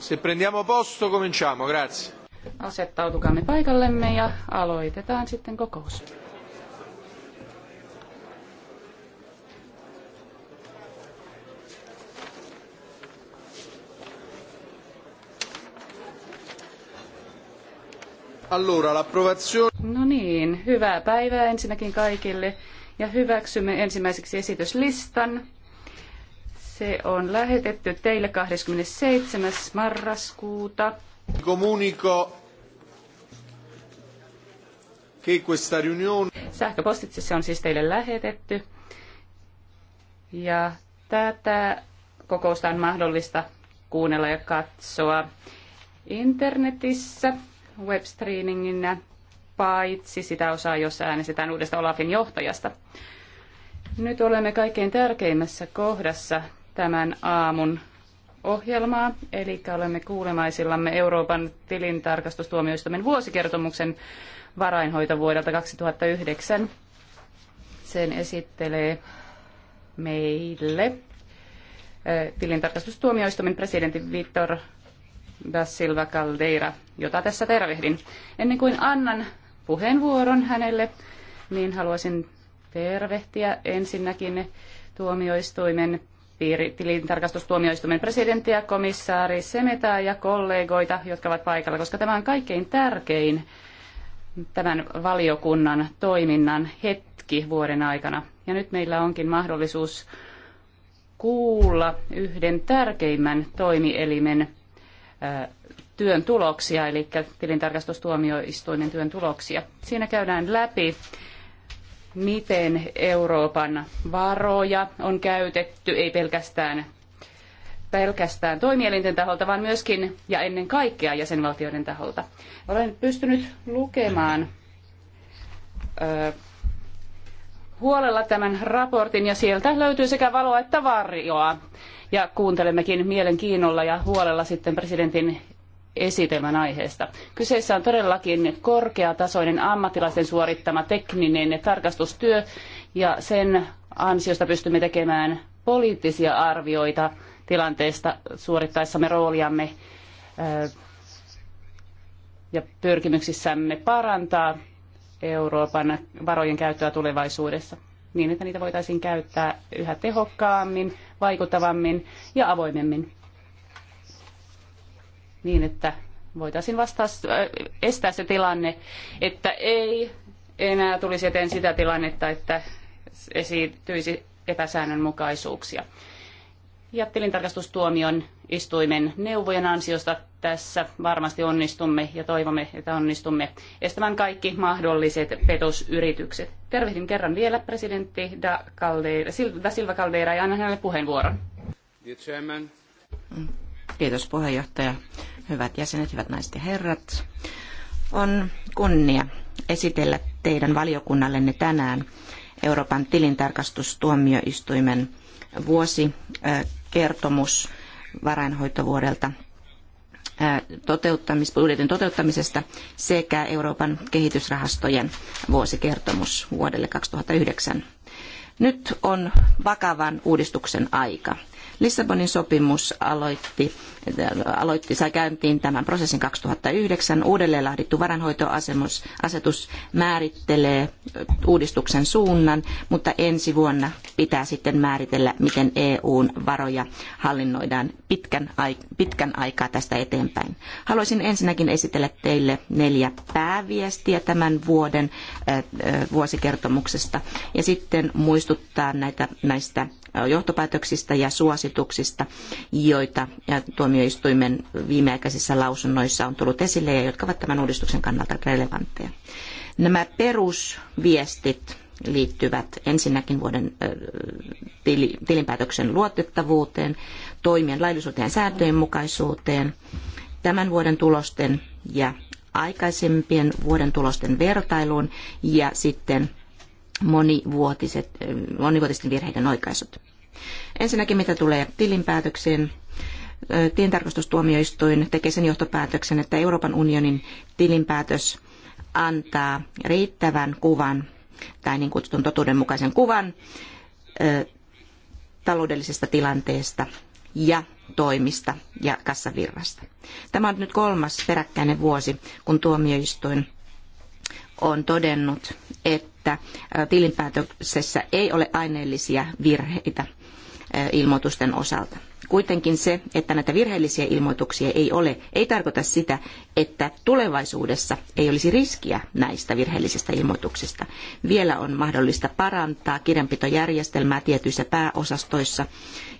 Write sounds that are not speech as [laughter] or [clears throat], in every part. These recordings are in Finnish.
Se prendiamo posto, cominciamo. Grazie. Asettautukaamme paikallemme ja aloitetaan sitten kokous. Allora, l'approvazione... No niin, hyvää päivää ensinnäkin kaikille ja hyväksymme ensimmäiseksi esityslistan. Se on lähetetty teille 27. marraskuuta. Comunico che questa riunione... Sähköpostitse se on siis teille lähetetty. Ja tätä kokousta on mahdollista kuunnella ja katsoa internetissä webstreaminginä, paitsi sitä osaa, jossa äänestetään uudesta Olafin johtajasta. Nyt olemme kaikkein tärkeimmässä kohdassa tämän aamun ohjelmaa, eli olemme kuulemaisillamme Euroopan tilintarkastustuomioistuimen vuosikertomuksen vuodelta 2009. Sen esittelee meille tilintarkastustuomioistuimen presidentti Vittor da Silva Caldeira, jota tässä tervehdin. Ennen kuin annan puheenvuoron hänelle, niin haluaisin tervehtiä ensinnäkin tuomioistuimen tilintarkastustuomioistuimen presidenttiä, komissaari Semetää ja kollegoita, jotka ovat paikalla, koska tämä on kaikkein tärkein tämän valiokunnan toiminnan hetki vuoden aikana. Ja nyt meillä onkin mahdollisuus kuulla yhden tärkeimmän toimielimen äh, työn tuloksia, eli tilintarkastustuomioistuimen työn tuloksia. Siinä käydään läpi miten Euroopan varoja on käytetty, ei pelkästään, pelkästään toimielinten taholta, vaan myöskin ja ennen kaikkea jäsenvaltioiden taholta. Olen pystynyt lukemaan ö, huolella tämän raportin ja sieltä löytyy sekä valoa että varjoa. Ja kuuntelemmekin mielenkiinnolla ja huolella sitten presidentin esitelmän aiheesta. Kyseessä on todellakin korkeatasoinen ammattilaisten suorittama tekninen tarkastustyö ja sen ansiosta pystymme tekemään poliittisia arvioita tilanteesta suorittaessamme rooliamme ja pyrkimyksissämme parantaa Euroopan varojen käyttöä tulevaisuudessa niin, että niitä voitaisiin käyttää yhä tehokkaammin, vaikuttavammin ja avoimemmin niin, että voitaisiin vastaa, estää se tilanne, että ei enää tulisi eteen sitä tilannetta, että esiintyisi epäsäännönmukaisuuksia. Ja tilintarkastustuomion istuimen neuvojen ansiosta tässä varmasti onnistumme ja toivomme, että onnistumme estämään kaikki mahdolliset petosyritykset. Tervehdin kerran vielä presidentti da, Caldeira, da Silva Caldeira ja annan hänelle puheenvuoron. chairman. Kiitos puheenjohtaja. Hyvät jäsenet, hyvät naiset ja herrat. On kunnia esitellä teidän valiokunnallenne tänään Euroopan tilintarkastustuomioistuimen vuosikertomus varainhoitovuodelta toteuttamis, budjetin toteuttamisesta sekä Euroopan kehitysrahastojen vuosikertomus vuodelle 2009. Nyt on vakavan uudistuksen aika. Lissabonin sopimus aloitti aloitti, sai käyntiin tämän prosessin 2009. Uudelleen laadittu varanhoitoasetus määrittelee uudistuksen suunnan, mutta ensi vuonna pitää sitten määritellä, miten EUn varoja hallinnoidaan pitkän, pitkän aikaa tästä eteenpäin. Haluaisin ensinnäkin esitellä teille neljä pääviestiä tämän vuoden vuosikertomuksesta ja sitten muistuttaa näitä, näistä johtopäätöksistä ja suosituksista, joita tuon tuomioistuimen viimeaikaisissa lausunnoissa on tullut esille ja jotka ovat tämän uudistuksen kannalta relevantteja. Nämä perusviestit liittyvät ensinnäkin vuoden tilinpäätöksen luotettavuuteen, toimien laillisuuteen ja sääntöjen mukaisuuteen, tämän vuoden tulosten ja aikaisempien vuoden tulosten vertailuun ja sitten monivuotiset, monivuotisten virheiden oikaisut. Ensinnäkin mitä tulee tilinpäätökseen, tilintarkastustuomioistuin tekee sen johtopäätöksen, että Euroopan unionin tilinpäätös antaa riittävän kuvan tai niin kutsutun totuudenmukaisen kuvan taloudellisesta tilanteesta ja toimista ja kassavirrasta. Tämä on nyt kolmas peräkkäinen vuosi, kun tuomioistuin on todennut, että tilinpäätöksessä ei ole aineellisia virheitä ilmoitusten osalta. Kuitenkin se, että näitä virheellisiä ilmoituksia ei ole, ei tarkoita sitä, että tulevaisuudessa ei olisi riskiä näistä virheellisistä ilmoituksista. Vielä on mahdollista parantaa kirjanpitojärjestelmää tietyissä pääosastoissa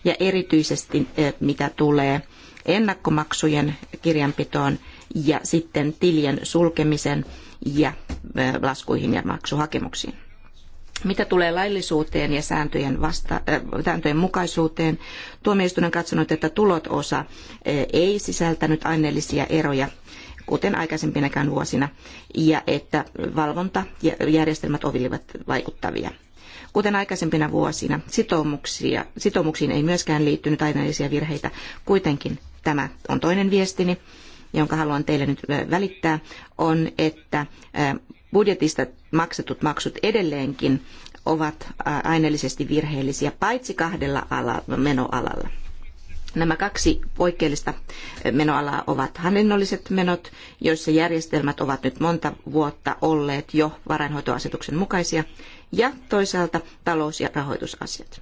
ja erityisesti mitä tulee ennakkomaksujen kirjanpitoon ja sitten tilien sulkemisen ja laskuihin ja maksuhakemuksiin. Mitä tulee laillisuuteen ja sääntöjen, vasta, äh, sääntöjen mukaisuuteen, tuomioistuin on katsonut, että tulot-osa äh, ei sisältänyt aineellisia eroja, kuten aikaisempinakään vuosina, ja että valvonta ja järjestelmät olivat vaikuttavia. Kuten aikaisempina vuosina, sitoumuksia, sitoumuksiin ei myöskään liittynyt aineellisia virheitä. Kuitenkin tämä on toinen viestini, jonka haluan teille nyt äh, välittää, on, että äh, budjetista maksetut maksut edelleenkin ovat aineellisesti virheellisiä, paitsi kahdella ala, menoalalla. Nämä kaksi poikkeellista menoalaa ovat hallinnolliset menot, joissa järjestelmät ovat nyt monta vuotta olleet jo varainhoitoasetuksen mukaisia, ja toisaalta talous- ja rahoitusasiat.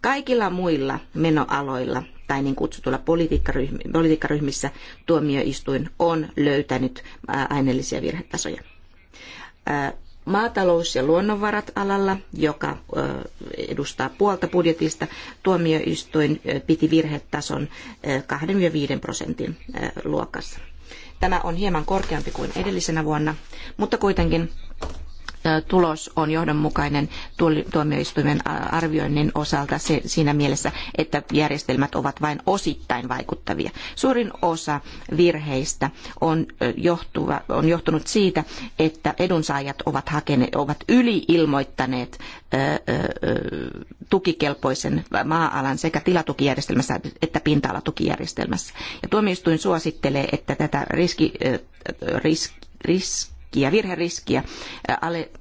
Kaikilla muilla menoaloilla tai niin kutsutuilla politiikkaryhmissä tuomioistuin on löytänyt aineellisia virhetasoja maatalous- ja luonnonvarat-alalla, joka edustaa puolta budjetista, tuomioistuin piti virhetason 2-5 prosentin luokassa. Tämä on hieman korkeampi kuin edellisenä vuonna, mutta kuitenkin tulos on johdonmukainen tuomioistuimen arvioinnin osalta siinä mielessä, että järjestelmät ovat vain osittain vaikuttavia. Suurin osa virheistä on, johtuva, on johtunut siitä, että edunsaajat ovat, hakene, ovat yliilmoittaneet tukikelpoisen maa-alan sekä tilatukijärjestelmässä että pinta-alatukijärjestelmässä. Ja tuomioistuin suosittelee, että tätä riski, risk, risk riskiä, virheriskiä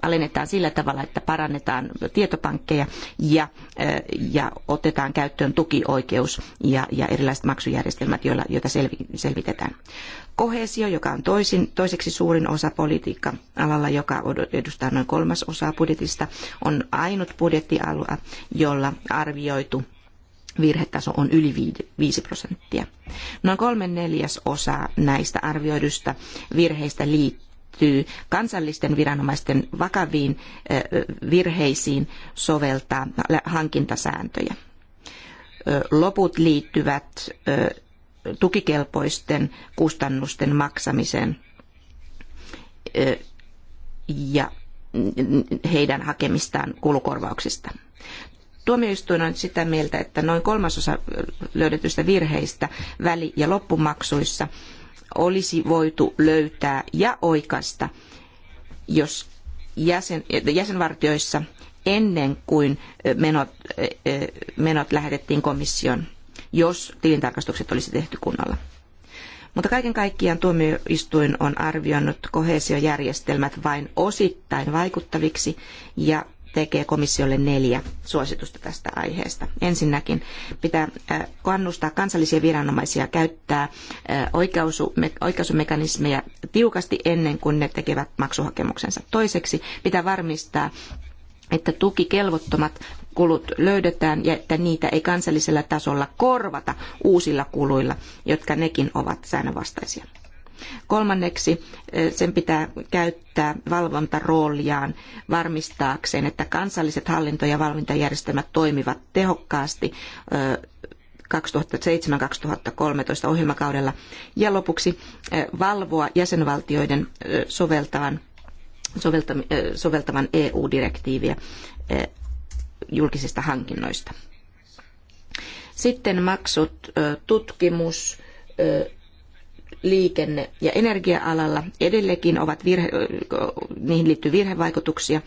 alennetaan sillä tavalla, että parannetaan tietopankkeja ja, ja otetaan käyttöön tukioikeus ja, ja erilaiset maksujärjestelmät, joilla, joita selvitetään. Kohesio, joka on toisin, toiseksi suurin osa politiikka-alalla, joka edustaa noin kolmas osaa budjetista, on ainut budjettialue, jolla arvioitu virhetaso on yli 5 prosenttia. Noin kolme neljäs osa näistä arvioidusta virheistä liittyy liittyy kansallisten viranomaisten vakaviin virheisiin soveltaa hankintasääntöjä. Loput liittyvät tukikelpoisten kustannusten maksamiseen ja heidän hakemistaan kulukorvauksista. Tuomioistuin on sitä mieltä, että noin kolmasosa löydetyistä virheistä väli- ja loppumaksuissa olisi voitu löytää ja oikaista, jos jäsen, jäsenvartioissa ennen kuin menot, menot lähetettiin komission, jos tilintarkastukset olisi tehty kunnolla. Mutta kaiken kaikkiaan tuomioistuin on arvioinut kohesiojärjestelmät vain osittain vaikuttaviksi ja tekee komissiolle neljä suositusta tästä aiheesta. Ensinnäkin pitää äh, kannustaa kansallisia viranomaisia käyttää äh, oikaisumekanismeja tiukasti ennen kuin ne tekevät maksuhakemuksensa. Toiseksi pitää varmistaa, että tukikelvottomat kulut löydetään ja että niitä ei kansallisella tasolla korvata uusilla kuluilla, jotka nekin ovat säännönvastaisia. Kolmanneksi eh, sen pitää käyttää valvontarooliaan varmistaakseen, että kansalliset hallinto- ja valvontajärjestelmät toimivat tehokkaasti 2007-2013 eh, ohjelmakaudella. Ja lopuksi eh, valvoa jäsenvaltioiden soveltavan, soveltavan EU-direktiiviä julkisista hankinnoista. Sitten maksut, tutkimus, liikenne- ja energia-alalla edelleenkin ovat virhe, niihin liittyy virhevaikutuksia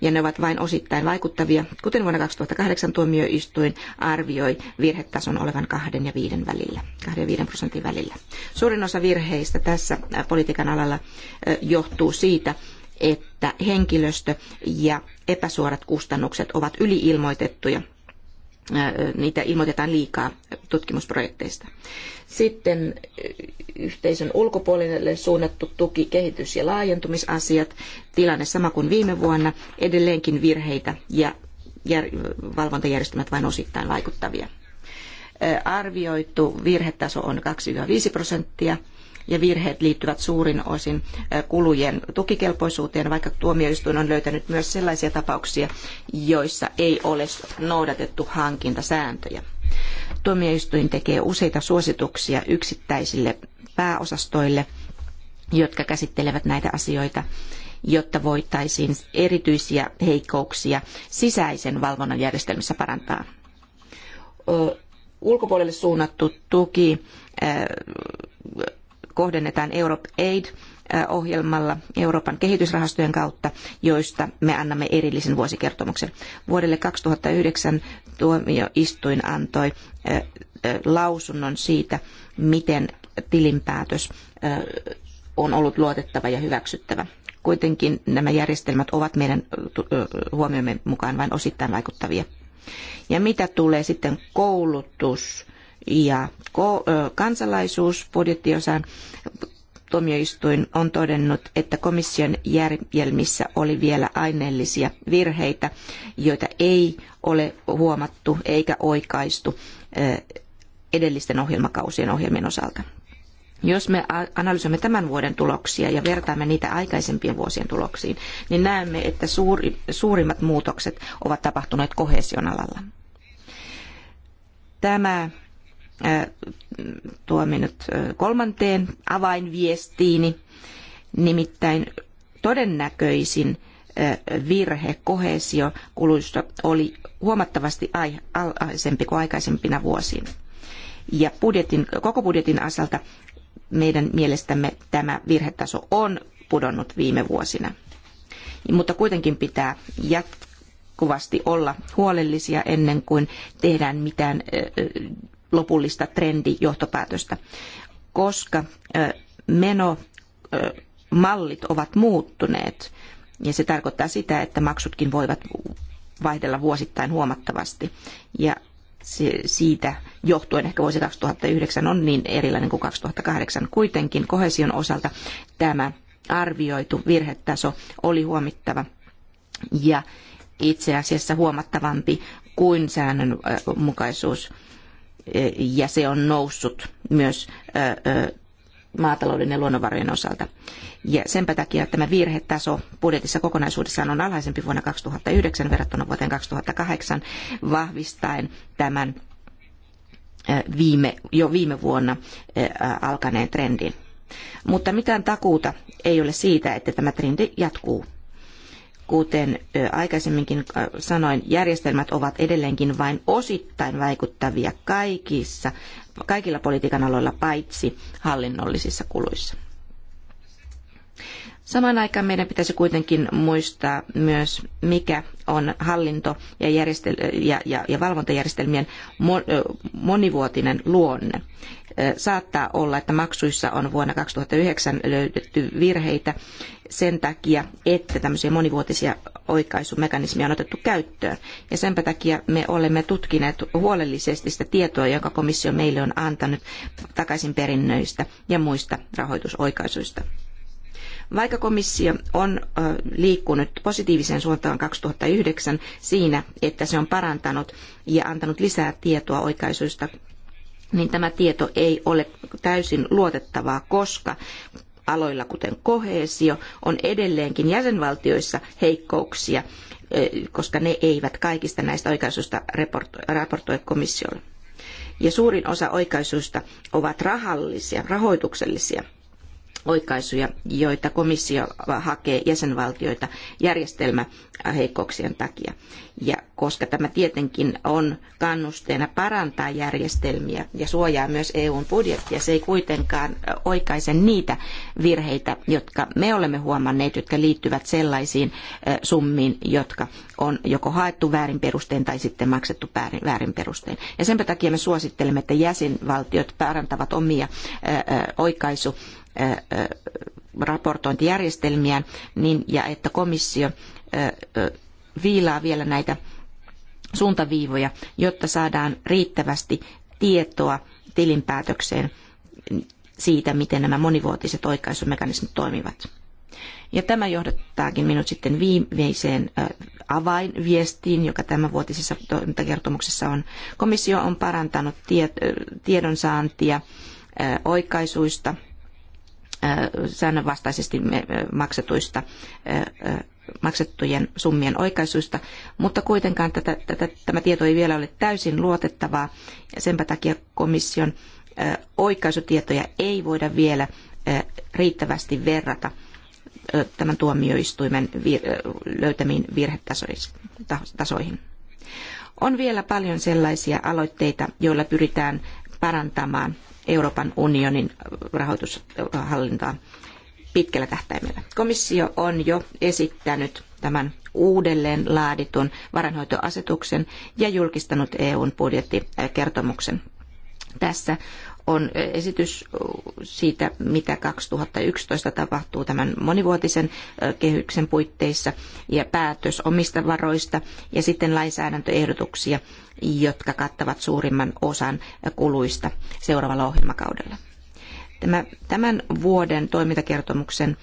ja ne ovat vain osittain vaikuttavia, kuten vuonna 2008 tuomioistuin arvioi virhetason olevan kahden ja viiden välillä, 2 ja 5 prosentin välillä. Suurin osa virheistä tässä politiikan alalla johtuu siitä, että henkilöstö ja epäsuorat kustannukset ovat yliilmoitettuja niitä ilmoitetaan liikaa tutkimusprojekteista. Sitten yhteisön ulkopuolelle suunnattu tuki, kehitys- ja laajentumisasiat, tilanne sama kuin viime vuonna, edelleenkin virheitä ja valvontajärjestelmät vain osittain vaikuttavia. Arvioitu virhetaso on 2-5 prosenttia ja virheet liittyvät suurin osin kulujen tukikelpoisuuteen, vaikka tuomioistuin on löytänyt myös sellaisia tapauksia, joissa ei ole noudatettu hankintasääntöjä. Tuomioistuin tekee useita suosituksia yksittäisille pääosastoille, jotka käsittelevät näitä asioita jotta voitaisiin erityisiä heikkouksia sisäisen valvonnan järjestelmissä parantaa. Ulkopuolelle suunnattu tuki kohdennetaan Europe Aid ohjelmalla Euroopan kehitysrahastojen kautta, joista me annamme erillisen vuosikertomuksen. Vuodelle 2009 tuomioistuin antoi lausunnon siitä, miten tilinpäätös on ollut luotettava ja hyväksyttävä. Kuitenkin nämä järjestelmät ovat meidän huomiomme mukaan vain osittain vaikuttavia. Ja mitä tulee sitten koulutus ja budjettiosan tuomioistuin on todennut, että komission järjelmissä oli vielä aineellisia virheitä, joita ei ole huomattu eikä oikaistu edellisten ohjelmakausien ohjelmien osalta. Jos me analysoimme tämän vuoden tuloksia ja vertaamme niitä aikaisempien vuosien tuloksiin, niin näemme, että suuri, suurimmat muutokset ovat tapahtuneet kohesion alalla. Tämä tuo minut kolmanteen avainviestiini, nimittäin todennäköisin virhe kohesiokuluista oli huomattavasti alhaisempi kuin aikaisempina vuosina. Ja budjetin, koko budjetin osalta meidän mielestämme tämä virhetaso on pudonnut viime vuosina. Mutta kuitenkin pitää jatkuvasti olla huolellisia ennen kuin tehdään mitään lopullista trendijohtopäätöstä, koska menomallit ovat muuttuneet ja se tarkoittaa sitä, että maksutkin voivat vaihdella vuosittain huomattavasti ja siitä johtuen ehkä vuosi 2009 on niin erilainen kuin 2008. Kuitenkin kohesion osalta tämä arvioitu virhetaso oli huomattava ja itse asiassa huomattavampi kuin säännönmukaisuus ja se on noussut myös maatalouden ja luonnonvarojen osalta. Ja senpä takia tämä virhetaso budjetissa kokonaisuudessaan on alhaisempi vuonna 2009 verrattuna vuoteen 2008 vahvistaen tämän viime, jo viime vuonna alkaneen trendin. Mutta mitään takuuta ei ole siitä, että tämä trendi jatkuu Kuten aikaisemminkin sanoin, järjestelmät ovat edelleenkin vain osittain vaikuttavia kaikissa, kaikilla politiikan aloilla paitsi hallinnollisissa kuluissa. Samaan aikaan meidän pitäisi kuitenkin muistaa myös, mikä on hallinto- ja, järjestel- ja, ja, ja valvontajärjestelmien monivuotinen luonne. Saattaa olla, että maksuissa on vuonna 2009 löydetty virheitä sen takia, että tämmöisiä monivuotisia oikaisumekanismeja on otettu käyttöön. Ja senpä takia me olemme tutkineet huolellisesti sitä tietoa, jonka komissio meille on antanut takaisinperinnöistä ja muista rahoitusoikaisuista. Vaikka komissio on liikkunut positiiviseen suuntaan 2009 siinä, että se on parantanut ja antanut lisää tietoa oikaisuista niin tämä tieto ei ole täysin luotettavaa, koska aloilla kuten koheesio on edelleenkin jäsenvaltioissa heikkouksia, e, koska ne eivät kaikista näistä oikaisuista raportoi komissiolle. Ja suurin osa oikaisuista ovat rahallisia, rahoituksellisia – oikaisuja, joita komissio hakee jäsenvaltioita järjestelmäheikkouksien takia. Ja koska tämä tietenkin on kannusteena parantaa järjestelmiä ja suojaa myös EUn budjettia, se ei kuitenkaan oikaise niitä virheitä, jotka me olemme huomanneet, jotka liittyvät sellaisiin summiin, jotka on joko haettu väärin perustein tai sitten maksettu väärin perustein. Ja sen takia me suosittelemme, että jäsenvaltiot parantavat omia oikaisu raportointijärjestelmiä niin, ja että komissio viilaa vielä näitä suuntaviivoja, jotta saadaan riittävästi tietoa tilinpäätökseen siitä, miten nämä monivuotiset oikaisumekanismit toimivat. Ja tämä johdattaakin minut sitten viimeiseen avainviestiin, joka tämänvuotisessa toimintakertomuksessa on. Komissio on parantanut tiedonsaantia oikaisuista säännönvastaisesti maksetuista, maksettujen summien oikaisuista, mutta kuitenkaan tätä, tätä, tämä tieto ei vielä ole täysin luotettavaa. Ja senpä takia komission oikaisutietoja ei voida vielä riittävästi verrata tämän tuomioistuimen löytämiin virhetasoihin. On vielä paljon sellaisia aloitteita, joilla pyritään parantamaan Euroopan unionin rahoitushallintaa pitkällä tähtäimellä. Komissio on jo esittänyt tämän uudelleen laaditun varanhoitoasetuksen ja julkistanut EUn budjettikertomuksen. Tässä on esitys siitä, mitä 2011 tapahtuu tämän monivuotisen kehyksen puitteissa ja päätös omista varoista ja sitten lainsäädäntöehdotuksia, jotka kattavat suurimman osan kuluista seuraavalla ohjelmakaudella. Tämä, tämän vuoden toimintakertomuksen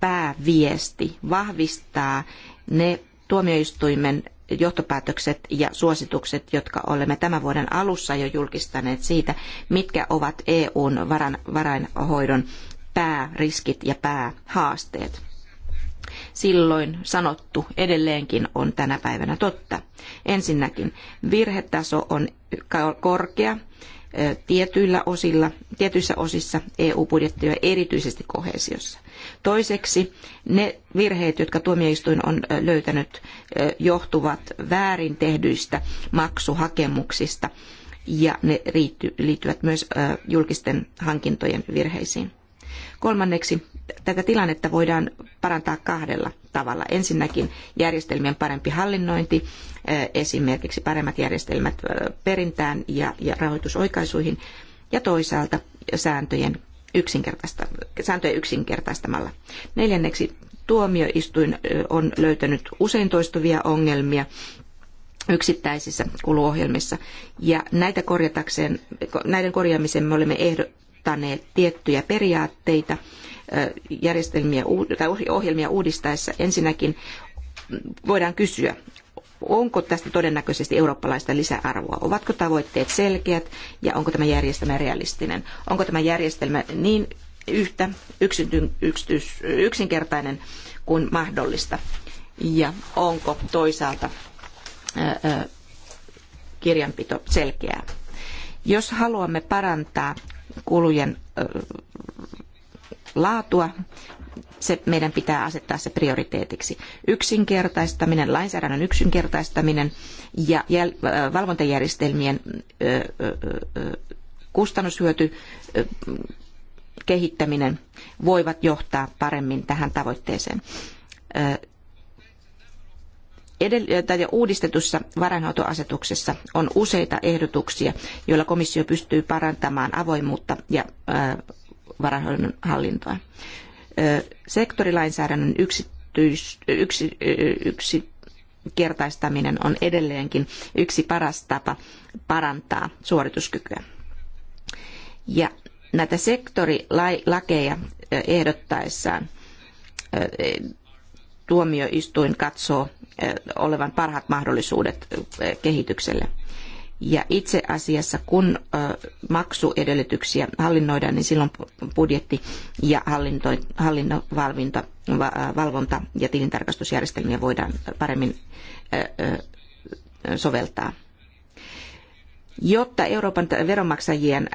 pääviesti vahvistaa ne tuomioistuimen johtopäätökset ja suositukset, jotka olemme tämän vuoden alussa jo julkistaneet siitä, mitkä ovat EUn varan, varainhoidon pääriskit ja päähaasteet silloin sanottu edelleenkin on tänä päivänä totta. Ensinnäkin virhetaso on korkea tietyillä osilla, tietyissä osissa EU-budjettia, erityisesti kohesiossa. Toiseksi ne virheet, jotka tuomioistuin on löytänyt, johtuvat väärin tehdyistä maksuhakemuksista ja ne liittyvät myös julkisten hankintojen virheisiin. Kolmanneksi, tätä tilannetta voidaan parantaa kahdella tavalla. Ensinnäkin järjestelmien parempi hallinnointi, eh, esimerkiksi paremmat järjestelmät eh, perintään ja, ja rahoitusoikaisuihin, ja toisaalta sääntöjen, yksinkertaista, sääntöjä yksinkertaistamalla. Neljänneksi, tuomioistuin eh, on löytänyt usein toistuvia ongelmia yksittäisissä kuluohjelmissa. Ja näitä korjatakseen, näiden korjaamiseen me olemme noudattaneet tiettyjä periaatteita järjestelmiä tai ohjelmia uudistaessa. Ensinnäkin voidaan kysyä, onko tästä todennäköisesti eurooppalaista lisäarvoa? Ovatko tavoitteet selkeät ja onko tämä järjestelmä realistinen? Onko tämä järjestelmä niin yhtä yksinkertainen kuin mahdollista? Ja onko toisaalta kirjanpito selkeää? Jos haluamme parantaa kulujen laatua, se meidän pitää asettaa se prioriteetiksi. Yksinkertaistaminen, lainsäädännön yksinkertaistaminen ja valvontajärjestelmien kustannushyöty kehittäminen voivat johtaa paremmin tähän tavoitteeseen edell- uudistetussa varainhoitoasetuksessa on useita ehdotuksia, joilla komissio pystyy parantamaan avoimuutta ja varainhoidon hallintoa. Sektorilainsäädännön yksityis- on edelleenkin yksi paras tapa parantaa suorituskykyä. Ja näitä sektorilakeja ehdottaessaan tuomioistuin katsoo Eh, olevan parhaat mahdollisuudet eh, kehitykselle. Ja itse asiassa, kun maksuedellytyksiä hallinnoidaan, niin silloin budjetti ja hallinto, hallinnovalvonta valvonta ja tilintarkastusjärjestelmiä voidaan paremmin soveltaa. Jotta Euroopan veronmaksajien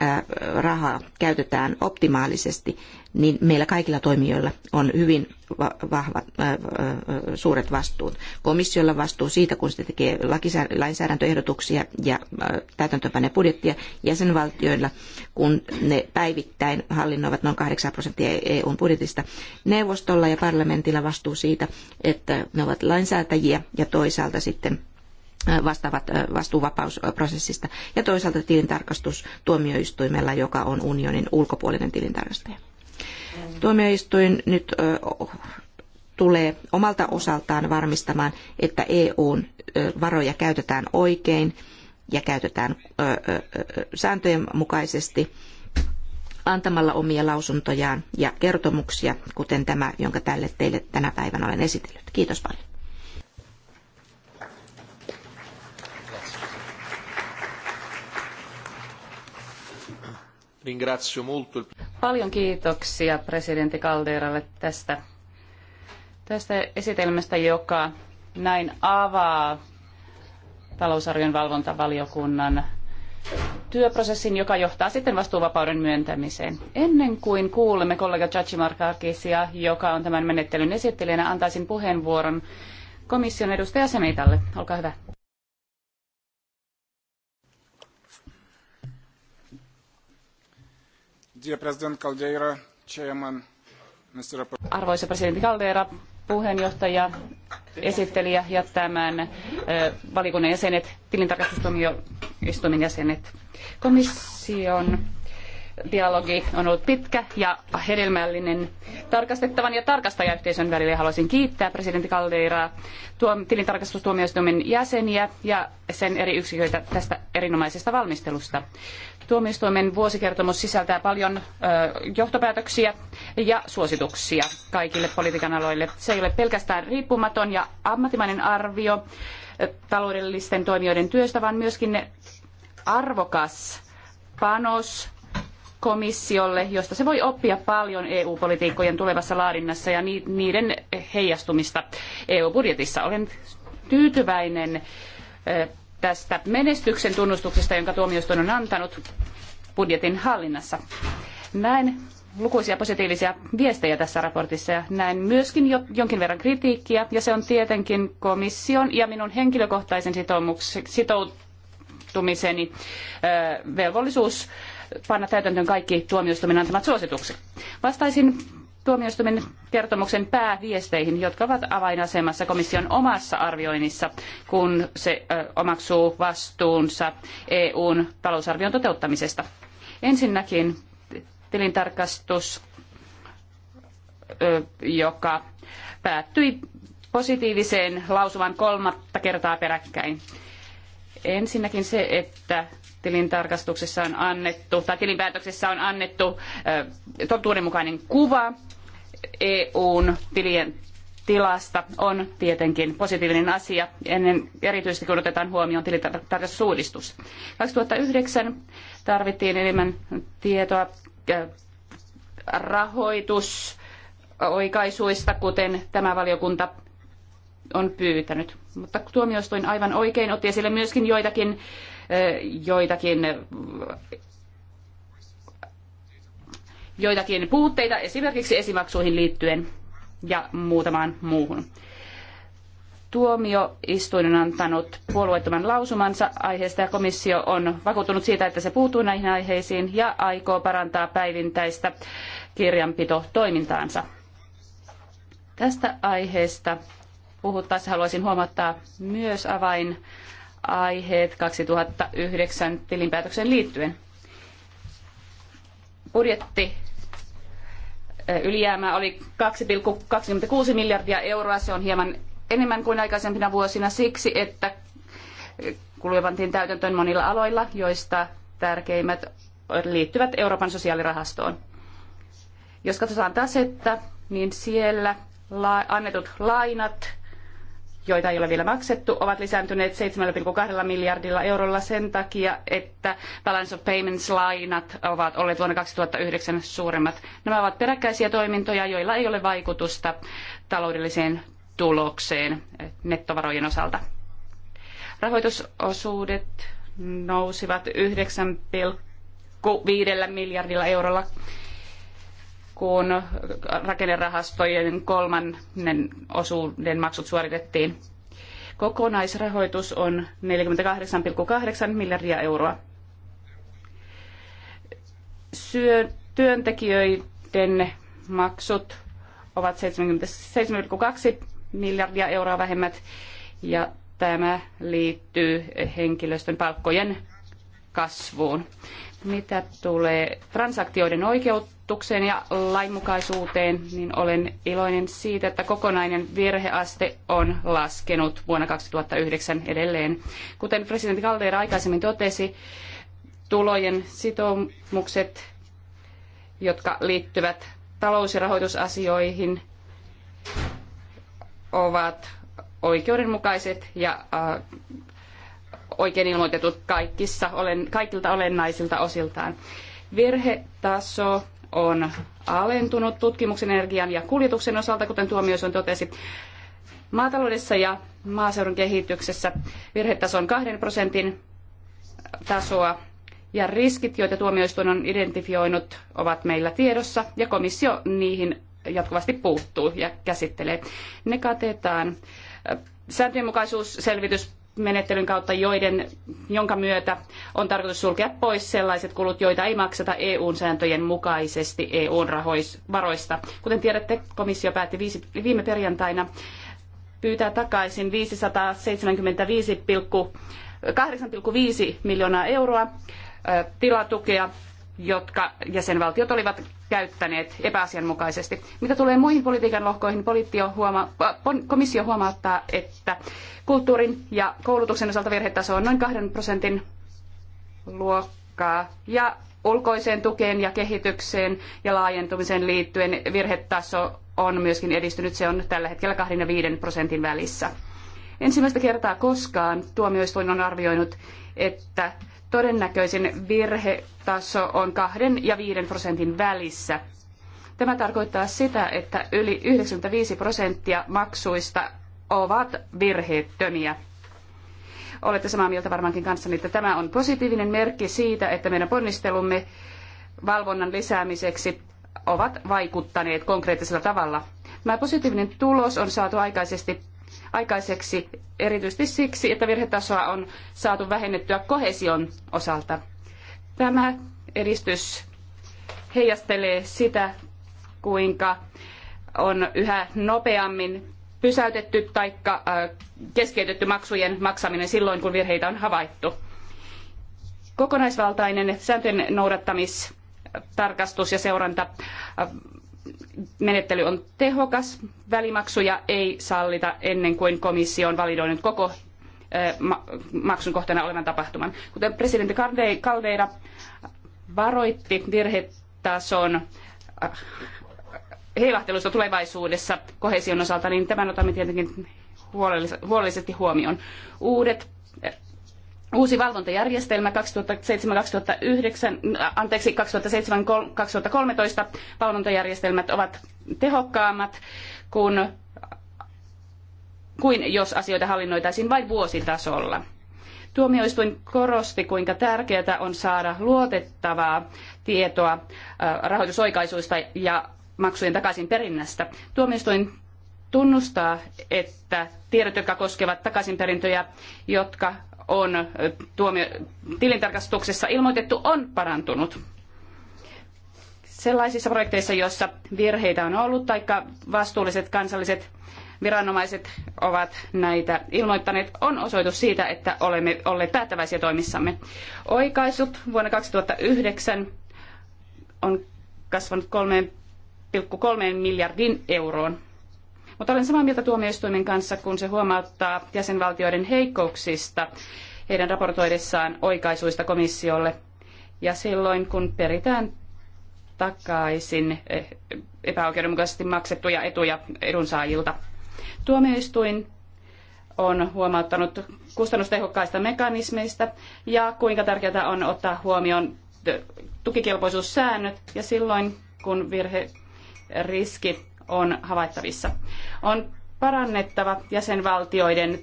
rahaa käytetään optimaalisesti, niin meillä kaikilla toimijoilla on hyvin vahvat, suuret vastuut. Komissiolla vastuu siitä, kun se tekee lainsäädäntöehdotuksia ja täytäntöönpanee budjettia jäsenvaltioilla, kun ne päivittäin hallinnoivat noin 8 prosenttia EUn budjetista. Neuvostolla ja parlamentilla vastuu siitä, että ne ovat lainsäätäjiä ja toisaalta sitten vastaavat vastuuvapausprosessista ja toisaalta tilintarkastus tuomioistuimella, joka on unionin ulkopuolinen tilintarkastaja. Tuomioistuin nyt tulee omalta osaltaan varmistamaan, että EUn varoja käytetään oikein ja käytetään sääntöjen mukaisesti antamalla omia lausuntojaan ja kertomuksia, kuten tämä, jonka tälle teille tänä päivänä olen esitellyt. Kiitos paljon. Paljon kiitoksia presidentti Calderalle tästä, tästä esitelmästä, joka näin avaa talousarvion valvontavaliokunnan työprosessin, joka johtaa sitten vastuuvapauden myöntämiseen. Ennen kuin kuulemme kollega Chachimarkakisia, joka on tämän menettelyn esittelijänä, antaisin puheenvuoron komission edustaja Semitalle. Olkaa hyvä. Arvoisa presidentti Caldeira, puheenjohtaja, esittelijä ja tämän valiokunnan jäsenet, tilintarkastustuomioistuimen jäsenet, komission dialogi on ollut pitkä ja hedelmällinen tarkastettavan ja tarkastajayhteisön välillä. Haluaisin kiittää presidentti Caldeiraa, tilintarkastustuomioistuimen jäseniä ja sen eri yksiköitä tästä erinomaisesta valmistelusta. Tuomioistuimen vuosikertomus sisältää paljon ö, johtopäätöksiä ja suosituksia kaikille politiikan aloille. Se ei ole pelkästään riippumaton ja ammattimainen arvio taloudellisten toimijoiden työstä, vaan myöskin arvokas panos komissiolle, josta se voi oppia paljon EU-politiikkojen tulevassa laadinnassa ja niiden heijastumista EU-budjetissa. Olen tyytyväinen eh, tästä menestyksen tunnustuksesta, jonka tuomioistuin on antanut budjetin hallinnassa. Näin lukuisia positiivisia viestejä tässä raportissa ja näin myöskin jo, jonkin verran kritiikkiä ja se on tietenkin komission ja minun henkilökohtaisen sitoutumiseni eh, velvollisuus panna täytäntöön kaikki tuomioistuimen antamat suositukset. Vastaisin tuomioistuimen kertomuksen pääviesteihin, jotka ovat avainasemassa komission omassa arvioinnissa, kun se omaksuu vastuunsa EUn talousarvion toteuttamisesta. Ensinnäkin tilintarkastus, joka päättyi positiiviseen lausumaan kolmatta kertaa peräkkäin. Ensinnäkin se, että tilintarkastuksessa on annettu, tai tilinpäätöksessä on annettu totuudenmukainen kuva EUn tilien tilasta on tietenkin positiivinen asia, ennen, erityisesti kun otetaan huomioon tilintarkastusuudistus. 2009 tarvittiin enemmän tietoa rahoitusoikaisuista, kuten tämä valiokunta on pyytänyt. Mutta tuomioistuin aivan oikein otti esille myöskin joitakin joitakin joitakin puutteita esimerkiksi esimaksuihin liittyen ja muutamaan muuhun. Tuomioistuin on antanut puolueettoman lausumansa aiheesta ja komissio on vakuuttunut siitä, että se puuttuu näihin aiheisiin ja aikoo parantaa kirjanpito kirjanpitotoimintaansa. Tästä aiheesta puhuttaessa haluaisin huomattaa myös avain aiheet 2009 tilinpäätökseen liittyen. Budjetti ylijäämä oli 2,26 miljardia euroa. Se on hieman enemmän kuin aikaisempina vuosina siksi, että kuluja pantiin täytäntöön monilla aloilla, joista tärkeimmät liittyvät Euroopan sosiaalirahastoon. Jos katsotaan tasetta, niin siellä annetut lainat joita ei ole vielä maksettu, ovat lisääntyneet 7,2 miljardilla eurolla sen takia, että balance of payments-lainat ovat olleet vuonna 2009 suuremmat. Nämä ovat peräkkäisiä toimintoja, joilla ei ole vaikutusta taloudelliseen tulokseen nettovarojen osalta. Rahoitusosuudet nousivat 9,5 miljardilla eurolla kun rakennerahastojen kolmannen osuuden maksut suoritettiin. Kokonaisrahoitus on 48,8 miljardia euroa. Syö, työntekijöiden maksut ovat 7,2 miljardia euroa vähemmät ja tämä liittyy henkilöstön palkkojen kasvuun. Mitä tulee transaktioiden oikeutukseen ja lainmukaisuuteen, niin olen iloinen siitä, että kokonainen virheaste on laskenut vuonna 2009 edelleen. Kuten presidentti Caldera aikaisemmin totesi, tulojen sitoumukset, jotka liittyvät talous- ja rahoitusasioihin, ovat oikeudenmukaiset ja äh, oikein ilmoitetut kaikissa, kaikilta olennaisilta osiltaan. Virhetaso on alentunut tutkimuksen, energian ja kuljetuksen osalta, kuten tuomioistuin totesi. Maataloudessa ja maaseudun kehityksessä virhetaso on kahden prosentin tasoa ja riskit, joita tuomioistuin on identifioinut, ovat meillä tiedossa ja komissio niihin jatkuvasti puuttuu ja käsittelee. Ne katetaan sääntöjenmukaisuusselvitys menettelyn kautta, joiden, jonka myötä on tarkoitus sulkea pois sellaiset kulut, joita ei makseta EU-sääntöjen mukaisesti EU-varoista. Kuten tiedätte, komissio päätti viisi, viime perjantaina pyytää takaisin 575,8,5 miljoonaa euroa tilatukea jotka jäsenvaltiot olivat käyttäneet epäasianmukaisesti. Mitä tulee muihin politiikan lohkoihin, huoma äh, komissio huomauttaa, että kulttuurin ja koulutuksen osalta virhetaso on noin 2 prosentin luokkaa ja ulkoiseen tukeen ja kehitykseen ja laajentumiseen liittyen virhetaso on myöskin edistynyt. Se on tällä hetkellä 2 ja 5 prosentin välissä. Ensimmäistä kertaa koskaan tuomioistuin on arvioinut, että todennäköisin virhetaso on kahden ja viiden prosentin välissä. Tämä tarkoittaa sitä, että yli 95 prosenttia maksuista ovat virheettömiä. Olette samaa mieltä varmaankin kanssani, että tämä on positiivinen merkki siitä, että meidän ponnistelumme valvonnan lisäämiseksi ovat vaikuttaneet konkreettisella tavalla. Tämä positiivinen tulos on saatu aikaisesti aikaiseksi erityisesti siksi, että virhetasoa on saatu vähennettyä kohesion osalta. Tämä edistys heijastelee sitä, kuinka on yhä nopeammin pysäytetty tai äh, keskeytetty maksujen maksaminen silloin, kun virheitä on havaittu. Kokonaisvaltainen sääntöjen noudattamis tarkastus ja seuranta äh, menettely on tehokas. Välimaksuja ei sallita ennen kuin komissio on validoinut koko maksun kohteena olevan tapahtuman. Kuten presidentti Caldeira varoitti virhetason äh, heilahtelusta tulevaisuudessa kohesion osalta, niin tämän otamme tietenkin huolellisesti huomioon. Uudet Uusi valvontajärjestelmä 2007-2009, äh, anteeksi 2007-2013 valvontajärjestelmät ovat tehokkaammat kuin, kuin jos asioita hallinnoitaisiin vain vuositasolla. Tuomioistuin korosti, kuinka tärkeää on saada luotettavaa tietoa äh, rahoitusoikaisuista ja maksujen takaisin perinnästä. Tuomioistuin tunnustaa, että tiedot, jotka koskevat takaisinperintöjä, jotka on tuomio, tilintarkastuksessa ilmoitettu on parantunut. Sellaisissa projekteissa, joissa virheitä on ollut tai vastuulliset kansalliset viranomaiset ovat näitä ilmoittaneet, on osoitus siitä, että olemme olleet päättäväisiä toimissamme. Oikaisut vuonna 2009 on kasvanut 3,3 miljardin euroon. Mutta olen samaa mieltä tuomioistuimen kanssa, kun se huomauttaa jäsenvaltioiden heikkouksista heidän raportoidessaan oikaisuista komissiolle. Ja silloin, kun peritään takaisin eh, epäoikeudenmukaisesti maksettuja etuja edunsaajilta. Tuomioistuin on huomauttanut kustannustehokkaista mekanismeista ja kuinka tärkeää on ottaa huomioon eh, tukikelpoisuussäännöt ja silloin, kun virheriski on havaittavissa. On parannettava jäsenvaltioiden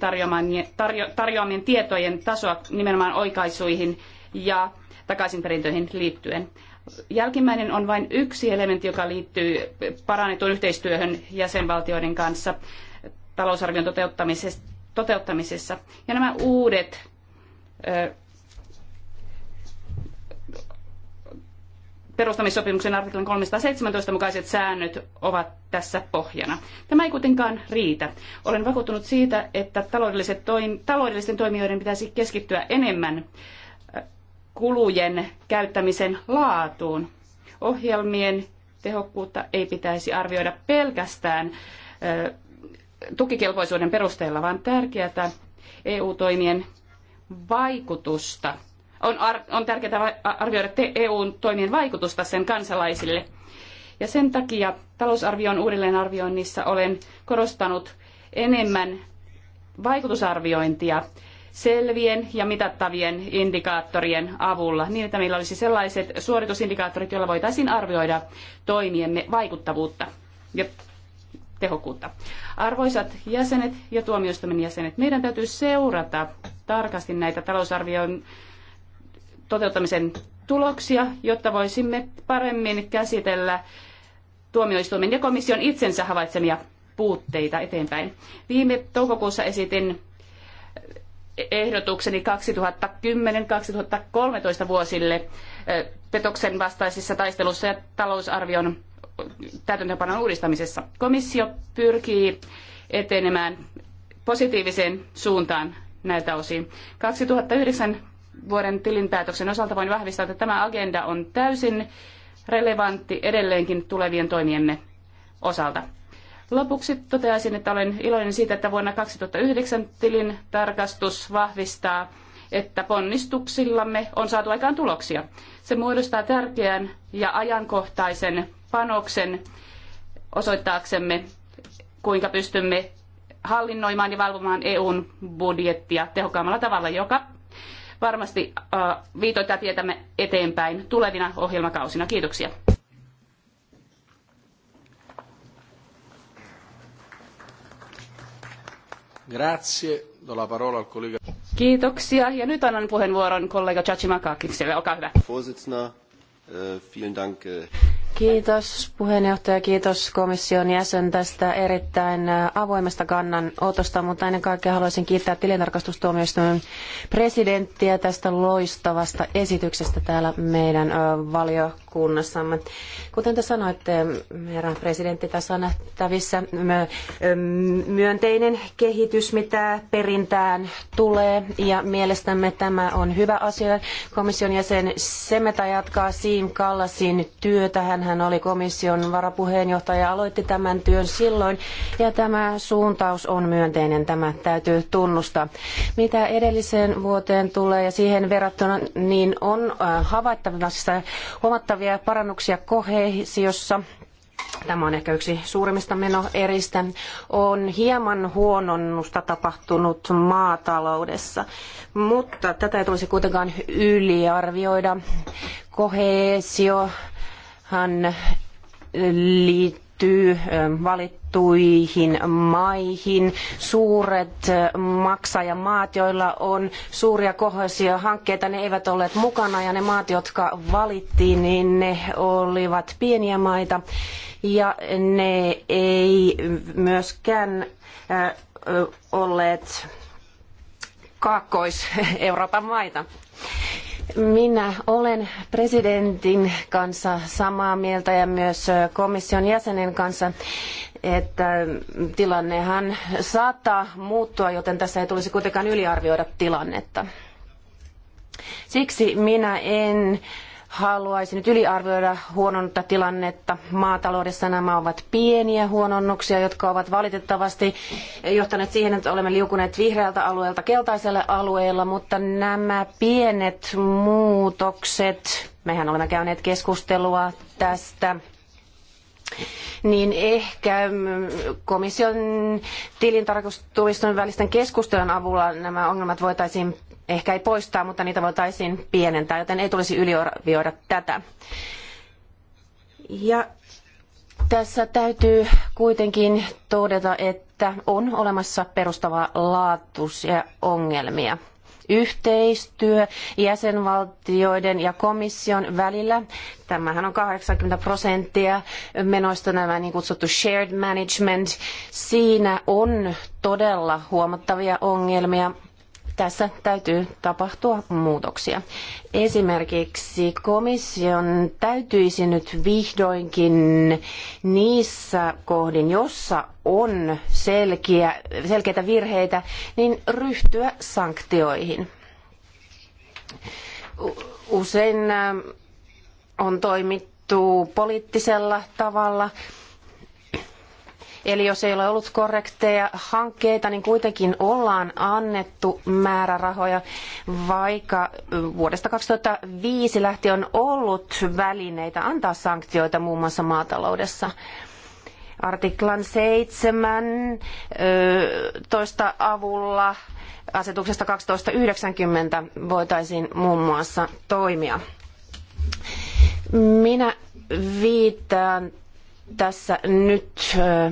tarjoamien tietojen tasoa nimenomaan oikaisuihin ja takaisinperintöihin liittyen. Jälkimmäinen on vain yksi elementti, joka liittyy parannettuun yhteistyöhön jäsenvaltioiden kanssa talousarvion toteuttamisessa. Ja nämä uudet perustamissopimuksen artiklan 317 mukaiset säännöt ovat tässä pohjana. Tämä ei kuitenkaan riitä. Olen vakuuttunut siitä, että taloudelliset toim- taloudellisten toimijoiden pitäisi keskittyä enemmän kulujen käyttämisen laatuun. Ohjelmien tehokkuutta ei pitäisi arvioida pelkästään tukikelpoisuuden perusteella, vaan tärkeätä EU-toimien vaikutusta – on, ar- on tärkeää arvioida te EUn toimien vaikutusta sen kansalaisille. Ja sen takia talousarvion uudelleenarvioinnissa olen korostanut enemmän vaikutusarviointia selvien ja mitattavien indikaattorien avulla, niin että meillä olisi sellaiset suoritusindikaattorit, joilla voitaisiin arvioida toimiemme vaikuttavuutta ja tehokkuutta. Arvoisat jäsenet ja tuomioistuimen jäsenet, meidän täytyy seurata tarkasti näitä talousarvion toteuttamisen tuloksia, jotta voisimme paremmin käsitellä tuomioistuimen ja komission itsensä havaitsemia puutteita eteenpäin. Viime toukokuussa esitin ehdotukseni 2010-2013 vuosille petoksen vastaisissa taistelussa ja talousarvion täytäntöönpanon uudistamisessa. Komissio pyrkii etenemään positiiviseen suuntaan näiltä osin. 2009 vuoden tilinpäätöksen osalta voin vahvistaa, että tämä agenda on täysin relevantti edelleenkin tulevien toimiemme osalta. Lopuksi toteaisin, että olen iloinen siitä, että vuonna 2009 tilin tarkastus vahvistaa, että ponnistuksillamme on saatu aikaan tuloksia. Se muodostaa tärkeän ja ajankohtaisen panoksen osoittaaksemme, kuinka pystymme hallinnoimaan ja valvomaan EUn budjettia tehokkaammalla tavalla, joka varmasti äh, viitoittaa tietämme eteenpäin tulevina ohjelmakausina. Kiitoksia. Grazie. Do la parola al collega. Kiitoksia. Ja nyt annan puheenvuoron kollega Chachimakakiselle. Olkaa hyvä. Vorsitzender, äh, vielen Dank. Äh. Kiitos puheenjohtaja, kiitos komission jäsen tästä erittäin avoimesta kannanotosta, mutta ennen kaikkea haluaisin kiittää tilintarkastustuomioistuimen presidenttiä tästä loistavasta esityksestä täällä meidän valiokunnassamme. Kuten te sanoitte, herra presidentti, tässä on nähtävissä myönteinen kehitys, mitä perintään tulee, ja mielestämme tämä on hyvä asia. Komission jäsen Semeta jatkaa Siim Kallasin työtä. Hän hän oli komission varapuheenjohtaja ja aloitti tämän työn silloin. Ja tämä suuntaus on myönteinen, tämä täytyy tunnustaa. Mitä edelliseen vuoteen tulee ja siihen verrattuna, niin on äh, havaittavissa huomattavia parannuksia kohesiossa. Tämä on ehkä yksi suurimmista menoeristä. On hieman huononnusta tapahtunut maataloudessa, mutta tätä ei tulisi kuitenkaan yliarvioida. Kohesio hän liittyy valittuihin maihin. Suuret maksajamaat, joilla on suuria kohoisia hankkeita, ne eivät olleet mukana ja ne maat, jotka valittiin, niin ne olivat pieniä maita ja ne ei myöskään olleet Kaakkois-Euroopan maita. Minä olen presidentin kanssa samaa mieltä ja myös komission jäsenen kanssa, että tilannehan saattaa muuttua, joten tässä ei tulisi kuitenkaan yliarvioida tilannetta. Siksi minä en haluaisi nyt yliarvioida huononnutta tilannetta. Maataloudessa nämä ovat pieniä huononnuksia, jotka ovat valitettavasti johtaneet siihen, että olemme liukuneet vihreältä alueelta keltaiselle alueella, mutta nämä pienet muutokset, mehän olemme käyneet keskustelua tästä niin ehkä komission tilintarkastustuomioistuimen välisten keskustelujen avulla nämä ongelmat voitaisiin ehkä ei poistaa, mutta niitä voitaisiin pienentää, joten ei tulisi yliarvioida tätä. Ja tässä täytyy kuitenkin todeta, että on olemassa perustavaa laatuisia ongelmia. Yhteistyö jäsenvaltioiden ja komission välillä, tämähän on 80 prosenttia menoista nämä niin kutsuttu shared management, siinä on todella huomattavia ongelmia tässä täytyy tapahtua muutoksia. Esimerkiksi komission täytyisi nyt vihdoinkin niissä kohdin, jossa on selkeä, selkeitä virheitä, niin ryhtyä sanktioihin. Usein äh, on toimittu poliittisella tavalla Eli jos ei ole ollut korrekteja hankkeita, niin kuitenkin ollaan annettu määrärahoja, vaikka vuodesta 2005 lähtien on ollut välineitä antaa sanktioita muun muassa maataloudessa artiklan 7 toista avulla asetuksesta 1290 voitaisiin muun muassa toimia. Minä viittaan tässä nyt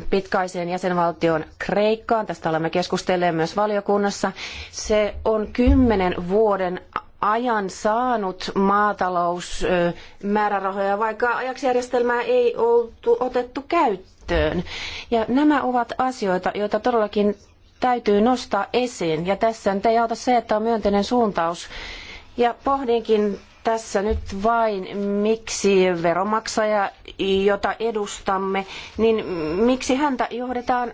pitkäiseen jäsenvaltioon Kreikkaan. Tästä olemme keskustelleet myös valiokunnassa. Se on kymmenen vuoden ajan saanut maatalousmäärärahoja, vaikka ajaksijärjestelmää ei oltu otettu käyttöön. Ja nämä ovat asioita, joita todellakin täytyy nostaa esiin. Ja tässä nyt ei auta se, että on myönteinen suuntaus. Ja pohdinkin tässä nyt vain, miksi veromaksaja, jota edustamme, niin miksi häntä johdetaan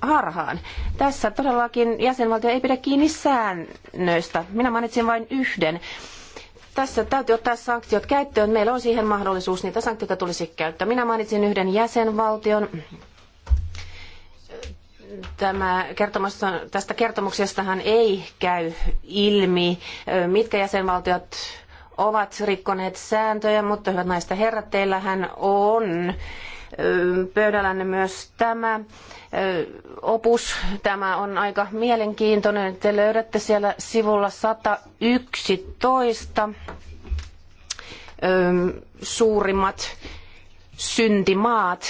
harhaan? Tässä todellakin jäsenvaltio ei pidä kiinni säännöistä. Minä mainitsin vain yhden. Tässä täytyy ottaa sanktiot käyttöön. Meillä on siihen mahdollisuus. Niitä sanktioita tulisi käyttää. Minä mainitsin yhden jäsenvaltion tämä kertomus tästä kertomuksestahan ei käy ilmi, mitkä jäsenvaltiot ovat rikkoneet sääntöjä, mutta hyvät naiset ja herrat, teillähän on pöydällänne myös tämä opus. Tämä on aika mielenkiintoinen. Te löydätte siellä sivulla 111 suurimmat syntimaat.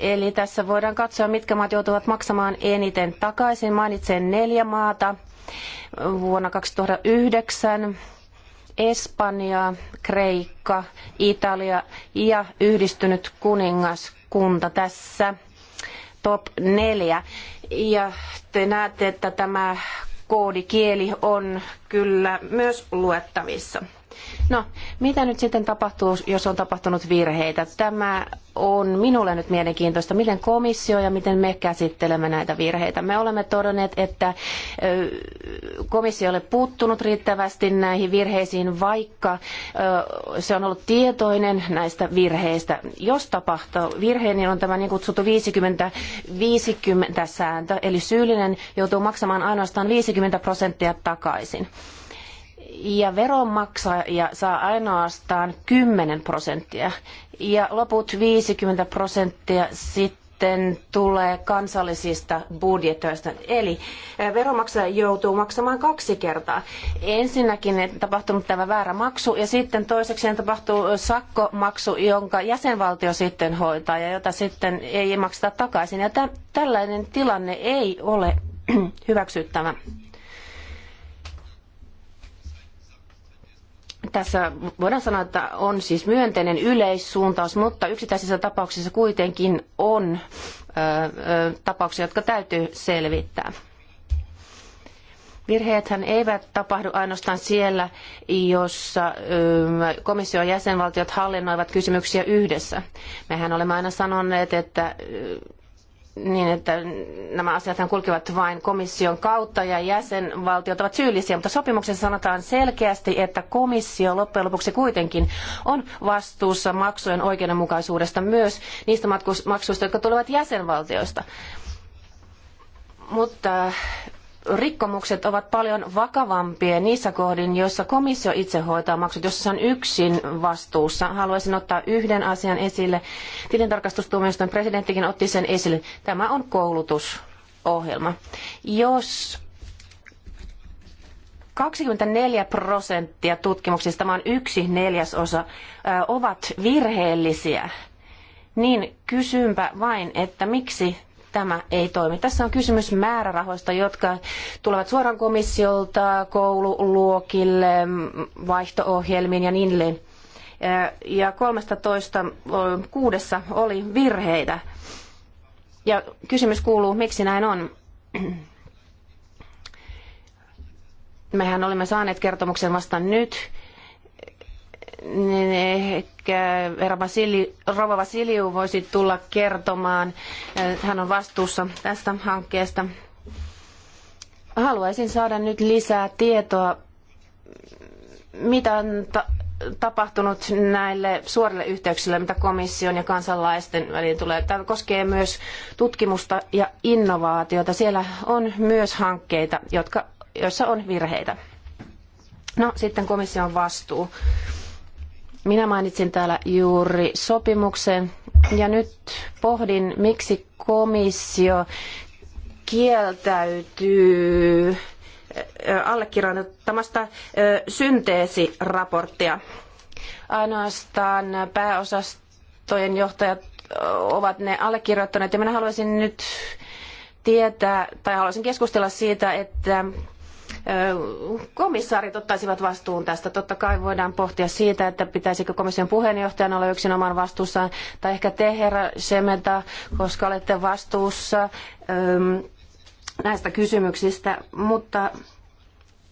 Eli tässä voidaan katsoa, mitkä maat joutuvat maksamaan eniten takaisin. Mainitsen neljä maata vuonna 2009 Espanja, Kreikka, Italia ja yhdistynyt kuningaskunta tässä top neljä. Ja te näette, että tämä koodikieli on kyllä myös luettavissa. No, mitä nyt sitten tapahtuu, jos on tapahtunut virheitä? Tämä on minulle nyt mielenkiintoista, miten komissio ja miten me käsittelemme näitä virheitä. Me olemme todenneet, että komissio ei ole puuttunut riittävästi näihin virheisiin, vaikka se on ollut tietoinen näistä virheistä. Jos tapahtuu virhe, niin on tämä niin kutsuttu 50-50 sääntö, eli syyllinen joutuu maksamaan ainoastaan 50 prosenttia takaisin ja veronmaksaja saa ainoastaan 10 prosenttia ja loput 50 prosenttia sitten tulee kansallisista budjetoista. Eli veronmaksaja joutuu maksamaan kaksi kertaa. Ensinnäkin tapahtunut tämä väärä maksu ja sitten toisekseen tapahtuu sakkomaksu, jonka jäsenvaltio sitten hoitaa ja jota sitten ei makseta takaisin. Ja tällainen tilanne ei ole [clears throat] hyväksyttävä. tässä voidaan sanoa, että on siis myönteinen yleissuuntaus, mutta yksittäisissä tapauksissa kuitenkin on tapauksia, jotka täytyy selvittää. Virheethän eivät tapahdu ainoastaan siellä, jossa komission jäsenvaltiot hallinnoivat kysymyksiä yhdessä. Mehän olemme aina sanoneet, että niin, että nämä asiat kulkevat vain komission kautta ja jäsenvaltiot ovat syyllisiä, mutta sopimuksessa sanotaan selkeästi, että komissio loppujen lopuksi kuitenkin on vastuussa maksujen oikeudenmukaisuudesta myös niistä maksuista, jotka tulevat jäsenvaltioista. Mutta rikkomukset ovat paljon vakavampia niissä kohdin, joissa komissio itse hoitaa maksut, jossa se on yksin vastuussa. Haluaisin ottaa yhden asian esille. Tilintarkastustuomioistuin presidenttikin otti sen esille. Tämä on koulutusohjelma. Jos 24 prosenttia tutkimuksista, tämä on yksi neljäsosa, ovat virheellisiä, niin kysynpä vain, että miksi tämä ei toimi. Tässä on kysymys määrärahoista, jotka tulevat suoraan komissiolta, koululuokille, vaihtoohjelmiin ja niin edelleen. Ja 13 kuudessa oli virheitä. Ja kysymys kuuluu, miksi näin on? Mehän olimme saaneet kertomuksen vasta nyt niin ehkä Rova Vasiliu voisi tulla kertomaan. Hän on vastuussa tästä hankkeesta. Haluaisin saada nyt lisää tietoa, mitä on ta- tapahtunut näille suorille yhteyksille, mitä komission ja kansalaisten väliin tulee. Tämä koskee myös tutkimusta ja innovaatiota. Siellä on myös hankkeita, jotka, joissa on virheitä. No sitten komission vastuu. Minä mainitsin täällä juuri sopimuksen ja nyt pohdin, miksi komissio kieltäytyy allekirjoittamasta synteesiraporttia. Ainoastaan pääosastojen johtajat ovat ne allekirjoittaneet ja minä haluaisin nyt tietää tai haluaisin keskustella siitä, että komissaarit ottaisivat vastuun tästä. Totta kai voidaan pohtia siitä, että pitäisikö komission puheenjohtajana olla yksinomaan vastuussaan, tai ehkä te, herra Semeta, koska olette vastuussa näistä kysymyksistä, mutta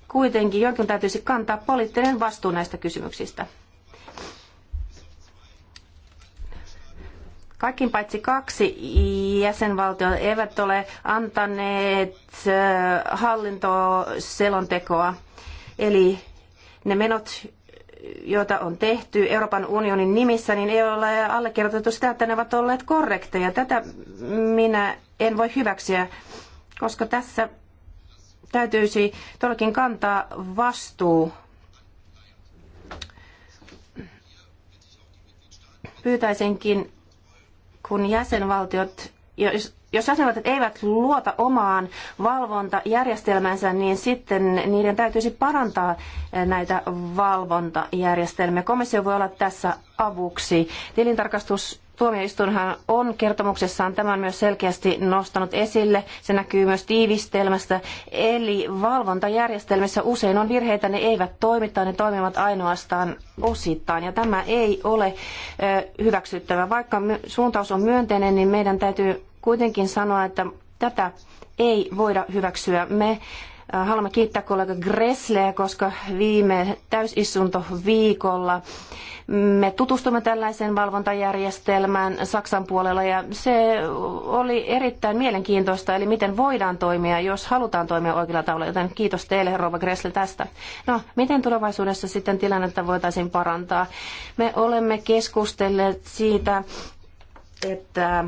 kuitenkin jonkin täytyisi kantaa poliittinen vastuu näistä kysymyksistä. Kaikin paitsi kaksi jäsenvaltiota eivät ole antaneet hallintoselontekoa. Eli ne menot, joita on tehty Euroopan unionin nimissä, niin ei ole allekirjoitettu sitä, että ne ovat olleet korrekteja. Tätä minä en voi hyväksyä, koska tässä täytyisi todellakin kantaa vastuu. Pyytäisinkin kun jäsenvaltiot, jos, jos jäsenvaltiot eivät luota omaan valvontajärjestelmänsä, niin sitten niiden täytyisi parantaa näitä valvontajärjestelmiä. Komissio voi olla tässä avuksi. Tilintarkastus Tuomioistuinhan on kertomuksessaan tämän myös selkeästi nostanut esille. Se näkyy myös tiivistelmästä. Eli valvontajärjestelmissä usein on virheitä, ne eivät toimi tai ne toimivat ainoastaan osittain. Ja tämä ei ole hyväksyttävä. Vaikka suuntaus on myönteinen, niin meidän täytyy kuitenkin sanoa, että tätä ei voida hyväksyä. Me Haluamme kiittää kollega Gressleä, koska viime täysissunto viikolla me tutustumme tällaiseen valvontajärjestelmään Saksan puolella ja se oli erittäin mielenkiintoista, eli miten voidaan toimia, jos halutaan toimia oikealla tavalla, joten kiitos teille rouva Gressle tästä. No, miten tulevaisuudessa sitten tilannetta voitaisiin parantaa? Me olemme keskustelleet siitä, että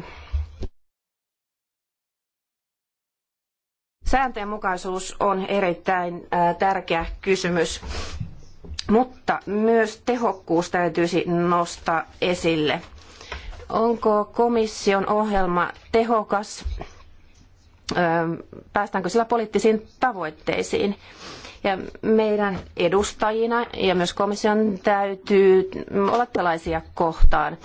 Sääntöjenmukaisuus on erittäin tärkeä kysymys, mutta myös tehokkuus täytyisi nostaa esille. Onko komission ohjelma tehokas? Päästäänkö sillä poliittisiin tavoitteisiin? Ja meidän edustajina ja myös komission täytyy olla tällaisia kohtaan.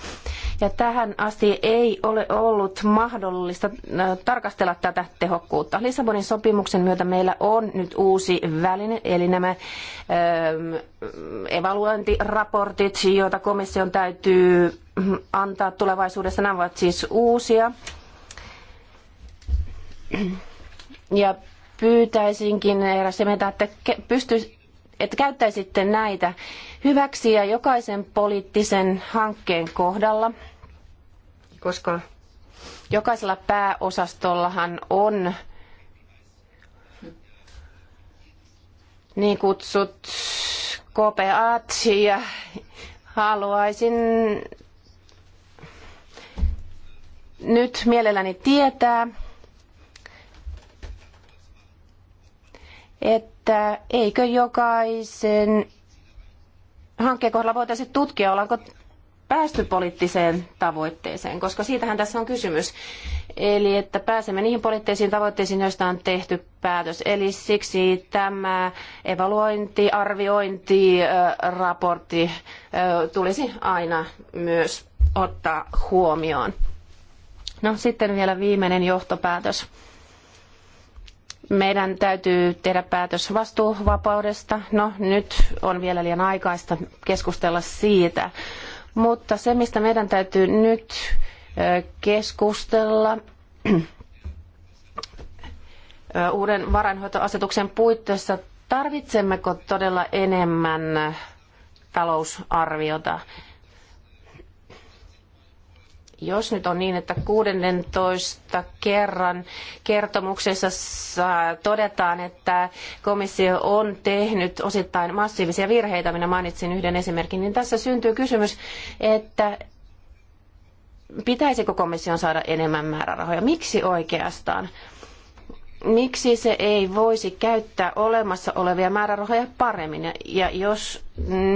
Ja tähän asti ei ole ollut mahdollista äh, tarkastella tätä tehokkuutta. Lissabonin sopimuksen myötä meillä on nyt uusi väline, eli nämä ähm, evaluointiraportit, joita komission täytyy äh, antaa tulevaisuudessa. Nämä ovat siis uusia. Ja pyytäisinkin, Erasimeta, että, pystyis, että käyttäisitte näitä hyväksi ja jokaisen poliittisen hankkeen kohdalla, koska jokaisella pääosastollahan on niin kutsut kopeat ja haluaisin nyt mielelläni tietää, että eikö jokaisen hankkeen kohdalla voitaisiin tutkia, ollaanko päästy poliittiseen tavoitteeseen, koska siitähän tässä on kysymys. Eli että pääsemme niihin poliittisiin tavoitteisiin, joista on tehty päätös. Eli siksi tämä evaluointi, arviointi, raportti tulisi aina myös ottaa huomioon. No sitten vielä viimeinen johtopäätös meidän täytyy tehdä päätös vastuuvapaudesta. No nyt on vielä liian aikaista keskustella siitä. Mutta se, mistä meidän täytyy nyt keskustella uuden varainhoitoasetuksen puitteissa, tarvitsemmeko todella enemmän talousarviota? Jos nyt on niin, että 16 kerran kertomuksessa todetaan, että komissio on tehnyt osittain massiivisia virheitä, minä mainitsin yhden esimerkin, niin tässä syntyy kysymys, että pitäisikö komission saada enemmän määrärahoja? Miksi oikeastaan? miksi se ei voisi käyttää olemassa olevia määrärahoja paremmin. Ja jos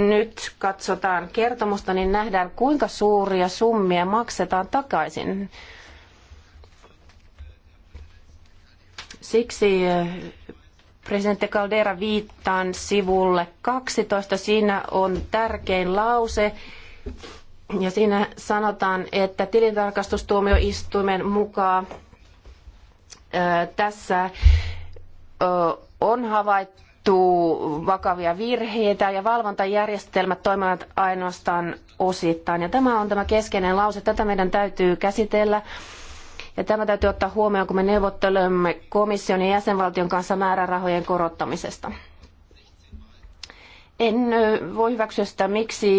nyt katsotaan kertomusta, niin nähdään kuinka suuria summia maksetaan takaisin. Siksi eh, presidentti Caldera viittaan sivulle 12. Siinä on tärkein lause. Ja siinä sanotaan, että tilintarkastustuomioistuimen mukaan tässä on havaittu vakavia virheitä ja valvontajärjestelmät toimivat ainoastaan osittain. Ja tämä on tämä keskeinen lause. Tätä meidän täytyy käsitellä. Ja tämä täytyy ottaa huomioon, kun me neuvottelemme komission ja jäsenvaltion kanssa määrärahojen korottamisesta. En voi hyväksyä sitä, miksi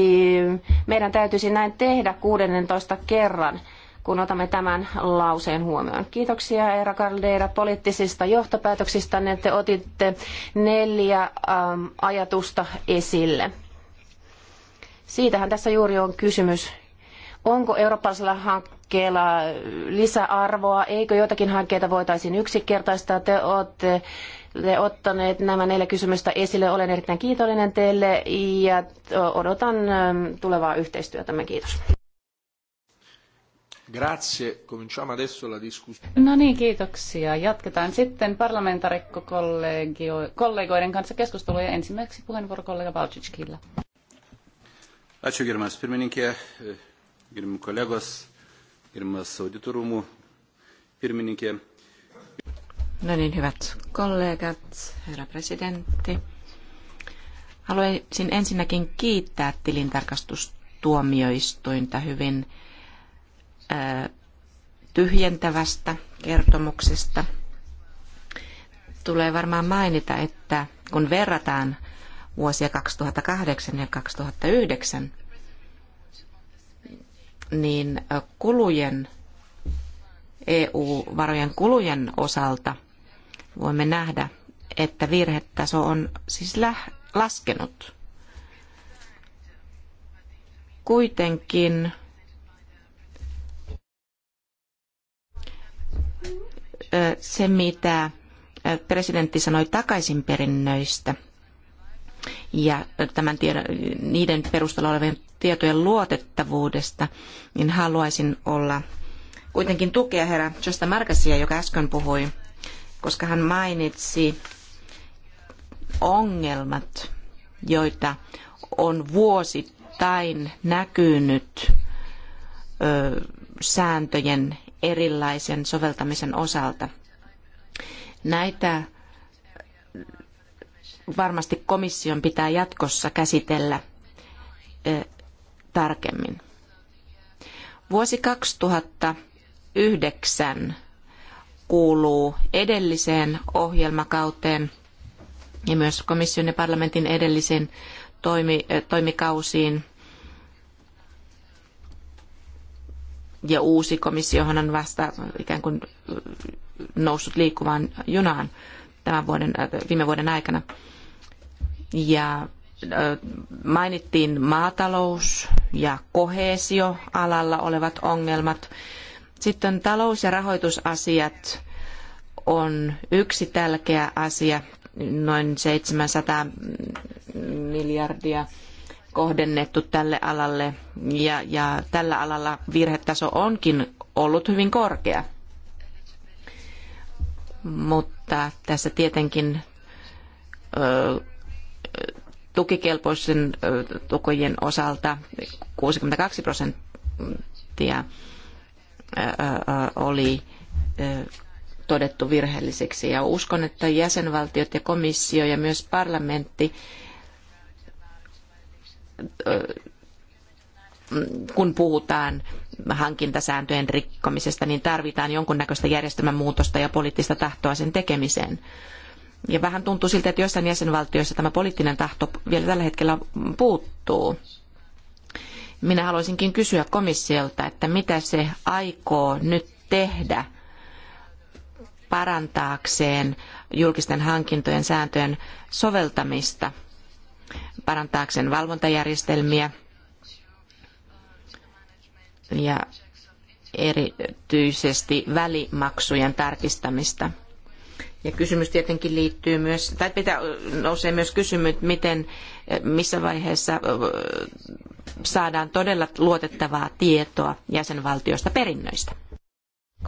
meidän täytyisi näin tehdä 16 kerran kun otamme tämän lauseen huomioon. Kiitoksia Eera Caldeira poliittisista johtopäätöksistänne. Te otitte neljä ähm, ajatusta esille. Siitähän tässä juuri on kysymys. Onko eurooppalaisella hankkeella lisäarvoa? Eikö jotakin hankkeita voitaisiin yksinkertaistaa? Te olette ottaneet nämä neljä kysymystä esille. Olen erittäin kiitollinen teille ja odotan ähm, tulevaa yhteistyötämme. Kiitos. Grazie. Cominciamo adesso la discussione. No niin, kiitoksia. Jatketaan sitten parlamentarikkokollegoiden kanssa keskustelua. Ensimmäiseksi puheenvuoro kollega Balčićkilla. Ačiū, gerbiamas pirmininkė, gerbiami kolegos, gerbiamas auditorumų pirmininkė. No niin, hyvät kollegat, herra presidentti. Haluaisin ensinnäkin kiittää tilintarkastustuomioistuinta hyvin tyhjentävästä kertomuksesta. Tulee varmaan mainita, että kun verrataan vuosia 2008 ja 2009, niin kulujen, EU-varojen kulujen osalta voimme nähdä, että virhetaso on siis laskenut. Kuitenkin se, mitä presidentti sanoi takaisinperinnöistä ja tämän tiedon, niiden perusteella olevien tietojen luotettavuudesta, niin haluaisin olla kuitenkin tukea herra Josta Markasia, joka äsken puhui, koska hän mainitsi ongelmat, joita on vuosittain näkynyt ö, sääntöjen erilaisen soveltamisen osalta. Näitä varmasti komission pitää jatkossa käsitellä tarkemmin. Vuosi 2009 kuuluu edelliseen ohjelmakauteen ja myös komission ja parlamentin edellisiin toimikausiin ja uusi komissiohan on vasta ikään kuin noussut liikkuvaan junaan tämän vuoden, viime vuoden aikana. Ja mainittiin maatalous ja alalla olevat ongelmat. Sitten talous- ja rahoitusasiat on yksi tärkeä asia, noin 700 miljardia kohdennettu tälle alalle ja, ja tällä alalla virhetaso onkin ollut hyvin korkea. Mutta tässä tietenkin ö, tukikelpoisen tukojen osalta 62 prosenttia oli todettu virheelliseksi. Ja uskon, että jäsenvaltiot ja komissio ja myös parlamentti kun puhutaan hankintasääntöjen rikkomisesta, niin tarvitaan jonkunnäköistä järjestelmän muutosta ja poliittista tahtoa sen tekemiseen. Ja vähän tuntuu siltä, että joissain jäsenvaltioissa tämä poliittinen tahto vielä tällä hetkellä puuttuu. Minä haluaisinkin kysyä komissiolta, että mitä se aikoo nyt tehdä parantaakseen julkisten hankintojen sääntöjen soveltamista – parantaakseen valvontajärjestelmiä ja erityisesti välimaksujen tarkistamista. Ja kysymys tietenkin liittyy myös, tai pitää, nousee myös kysymys, miten, missä vaiheessa saadaan todella luotettavaa tietoa jäsenvaltioista perinnöistä.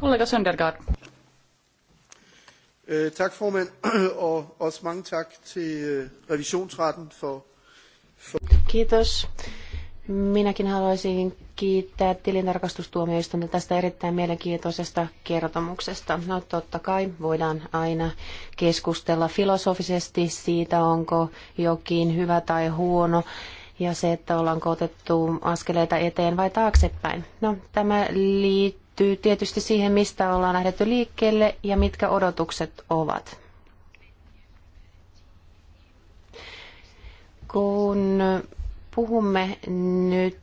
Kollega Söndergaard. Øh, tak formand, [clears throat] og også mange tak til øh, revisionsretten for, for... Kiitos. Minäkin haluaisin kiittää tilintarkastustuomioistuinta tästä erittäin mielenkiintoisesta kertomuksesta. No totta kai voidaan aina keskustella filosofisesti siitä, onko jokin hyvä tai huono ja se, että ollaanko otettu askeleita eteen vai taaksepäin. No, tämä liittyy liittyy tietysti siihen, mistä ollaan lähdetty liikkeelle ja mitkä odotukset ovat. Kun puhumme nyt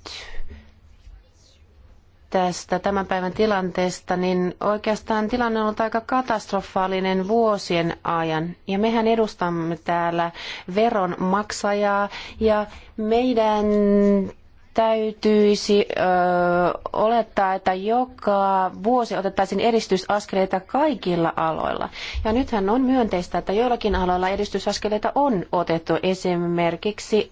tästä tämän päivän tilanteesta, niin oikeastaan tilanne on ollut aika katastrofaalinen vuosien ajan. Ja mehän edustamme täällä veronmaksajaa ja meidän täytyisi ö, olettaa, että joka vuosi otettaisiin edistysaskeleita kaikilla aloilla. Ja nythän on myönteistä, että joillakin aloilla edistysaskeleita on otettu esimerkiksi ö,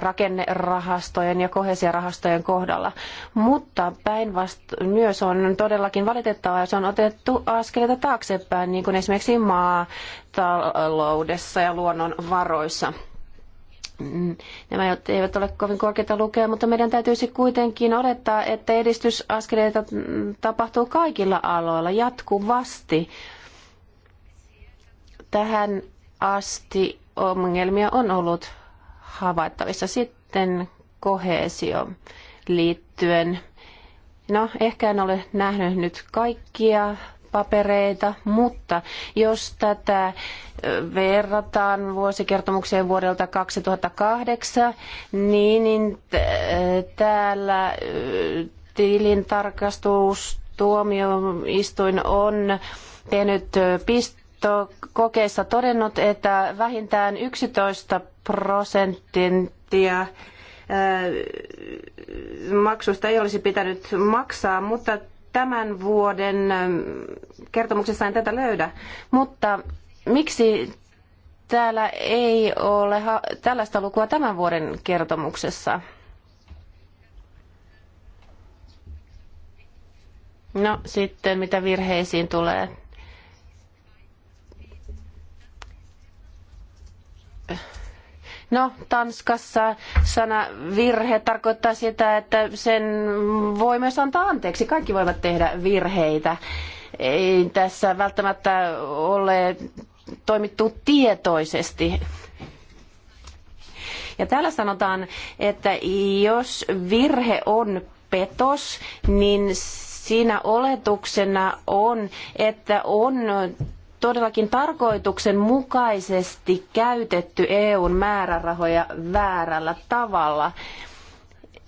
rakennerahastojen ja kohesiarahastojen kohdalla. Mutta päinvastoin myös on todellakin valitettavaa, jos on otettu askeleita taaksepäin, niin kuin esimerkiksi maataloudessa ja luonnonvaroissa. Mm, nämä eivät ole kovin korkeita lukea, mutta meidän täytyisi kuitenkin odottaa, että edistysaskeleita tapahtuu kaikilla aloilla jatkuvasti. Tähän asti ongelmia on ollut havaittavissa. Sitten kohesio liittyen. No, ehkä en ole nähnyt nyt kaikkia papereita, mutta jos tätä verrataan vuosikertomukseen vuodelta 2008, niin, niin täällä tilintarkastustuomioistuin on tehnyt pistokokeissa todennut, että vähintään 11 prosenttia maksusta ei olisi pitänyt maksaa, mutta tämän vuoden ähm, kertomuksessa en tätä löydä, mutta miksi täällä ei ole tällaista lukua tämän vuoden kertomuksessa? No sitten mitä virheisiin tulee. No, Tanskassa sana virhe tarkoittaa sitä, että sen voi myös antaa anteeksi. Kaikki voivat tehdä virheitä. Ei tässä välttämättä ole toimittu tietoisesti. Ja täällä sanotaan, että jos virhe on petos, niin siinä oletuksena on, että on todellakin tarkoituksenmukaisesti käytetty EUn määrärahoja väärällä tavalla.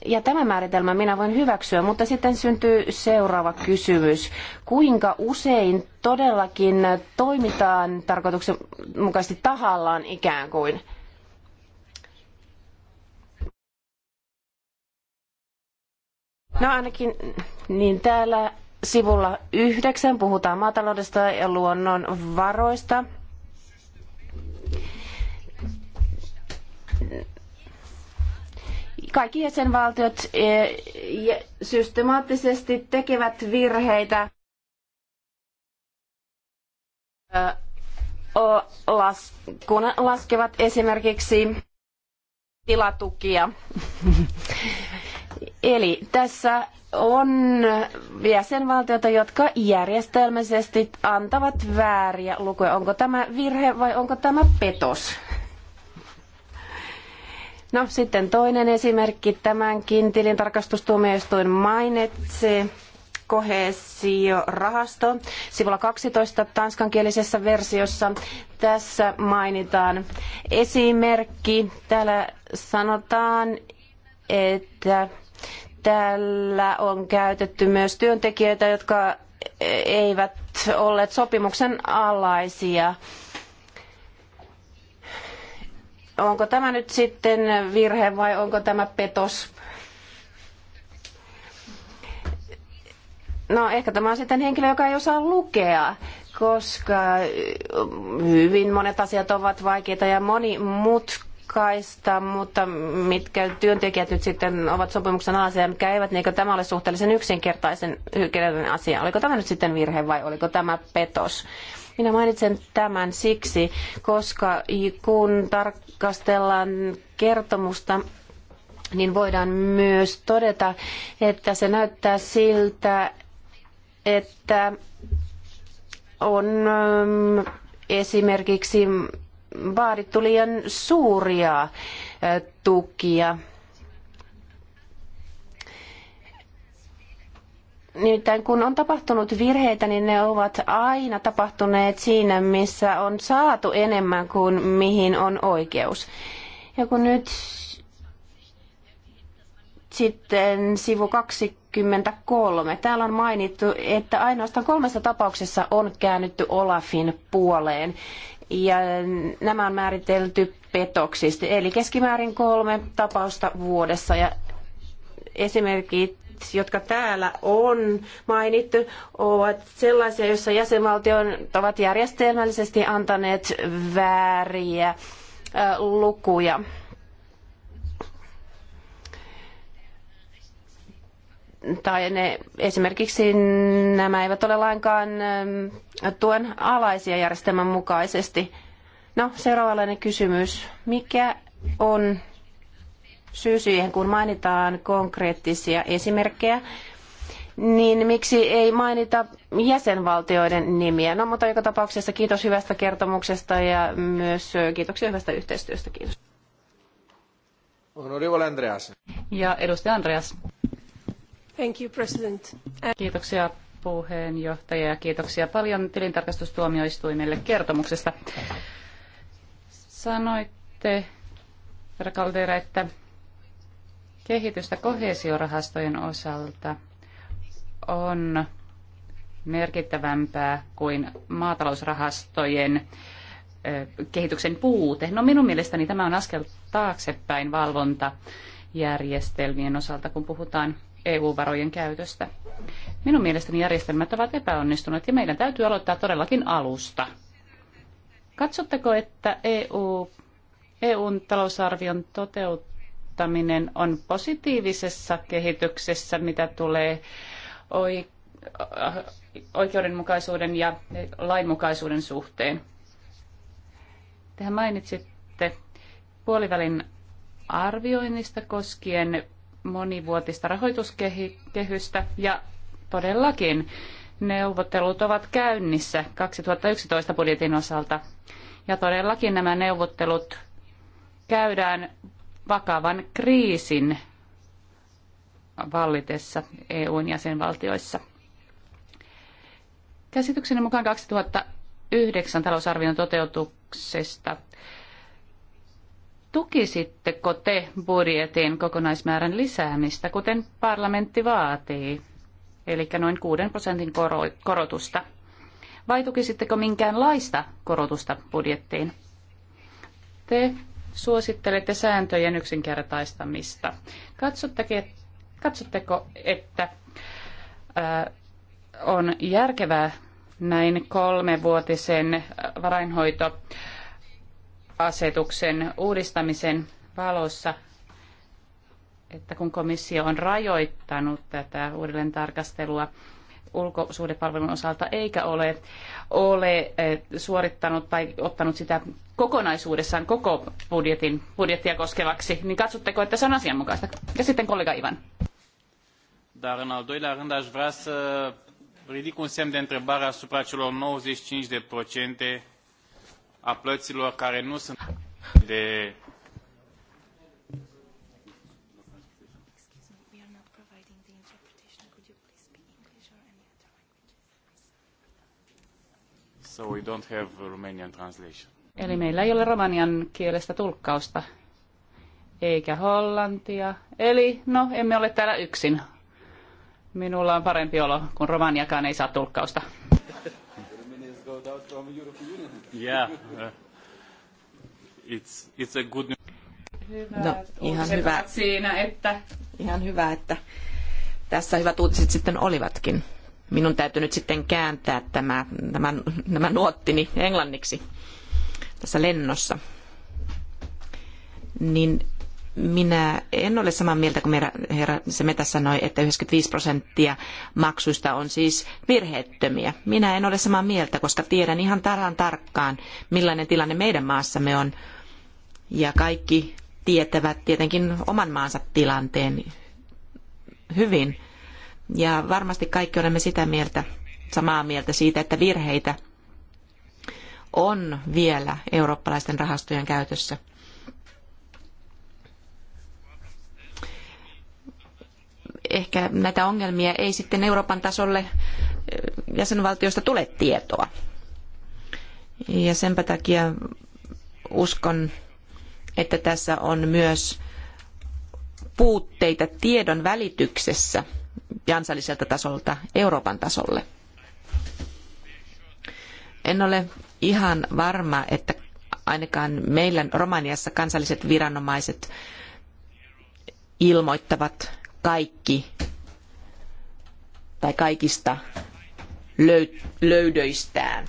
Ja tämä määritelmä minä voin hyväksyä, mutta sitten syntyy seuraava kysymys. Kuinka usein todellakin toimitaan tarkoituksenmukaisesti tahallaan ikään kuin? No ainakin niin täällä sivulla yhdeksän puhutaan maataloudesta ja luonnonvaroista. Kaikki jäsenvaltiot e, systemaattisesti tekevät virheitä kun laskevat esimerkiksi tilatukia. Eli tässä on jäsenvaltioita, jotka järjestelmäisesti antavat vääriä lukuja. Onko tämä virhe vai onko tämä petos? No sitten toinen esimerkki tämänkin tilintarkastustuomioistuin mainitsi kohesiorahasto. Sivulla 12 tanskankielisessä versiossa tässä mainitaan esimerkki. Täällä sanotaan, että Tällä on käytetty myös työntekijöitä, jotka eivät olleet sopimuksen alaisia. Onko tämä nyt sitten virhe vai onko tämä petos? No ehkä tämä on sitten henkilö, joka ei osaa lukea, koska hyvin monet asiat ovat vaikeita ja monimutkaisia ratkaista, mutta mitkä työntekijät nyt sitten ovat sopimuksen alaisia ja mitkä eivät, niin eikö tämä ole suhteellisen yksinkertaisen yksinkertainen asia? Oliko tämä nyt sitten virhe vai oliko tämä petos? Minä mainitsen tämän siksi, koska kun tarkastellaan kertomusta, niin voidaan myös todeta, että se näyttää siltä, että on ähm, esimerkiksi vaadittu liian suuria tukia. Nimittäin kun on tapahtunut virheitä, niin ne ovat aina tapahtuneet siinä, missä on saatu enemmän kuin mihin on oikeus. Ja kun nyt sitten sivu 23. Täällä on mainittu, että ainoastaan kolmessa tapauksessa on käännytty Olafin puoleen ja nämä on määritelty petoksiksi, eli keskimäärin kolme tapausta vuodessa ja esimerkit jotka täällä on mainittu, ovat sellaisia, joissa jäsenvaltiot ovat järjestelmällisesti antaneet vääriä lukuja. tai ne, esimerkiksi nämä eivät ole lainkaan ähm, tuen alaisia järjestelmän mukaisesti. No, seuraavallainen kysymys. Mikä on syy siihen, kun mainitaan konkreettisia esimerkkejä, niin miksi ei mainita jäsenvaltioiden nimiä? No, mutta joka tapauksessa kiitos hyvästä kertomuksesta ja myös kiitoksia hyvästä yhteistyöstä. Kiitos. Honorable Andreas. Ja edustaja Andreas. Kiitoksia puheenjohtaja ja kiitoksia paljon tilintarkastustuomioistuimelle kertomuksesta. Sanoitte, herra Caldera, että kehitystä kohesiorahastojen osalta on merkittävämpää kuin maatalousrahastojen kehityksen puute. No minun mielestäni tämä on askel taaksepäin valvontajärjestelmien osalta, kun puhutaan EU-varojen käytöstä. Minun mielestäni järjestelmät ovat epäonnistuneet ja meidän täytyy aloittaa todellakin alusta. Katsotteko, että EU, EUn talousarvion toteuttaminen on positiivisessa kehityksessä, mitä tulee oikeudenmukaisuuden ja lainmukaisuuden suhteen? Tehän mainitsitte puolivälin arvioinnista koskien monivuotista rahoituskehystä ja todellakin neuvottelut ovat käynnissä 2011 budjetin osalta. Ja todellakin nämä neuvottelut käydään vakavan kriisin vallitessa EUn jäsenvaltioissa. Käsitykseni mukaan 2009 talousarvion toteutuksesta Tukisitteko te budjetin kokonaismäärän lisäämistä, kuten parlamentti vaatii, eli noin 6 prosentin korotusta? Vai tukisitteko minkäänlaista korotusta budjettiin? Te suosittelette sääntöjen yksinkertaistamista. Katsotteko, että on järkevää näin kolmevuotisen varainhoito asetuksen uudistamisen valossa, että kun komissio on rajoittanut tätä uudelleen tarkastelua ulkosuhdepalvelun osalta eikä ole, ole eh, suorittanut tai ottanut sitä kokonaisuudessaan koko budjetin, budjettia koskevaksi, niin katsotteko, että se on asianmukaista? Ja sitten kollega Ivan. Dar în al doilea rând aș vrea să ridic un semn de întrebare asupra celor 95% a plăților care nu sunt de So we don't have Romanian translation. Eli meillä ei ole romanian kielestä tulkkausta, eikä hollantia. Eli no, emme ole täällä yksin. Minulla on parempi olo, kun romaniakaan ei saa tulkkausta sold out from um, European Union. Yeah. Uh, it's, it's a good no, ihan hyvä. siinä, että... Ihan hyvä, että tässä hyvät uutiset sitten olivatkin. Minun täytyy nyt sitten kääntää tämä, tämä, nämä nuottini englanniksi tässä lennossa. Niin minä en ole samaa mieltä kuin herra Semeta sanoi, että 95 prosenttia maksuista on siis virheettömiä. Minä en ole samaa mieltä, koska tiedän ihan tarhan tarkkaan, millainen tilanne meidän maassamme on. Ja kaikki tietävät tietenkin oman maansa tilanteen hyvin. Ja varmasti kaikki olemme sitä mieltä, samaa mieltä siitä, että virheitä on vielä eurooppalaisten rahastojen käytössä – ehkä näitä ongelmia ei sitten Euroopan tasolle eh, jäsenvaltioista tule tietoa. Ja senpä takia uskon, että tässä on myös puutteita tiedon välityksessä kansalliselta tasolta Euroopan tasolle. En ole ihan varma, että ainakaan meillä Romaniassa kansalliset viranomaiset ilmoittavat kaikki tai kaikista löydöistään,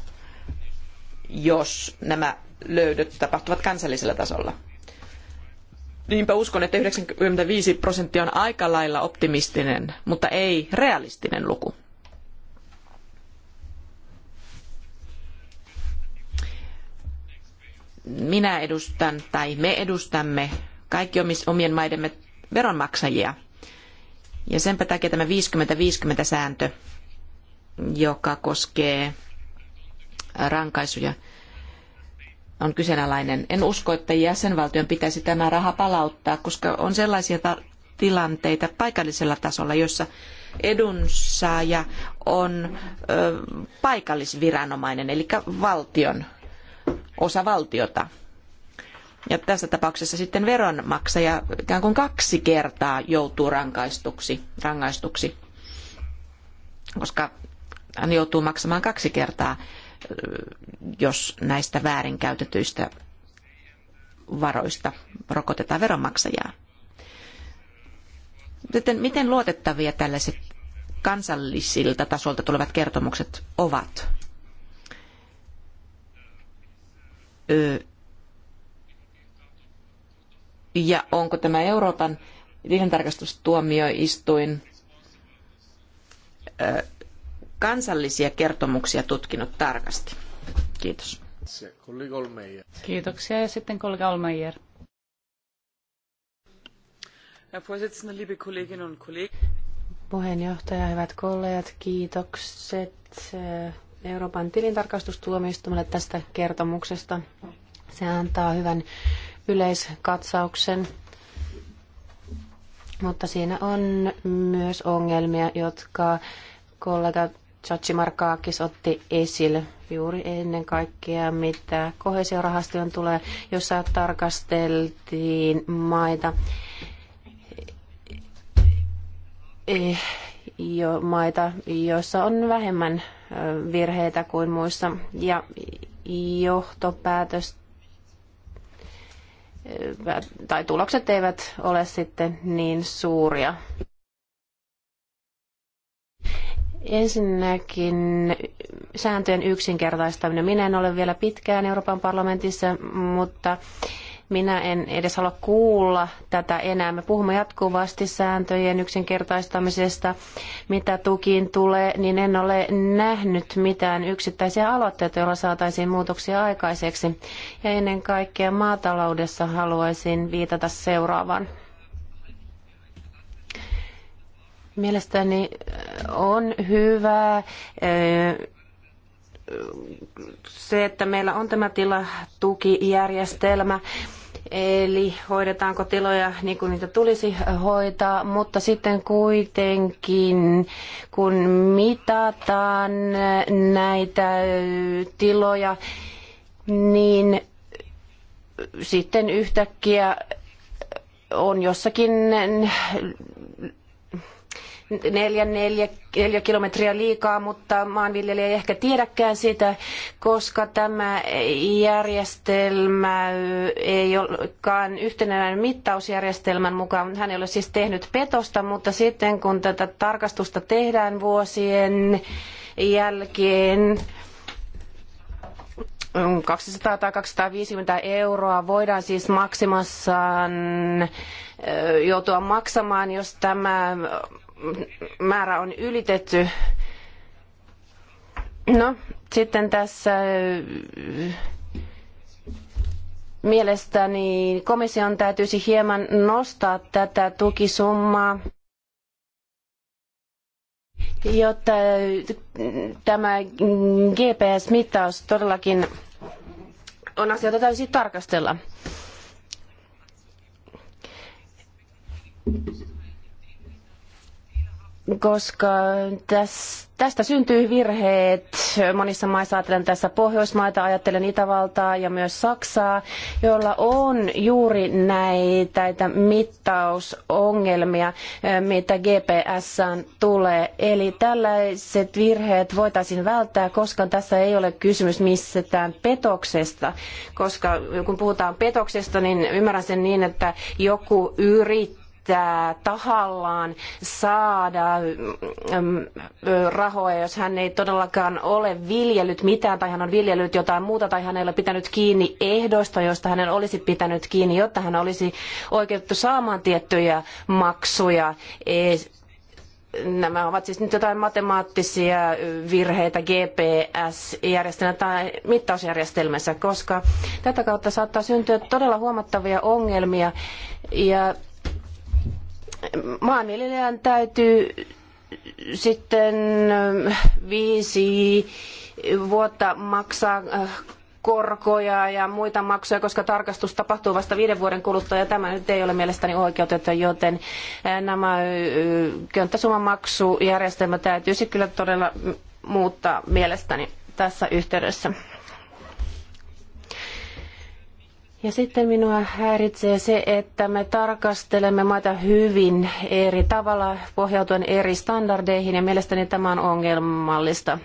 jos nämä löydöt tapahtuvat kansallisella tasolla. Niinpä uskon, että 95 prosenttia on aika lailla optimistinen, mutta ei realistinen luku. Minä edustan tai me edustamme kaikki omien maidemme veronmaksajia – ja senpä takia tämä 50-50 sääntö, joka koskee rankaisuja, on kyseenalainen. En usko, että jäsenvaltion pitäisi tämä raha palauttaa, koska on sellaisia tilanteita paikallisella tasolla, jossa edunsaaja on paikallisviranomainen, eli valtion, osa valtiota. Ja tässä tapauksessa sitten veronmaksaja ikään kuin kaksi kertaa joutuu rankaistuksi, rangaistuksi, koska hän joutuu maksamaan kaksi kertaa, jos näistä väärinkäytetyistä varoista rokotetaan veronmaksajaa. Joten miten luotettavia tällaiset kansallisilta tasolta tulevat kertomukset ovat? ja onko tämä Euroopan tilintarkastustuomioistuin kansallisia kertomuksia tutkinut tarkasti. Kiitos. Kiitoksia ja sitten kollega Olmeijer. Puheenjohtaja, hyvät kollegat, kiitokset Euroopan tilintarkastustuomioistuimelle tästä kertomuksesta. Se antaa hyvän yleiskatsauksen, mutta siinä on myös ongelmia, jotka kollega Chachi Markaakis otti esille juuri ennen kaikkea, mitä kohesiorahastoon tulee, jossa tarkasteltiin maita, eh, jo, maita, joissa on vähemmän virheitä kuin muissa. Ja johtopäätös tai tulokset eivät ole sitten niin suuria. Ensinnäkin sääntöjen yksinkertaistaminen. Minä en ole vielä pitkään Euroopan parlamentissa, mutta minä en edes halua kuulla tätä enää. Me puhumme jatkuvasti sääntöjen yksinkertaistamisesta. Mitä tukiin tulee, niin en ole nähnyt mitään yksittäisiä aloitteita, joilla saataisiin muutoksia aikaiseksi. Ja ennen kaikkea maataloudessa haluaisin viitata seuraavan. Mielestäni äh, on hyvä äh, se, että meillä on tämä tilatukijärjestelmä, Eli hoidetaanko tiloja niin kuin niitä tulisi hoitaa, mutta sitten kuitenkin kun mitataan näitä tiloja, niin sitten yhtäkkiä on jossakin neljä, neljä, neljä kilometriä liikaa, mutta maanviljelijä ei ehkä tiedäkään sitä, koska tämä järjestelmä ei olekaan yhtenäinen mittausjärjestelmän mukaan. Hän ei ole siis tehnyt petosta, mutta sitten kun tätä tarkastusta tehdään vuosien jälkeen, 200 tai 250 euroa voidaan siis maksimassaan joutua maksamaan, jos tämä määrä on ylitetty. No, sitten tässä äh, mielestäni komission täytyisi hieman nostaa tätä tukisummaa, jotta äh, tämä GPS-mittaus todellakin on asia, jota täytyy tarkastella koska tästä syntyy virheet. Monissa maissa ajattelen tässä Pohjoismaita, ajattelen Itävaltaa ja myös Saksaa, joilla on juuri näitä mittausongelmia, mitä GPS tulee. Eli tällaiset virheet voitaisiin välttää, koska tässä ei ole kysymys missään petoksesta. Koska kun puhutaan petoksesta, niin ymmärrän sen niin, että joku yrittää yrittää tahallaan saada mm, mm, rahoja, jos hän ei todellakaan ole viljellyt mitään tai hän on viljellyt jotain muuta tai hän ei ole pitänyt kiinni ehdoista, joista hänen olisi pitänyt kiinni, jotta hän olisi oikeutettu saamaan tiettyjä maksuja. E, nämä ovat siis nyt jotain matemaattisia virheitä GPS-järjestelmässä tai mittausjärjestelmässä, koska tätä kautta saattaa syntyä todella huomattavia ongelmia. Ja maanviljelijän täytyy sitten ähm, viisi vuotta maksaa äh, korkoja ja muita maksuja, koska tarkastus tapahtuu vasta viiden vuoden kuluttua ja tämä nyt ei ole mielestäni oikeutettu, joten äh, nämä äh, könttäsumman maksujärjestelmä täytyisi kyllä todella muuttaa mielestäni tässä yhteydessä. Ja sitten minua häiritsee se, että me tarkastelemme maita hyvin eri tavalla pohjautuen eri standardeihin ja mielestäni tämä on ongelmallista.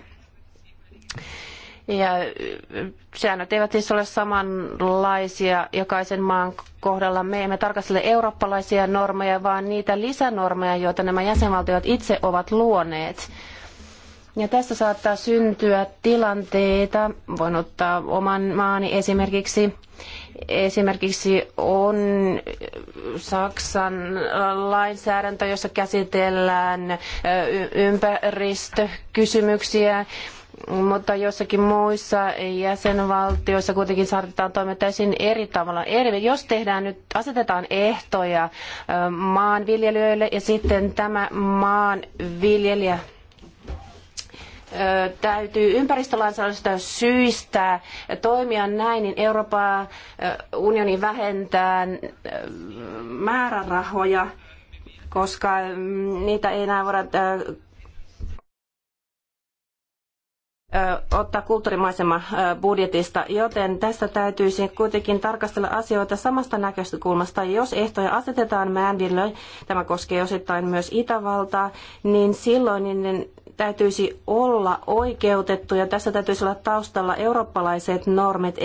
Ja säännöt eivät siis ole samanlaisia jokaisen maan kohdalla. Me emme tarkastele eurooppalaisia normeja, vaan niitä lisänormeja, joita nämä jäsenvaltiot itse ovat luoneet. Ja tässä saattaa syntyä tilanteita, voin ottaa oman maani esimerkiksi, Esimerkiksi on Saksan lainsäädäntö, jossa käsitellään ympäristökysymyksiä, mutta jossakin muissa jäsenvaltioissa kuitenkin saatetaan toimia täysin eri tavalla. Eri, jos tehdään nyt, asetetaan ehtoja maanviljelijöille ja sitten tämä maanviljelijä täytyy ympäristölainsäädännöstä syistä toimia näin, niin Euroopan unioni vähentää määrärahoja, koska mm, niitä ei enää voida ottaa kulttuurimaisema budjetista, joten tässä täytyisi kuitenkin tarkastella asioita samasta näkökulmasta. Jos ehtoja asetetaan Mändille, tämä koskee osittain myös Itävaltaa, niin silloin niiden täytyisi olla oikeutettu ja tässä täytyisi olla taustalla eurooppalaiset normit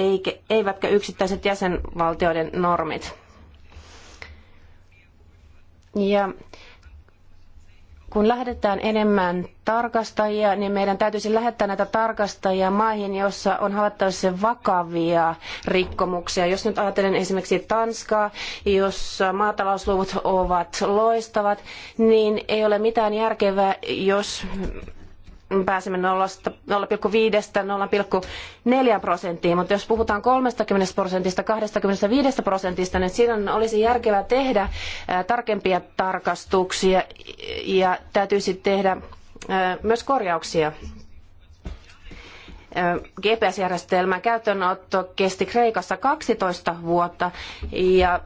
eivätkä yksittäiset jäsenvaltioiden normit. Ja kun lähetetään enemmän tarkastajia, niin meidän täytyisi lähettää näitä tarkastajia maihin, joissa on havaittavissa vakavia rikkomuksia. Jos nyt ajattelen esimerkiksi Tanskaa, jossa maatalousluvut ovat loistavat, niin ei ole mitään järkevää, jos pääsemme 0,5-0,4 prosenttiin, mutta jos puhutaan 30 prosentista, 25 prosentista, niin silloin olisi järkevää tehdä tarkempia tarkastuksia ja täytyisi tehdä myös korjauksia. GPS-järjestelmän käyttöönotto kesti Kreikassa 12 vuotta ja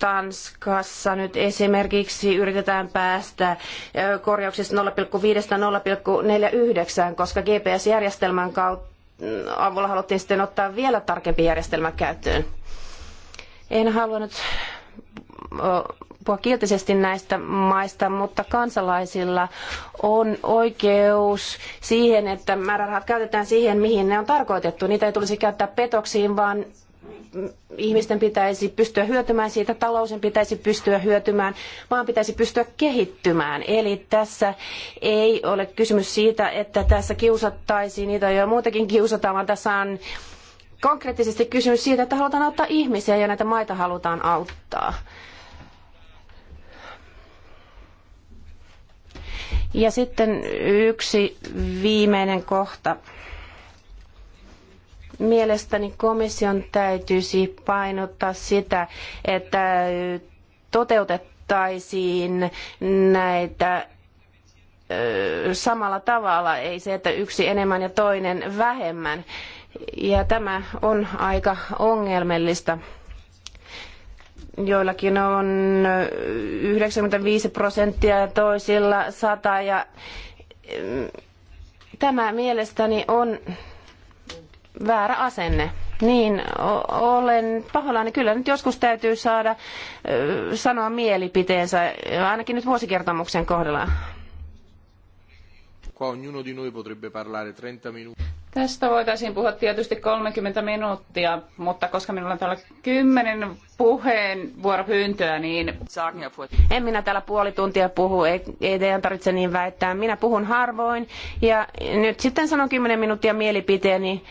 Tanskassa nyt esimerkiksi yritetään päästä korjauksista 0,5-0,49, koska GPS-järjestelmän mm, avulla haluttiin sitten ottaa vielä tarkempi järjestelmä käyttöön. En halunnut puhua kielteisesti näistä maista, mutta kansalaisilla on oikeus siihen, että määrärahat käytetään siihen, mihin ne on tarkoitettu. Niitä ei tulisi käyttää petoksiin, vaan ihmisten pitäisi pystyä hyötymään siitä, talousen pitäisi pystyä hyötymään, maan pitäisi pystyä kehittymään. Eli tässä ei ole kysymys siitä, että tässä kiusattaisiin, niitä jo muutenkin kiusataan, vaan tässä on konkreettisesti kysymys siitä, että halutaan auttaa ihmisiä ja näitä maita halutaan auttaa. Ja sitten yksi viimeinen kohta. Mielestäni komission täytyisi painottaa sitä, että toteutettaisiin näitä samalla tavalla, ei se, että yksi enemmän ja toinen vähemmän. Ja tämä on aika ongelmallista. Joillakin on 95 prosenttia ja toisilla 100 ja tämä mielestäni on väärä asenne. Niin, olen pahoillani. Kyllä nyt joskus täytyy saada ö, sanoa mielipiteensä, ainakin nyt vuosikertomuksen kohdalla. Tästä voitaisiin puhua tietysti 30 minuuttia, mutta koska minulla on täällä 10 puheenvuoropyyntöä, niin... En minä täällä puoli tuntia puhu, ei, ei teidän tarvitse niin väittää. Minä puhun harvoin ja nyt sitten sanon 10 minuuttia mielipiteeni. Niin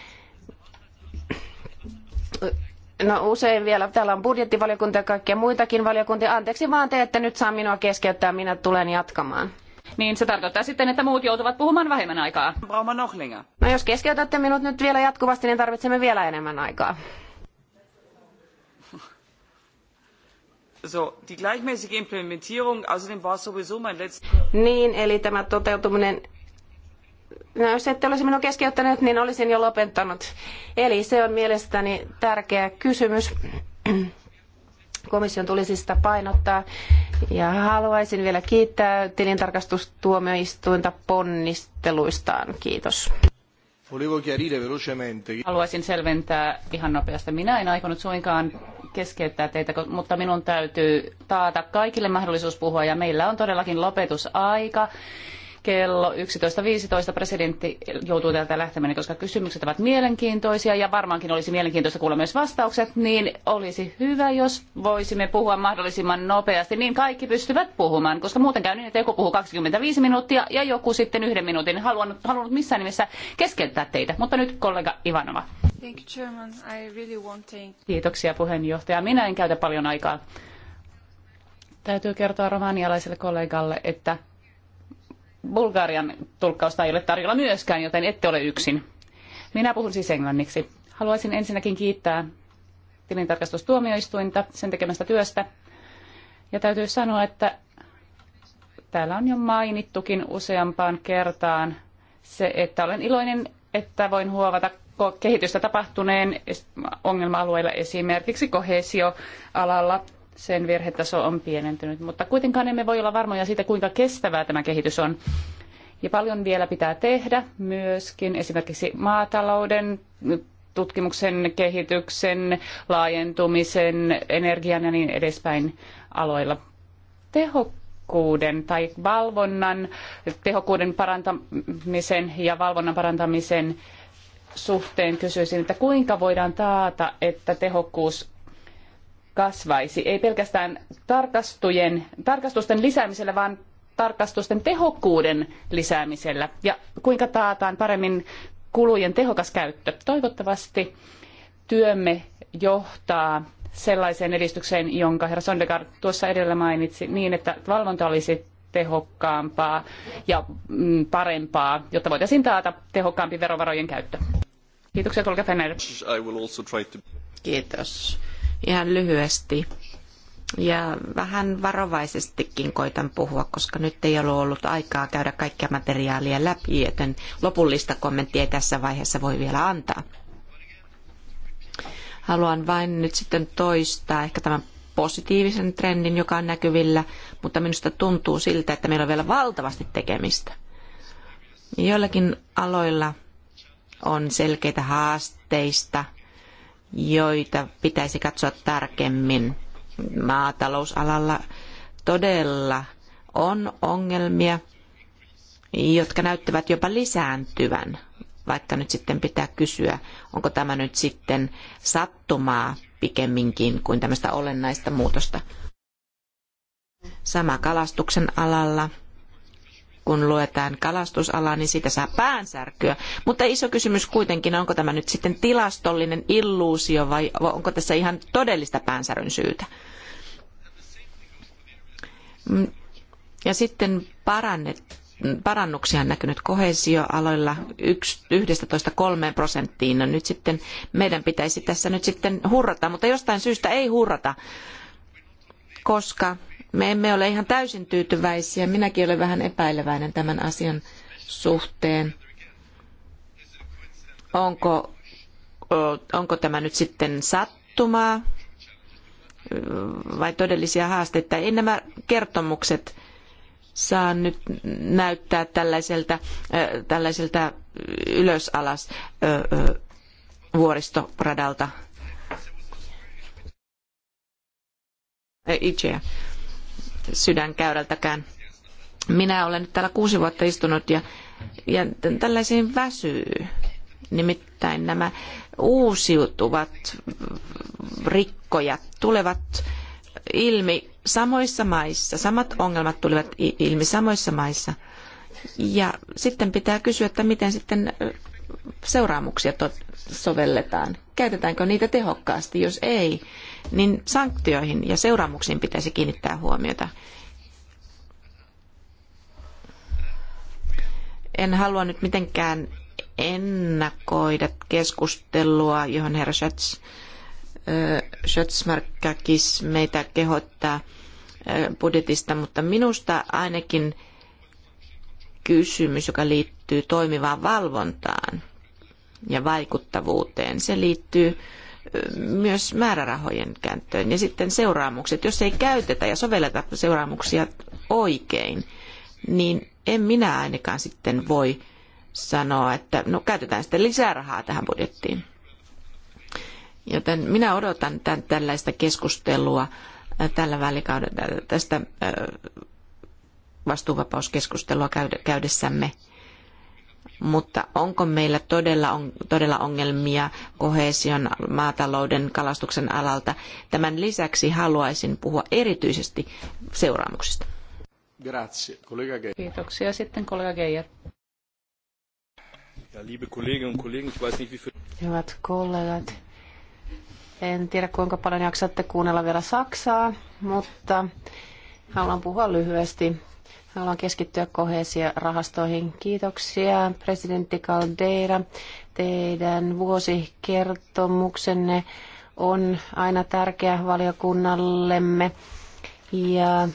No usein vielä, täällä on budjettivaliokunta ja kaikkia muitakin valiokuntia. Anteeksi vaan te, että nyt saa minua keskeyttää, minä tulen jatkamaan. Niin se tarkoittaa sitten, että muut joutuvat puhumaan vähemmän aikaa. No jos keskeytätte minut nyt vielä jatkuvasti, niin tarvitsemme vielä enemmän aikaa. So, die gleichmäßige Implementierung, außerdem war sowieso mein letzter... Niin, eli tämä toteutuminen No, jos ette olisi minua keskeyttänyt, niin olisin jo lopettanut. Eli se on mielestäni tärkeä kysymys. Komission tulisi sitä painottaa. Ja haluaisin vielä kiittää tilintarkastustuomioistuinta ponnisteluistaan. Kiitos. Haluaisin selventää ihan nopeasti. Minä en aikonut suinkaan keskeyttää teitä, mutta minun täytyy taata kaikille mahdollisuus puhua ja meillä on todellakin lopetusaika kello 11.15 presidentti joutuu täältä lähtemään, koska kysymykset ovat mielenkiintoisia ja varmaankin olisi mielenkiintoista kuulla myös vastaukset, niin olisi hyvä, jos voisimme puhua mahdollisimman nopeasti, niin kaikki pystyvät puhumaan, koska muuten käy niin, että joku puhuu 25 minuuttia ja joku sitten yhden minuutin. Haluan, halunnut missään nimessä keskeyttää teitä, mutta nyt kollega Ivanova. Thank you, Chairman. I really want to... Kiitoksia puheenjohtaja. Minä en käytä paljon aikaa. Täytyy kertoa romanialaiselle kollegalle, että Bulgarian tulkkausta ei ole tarjolla myöskään, joten ette ole yksin. Minä puhun siis englanniksi. Haluaisin ensinnäkin kiittää tilintarkastustuomioistuinta sen tekemästä työstä. Ja täytyy sanoa, että täällä on jo mainittukin useampaan kertaan se, että olen iloinen, että voin huovata kehitystä tapahtuneen ongelma-alueilla esimerkiksi kohesioalalla sen virhetaso on pienentynyt, mutta kuitenkaan emme voi olla varmoja siitä, kuinka kestävää tämä kehitys on. Ja paljon vielä pitää tehdä myöskin esimerkiksi maatalouden, tutkimuksen, kehityksen, laajentumisen, energian ja niin edespäin aloilla. Tehokkuuden tai valvonnan, tehokkuuden parantamisen ja valvonnan parantamisen suhteen kysyisin, että kuinka voidaan taata, että tehokkuus kasvaisi, ei pelkästään tarkastusten lisäämisellä, vaan tarkastusten tehokkuuden lisäämisellä ja kuinka taataan paremmin kulujen tehokas käyttö. Toivottavasti työmme johtaa sellaiseen edistykseen, jonka herra Sondegaard tuossa edellä mainitsi, niin että valvonta olisi tehokkaampaa ja mm, parempaa, jotta voitaisiin taata tehokkaampi verovarojen käyttö. Kiitoksia, Kolka Kiitos ihan lyhyesti. Ja vähän varovaisestikin koitan puhua, koska nyt ei ole ollut aikaa käydä kaikkia materiaalia läpi, joten lopullista kommenttia ei tässä vaiheessa voi vielä antaa. Haluan vain nyt sitten toistaa ehkä tämän positiivisen trendin, joka on näkyvillä, mutta minusta tuntuu siltä, että meillä on vielä valtavasti tekemistä. Joillakin aloilla on selkeitä haasteista – joita pitäisi katsoa tarkemmin. Maatalousalalla todella on ongelmia, jotka näyttävät jopa lisääntyvän, vaikka nyt sitten pitää kysyä, onko tämä nyt sitten sattumaa pikemminkin kuin tämmöistä olennaista muutosta. Sama kalastuksen alalla kun luetaan kalastusalaa, niin siitä saa päänsärkyä. Mutta iso kysymys kuitenkin, onko tämä nyt sitten tilastollinen illuusio vai onko tässä ihan todellista päänsäryn syytä? Ja sitten parannet, parannuksia on näkynyt kohesioaloilla 11-3 prosenttiin. No nyt sitten meidän pitäisi tässä nyt sitten hurrata, mutta jostain syystä ei hurrata, koska me emme ole ihan täysin tyytyväisiä. Minäkin olen vähän epäileväinen tämän asian suhteen. Onko, onko tämä nyt sitten sattumaa vai todellisia haasteita? Ei nämä kertomukset saa nyt näyttää tällaiselta, tällaiselta ylös alas vuoristoradalta. Itseä sydänkäyrältäkään. Minä olen nyt täällä kuusi vuotta istunut ja, ja tällaisiin väsyy. Nimittäin nämä uusiutuvat rikkojat tulevat ilmi samoissa maissa. Samat ongelmat tulevat ilmi samoissa maissa. Ja sitten pitää kysyä, että miten sitten seuraamuksia sovelletaan? Käytetäänkö niitä tehokkaasti? Jos ei, niin sanktioihin ja seuraamuksiin pitäisi kiinnittää huomiota. En halua nyt mitenkään ennakoida keskustelua, johon herra Schatz, meitä kehottaa budjetista, mutta minusta ainakin – kysymys, joka liittyy toimivaan valvontaan ja vaikuttavuuteen. Se liittyy myös määrärahojen käyttöön ja sitten seuraamukset. Jos ei käytetä ja sovelleta seuraamuksia oikein, niin en minä ainakaan sitten voi sanoa, että no käytetään sitten lisää rahaa tähän budjettiin. Joten minä odotan tämän, tällaista keskustelua tällä välikaudella tästä vastuuvapauskeskustelua käydessämme. Mutta onko meillä todella, on, todella ongelmia kohesion, maatalouden, kalastuksen alalta? Tämän lisäksi haluaisin puhua erityisesti seuraamuksista. Grazie, kollega Geier. Kiitoksia sitten kollega Geijer. Ja, liebe Kolleginnen und Kollegen, ich weiß nicht, wie viel... Hyvät kollegat, en tiedä kuinka paljon jaksatte kuunnella vielä Saksaa, mutta haluan puhua lyhyesti. Haluan keskittyä kohesiorahastoihin. Kiitoksia, presidentti Caldeira. Teidän vuosikertomuksenne on aina tärkeä valiokunnallemme ja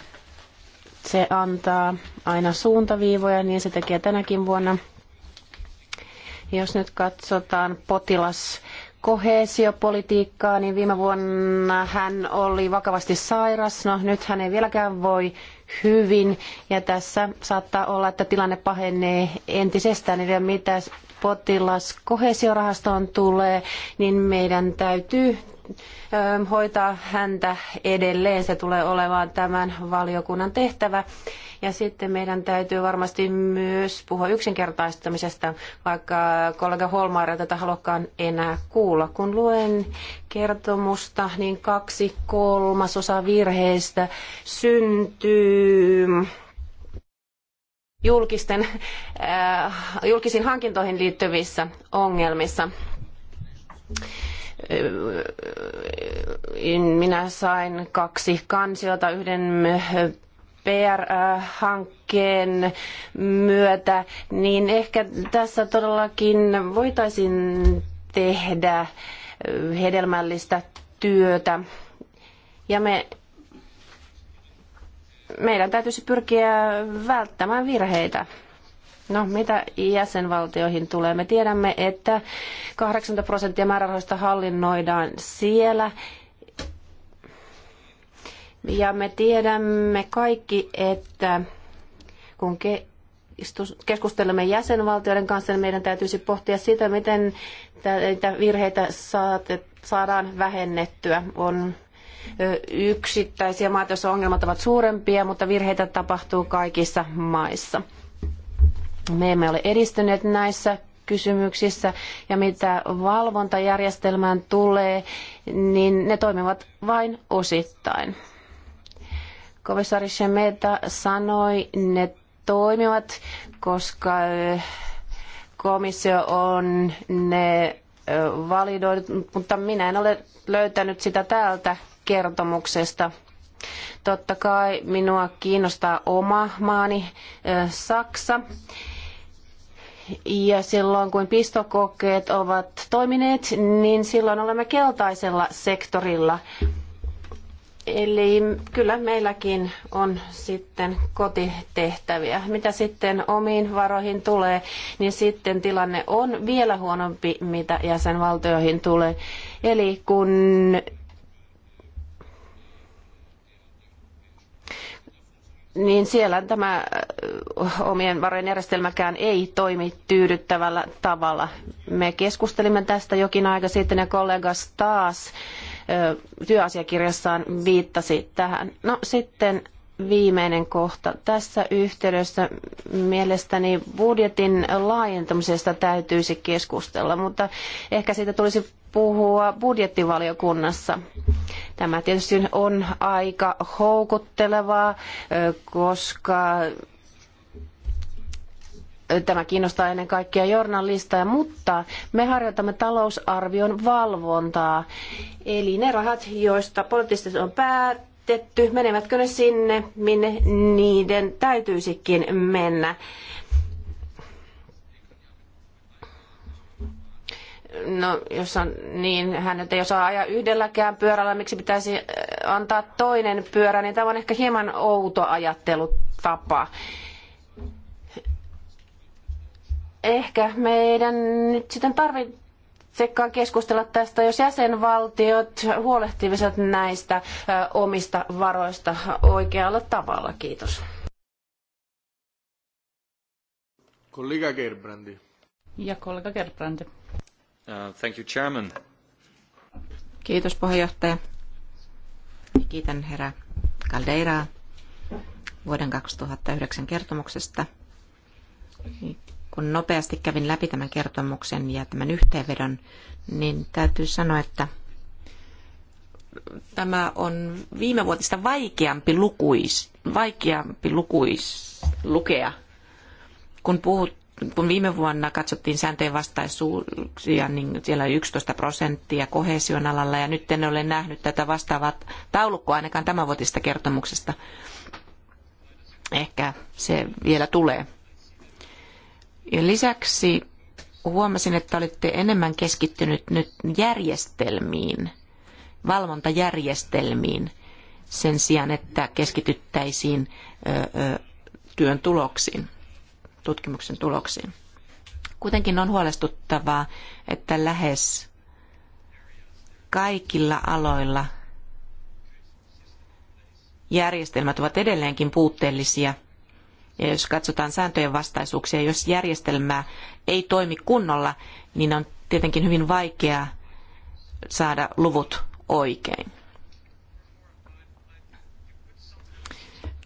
se antaa aina suuntaviivoja, niin se tekee tänäkin vuonna. Jos nyt katsotaan potilas kohesiopolitiikkaa, niin viime vuonna hän oli vakavasti sairas. No nyt hän ei vieläkään voi hyvin ja tässä saattaa olla, että tilanne pahenee entisestään. Eli mitä potilaskohesiorahastoon tulee, niin meidän täytyy Ähm, hoitaa häntä edelleen. Se tulee olemaan tämän valiokunnan tehtävä. Ja sitten meidän täytyy varmasti myös puhua yksinkertaistamisesta, vaikka kollega Holmaari ei tätä halukkaan enää kuulla. Kun luen kertomusta, niin kaksi kolmasosa virheistä syntyy julkisten, äh, julkisiin hankintoihin liittyvissä ongelmissa minä sain kaksi kansiota yhden PR-hankkeen myötä, niin ehkä tässä todellakin voitaisiin tehdä hedelmällistä työtä. Ja me, meidän täytyisi pyrkiä välttämään virheitä. No, mitä jäsenvaltioihin tulee? Me tiedämme, että 80 prosenttia määrärahoista hallinnoidaan siellä. Ja me tiedämme kaikki, että kun keskustelemme jäsenvaltioiden kanssa, niin meidän täytyisi pohtia sitä, miten näitä virheitä saadaan vähennettyä. On yksittäisiä maita, joissa ongelmat ovat suurempia, mutta virheitä tapahtuu kaikissa maissa. Me emme ole edistyneet näissä kysymyksissä ja mitä valvontajärjestelmään tulee, niin ne toimivat vain osittain. Komissaari Shemeta sanoi, ne toimivat, koska eh, komissio on ne eh, validoinut, mutta minä en ole löytänyt sitä täältä kertomuksesta. Totta kai minua kiinnostaa oma maani eh, Saksa. Ja silloin kun pistokokeet ovat toimineet, niin silloin olemme keltaisella sektorilla. Eli kyllä meilläkin on sitten kotitehtäviä. Mitä sitten omiin varoihin tulee, niin sitten tilanne on vielä huonompi, mitä jäsenvaltioihin tulee. Eli kun niin siellä tämä omien varojen järjestelmäkään ei toimi tyydyttävällä tavalla. Me keskustelimme tästä jokin aika sitten ja kollegas taas työasiakirjassaan viittasi tähän. No sitten viimeinen kohta. Tässä yhteydessä mielestäni budjetin laajentamisesta täytyisi keskustella, mutta ehkä siitä tulisi puhua budjettivaliokunnassa. Tämä tietysti on aika houkuttelevaa, koska tämä kiinnostaa ennen kaikkea journalisteja, mutta me harjoitamme talousarvion valvontaa. Eli ne rahat, joista poliittisesti on päätetty, menevätkö ne sinne, minne niiden täytyisikin mennä. No, jos on niin, hän nyt ei osaa ajaa yhdelläkään pyörällä, miksi pitäisi äh, antaa toinen pyörä, niin tämä on ehkä hieman outo ajattelutapa. Ehkä meidän nyt sitten tarvitsekaan keskustella tästä, jos jäsenvaltiot huolehtivat näistä äh, omista varoista oikealla tavalla. Kiitos. Kollega Gerbrandi. Ja kollega Gerbrandi. Uh, thank you, chairman. Kiitos puheenjohtaja. Kiitän herra Caldeiraa vuoden 2009 kertomuksesta. Kun nopeasti kävin läpi tämän kertomuksen ja tämän yhteenvedon, niin täytyy sanoa, että tämä on viime vuotista vaikeampi, lukuis, vaikeampi lukuis, lukea, kun puhut, kun viime vuonna katsottiin sääntöjen vastaisuuksia, niin siellä oli 11 prosenttia kohesion alalla, ja nyt en ole nähnyt tätä vastaavaa taulukkoa ainakaan tämänvuotista kertomuksesta. Ehkä se vielä tulee. Ja lisäksi huomasin, että olitte enemmän keskittynyt nyt järjestelmiin, valvontajärjestelmiin, sen sijaan, että keskityttäisiin työn tuloksiin tutkimuksen tuloksiin. Kuitenkin on huolestuttavaa, että lähes kaikilla aloilla järjestelmät ovat edelleenkin puutteellisia. Ja jos katsotaan sääntöjen vastaisuuksia, jos järjestelmää ei toimi kunnolla, niin on tietenkin hyvin vaikeaa saada luvut oikein.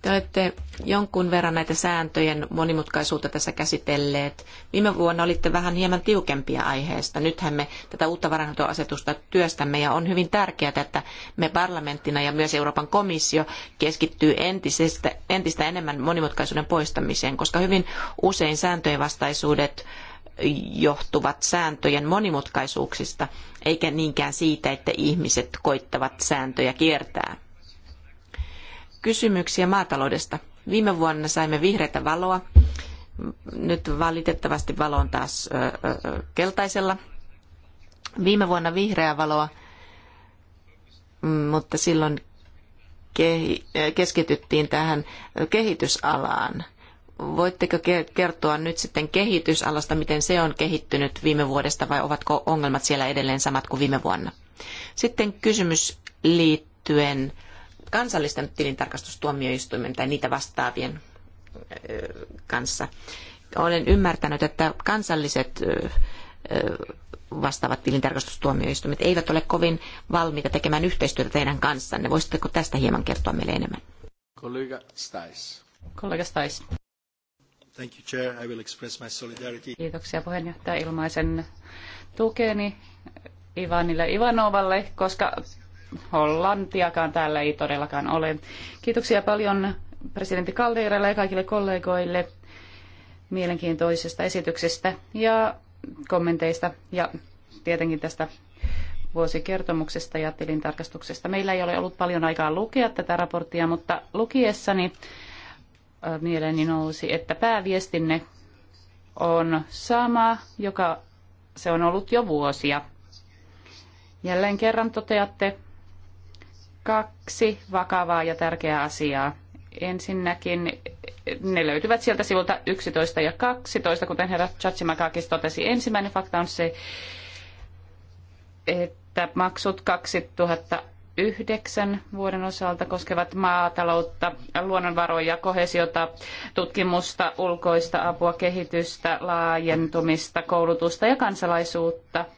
Te olette jonkun verran näitä sääntöjen monimutkaisuutta tässä käsitelleet. Viime vuonna olitte vähän hieman tiukempia aiheesta. Nythän me tätä uutta varainhoitoasetusta työstämme ja on hyvin tärkeää, että me parlamenttina ja myös Euroopan komissio keskittyy entisestä, entistä enemmän monimutkaisuuden poistamiseen, koska hyvin usein sääntöjen vastaisuudet johtuvat sääntöjen monimutkaisuuksista, eikä niinkään siitä, että ihmiset koittavat sääntöjä kiertää. Kysymyksiä maataloudesta Viime vuonna saimme vihreätä valoa. Nyt valitettavasti valo on taas keltaisella. Viime vuonna vihreää valoa, mm, mutta silloin keskityttiin tähän kehitysalaan. Voitteko kertoa nyt sitten kehitysalasta, miten se on kehittynyt viime vuodesta vai ovatko ongelmat siellä edelleen samat kuin viime vuonna? Sitten kysymys liittyen kansallisten tilintarkastustuomioistuimen tai niitä vastaavien kanssa. Olen ymmärtänyt, että kansalliset vastaavat tilintarkastustuomioistuimet eivät ole kovin valmiita tekemään yhteistyötä teidän kanssanne. Voisitteko tästä hieman kertoa meille enemmän? Kollega Stais. Kollega Stais. Thank you, Chair. I will express my solidarity. Kiitoksia puheenjohtaja ilmaisen tukeni Ivanille Ivanovalle, koska Hollantiakaan täällä ei todellakaan ole. Kiitoksia paljon presidentti Kaldeiralle ja kaikille kollegoille mielenkiintoisesta esityksestä ja kommenteista ja tietenkin tästä vuosikertomuksesta ja tilintarkastuksesta. Meillä ei ole ollut paljon aikaa lukea tätä raporttia, mutta lukiessani mieleeni nousi, että pääviestinne on sama, joka se on ollut jo vuosia. Jälleen kerran toteatte, kaksi vakavaa ja tärkeää asiaa. Ensinnäkin ne löytyvät sieltä sivulta 11 ja 12, kuten herra Chachimakakis totesi. Ensimmäinen fakta on se, että maksut 2009 vuoden osalta koskevat maataloutta, luonnonvaroja, kohesiota, tutkimusta, ulkoista apua, kehitystä, laajentumista, koulutusta ja kansalaisuutta –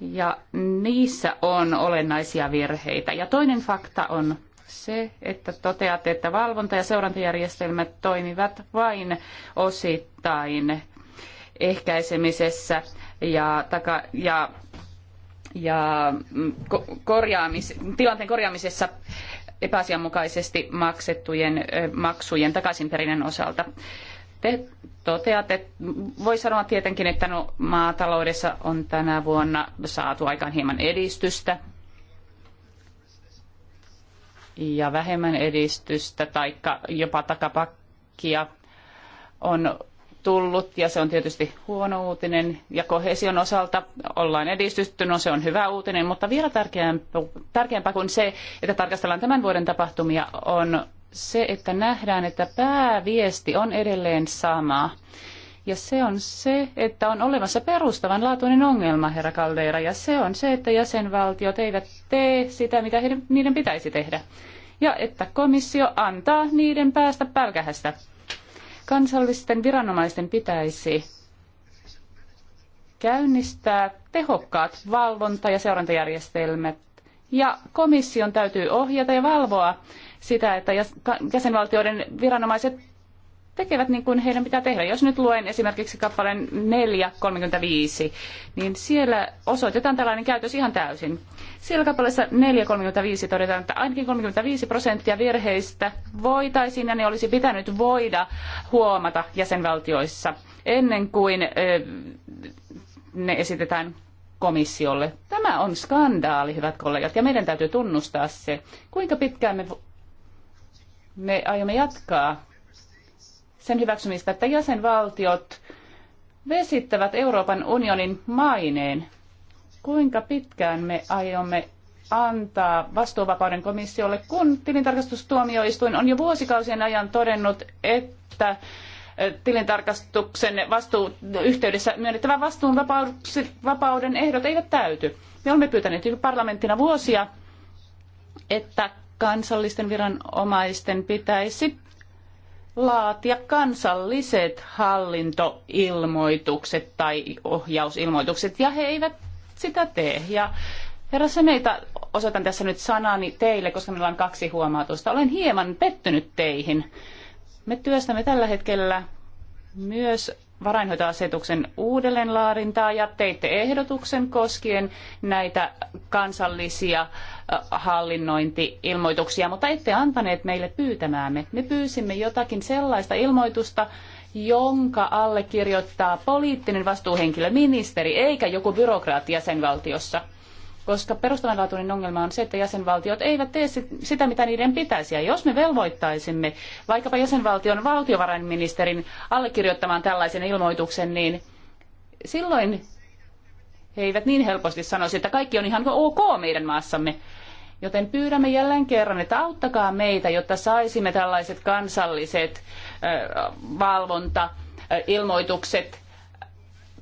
ja niissä on olennaisia virheitä. Ja toinen fakta on se, että toteatte, että valvonta- ja seurantajärjestelmät toimivat vain osittain ehkäisemisessä ja, taka- ja, ja korjaamis- tilanteen korjaamisessa epäasianmukaisesti maksettujen maksujen takaisinperinnän osalta. Te toteatte, voi sanoa tietenkin, että no, maataloudessa on tänä vuonna saatu aikaan hieman edistystä ja vähemmän edistystä tai jopa takapakkia on tullut ja se on tietysti huono uutinen. Ja kohesion osalta ollaan edistytty, no se on hyvä uutinen, mutta vielä tärkeämpää, tärkeämpää kuin se, että tarkastellaan tämän vuoden tapahtumia, on se, että nähdään, että pääviesti on edelleen sama. Ja se on se, että on olemassa perustavanlaatuinen ongelma, herra Kaldeira, ja se on se, että jäsenvaltiot eivät tee sitä, mitä heidän, niiden pitäisi tehdä. Ja että komissio antaa niiden päästä pälkähästä. Kansallisten viranomaisten pitäisi käynnistää tehokkaat valvonta- ja seurantajärjestelmät, ja komission täytyy ohjata ja valvoa sitä, että jäsenvaltioiden viranomaiset tekevät niin kuin heidän pitää tehdä. Jos nyt luen esimerkiksi kappaleen 4.35, niin siellä osoitetaan tällainen käytös ihan täysin. Siellä kappaleessa 4.35 todetaan, että ainakin 35 prosenttia virheistä voitaisiin ja ne olisi pitänyt voida huomata jäsenvaltioissa ennen kuin ne esitetään komissiolle. Tämä on skandaali, hyvät kollegat, ja meidän täytyy tunnustaa se, kuinka pitkään me me aiomme jatkaa sen hyväksymistä, että jäsenvaltiot vesittävät Euroopan unionin maineen. Kuinka pitkään me aiomme antaa vastuuvapauden komissiolle, kun tilintarkastustuomioistuin on jo vuosikausien ajan todennut, että tilintarkastuksen vastuu, yhteydessä myönnettävän vastuunvapauden ehdot eivät täyty. Me olemme pyytäneet parlamenttina vuosia, että kansallisten viranomaisten pitäisi laatia kansalliset hallintoilmoitukset tai ohjausilmoitukset, ja he eivät sitä tee. Ja herra Semeita, osoitan tässä nyt sanani teille, koska meillä on kaksi huomautusta. Olen hieman pettynyt teihin. Me työstämme tällä hetkellä myös varainhoitoasetuksen uudelleenlaadintaa ja teitte ehdotuksen koskien näitä kansallisia hallinnointi-ilmoituksia, mutta ette antaneet meille pyytämäämme. Me pyysimme jotakin sellaista ilmoitusta, jonka allekirjoittaa poliittinen vastuuhenkilö ministeri, eikä joku byrokraatti jäsenvaltiossa koska perustavanlaatuinen ongelma on se, että jäsenvaltiot eivät tee sitä, mitä niiden pitäisi. Ja jos me velvoittaisimme vaikkapa jäsenvaltion valtiovarainministerin allekirjoittamaan tällaisen ilmoituksen, niin silloin he eivät niin helposti sanoisi, että kaikki on ihan ok meidän maassamme. Joten pyydämme jälleen kerran, että auttakaa meitä, jotta saisimme tällaiset kansalliset valvontailmoitukset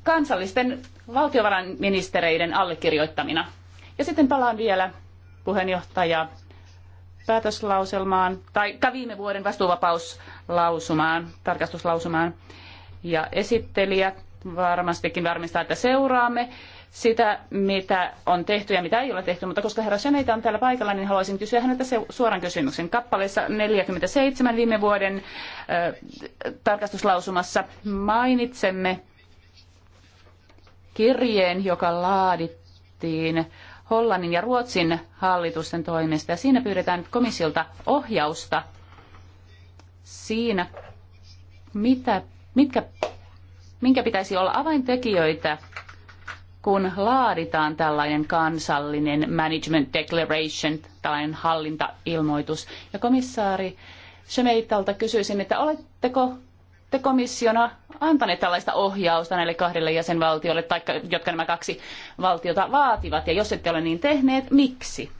kansallisten valtiovarainministereiden allekirjoittamina. Ja sitten palaan vielä puheenjohtaja päätöslauselmaan, tai viime vuoden vastuuvapauslausumaan, tarkastuslausumaan. Ja esittelijä varmastikin varmistaa, että seuraamme sitä, mitä on tehty ja mitä ei ole tehty, mutta koska herra Seneita on täällä paikalla, niin haluaisin kysyä häneltä suoran kysymyksen. Kappaleessa 47 viime vuoden ö, tarkastuslausumassa mainitsemme kirjeen, joka laadittiin Hollannin ja Ruotsin hallitusten toimesta. Ja siinä pyydetään nyt komissiolta ohjausta siinä, mitä, mitkä, minkä pitäisi olla avaintekijöitä, kun laaditaan tällainen kansallinen management declaration, tällainen hallintailmoitus. Ja komissaari Schmeittalta kysyisin, että oletteko olette komissiona antaneet tällaista ohjausta näille kahdelle jäsenvaltiolle, tai jotka nämä kaksi valtiota vaativat, ja jos ette ole niin tehneet, miksi?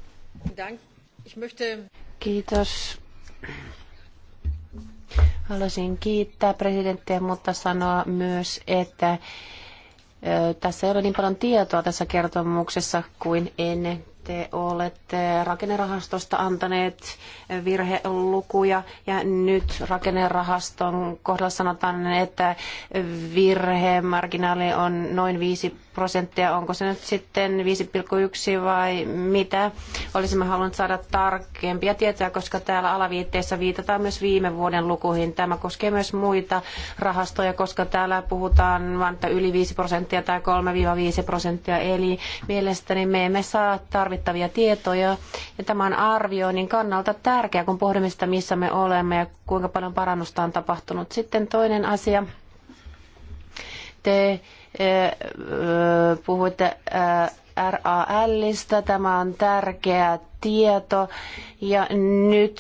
Kiitos. Haluaisin kiittää presidenttiä, mutta sanoa myös, että tässä ei ole niin paljon tietoa tässä kertomuksessa kuin ennen te olette rakennerahastosta antaneet virhelukuja ja nyt rakennerahaston kohdalla sanotaan, että virhemarginaali on noin 5 prosenttia. Onko se nyt sitten 5,1 vai mitä? Olisimme halunneet saada tarkempia tietoja, koska täällä alaviitteessä viitataan myös viime vuoden lukuihin. Tämä koskee myös muita rahastoja, koska täällä puhutaan vain, että yli 5 prosenttia tai 3-5 prosenttia. Eli mielestäni me emme saa tarvita tarvittavia tietoja. Ja tämä on arvioinnin kannalta tärkeää, kun pohdimme sitä, missä me olemme ja kuinka paljon parannusta on tapahtunut. Sitten toinen asia. Te eh, eh, puhuitte eh, RALista. Tämä on tärkeä tieto. Ja nyt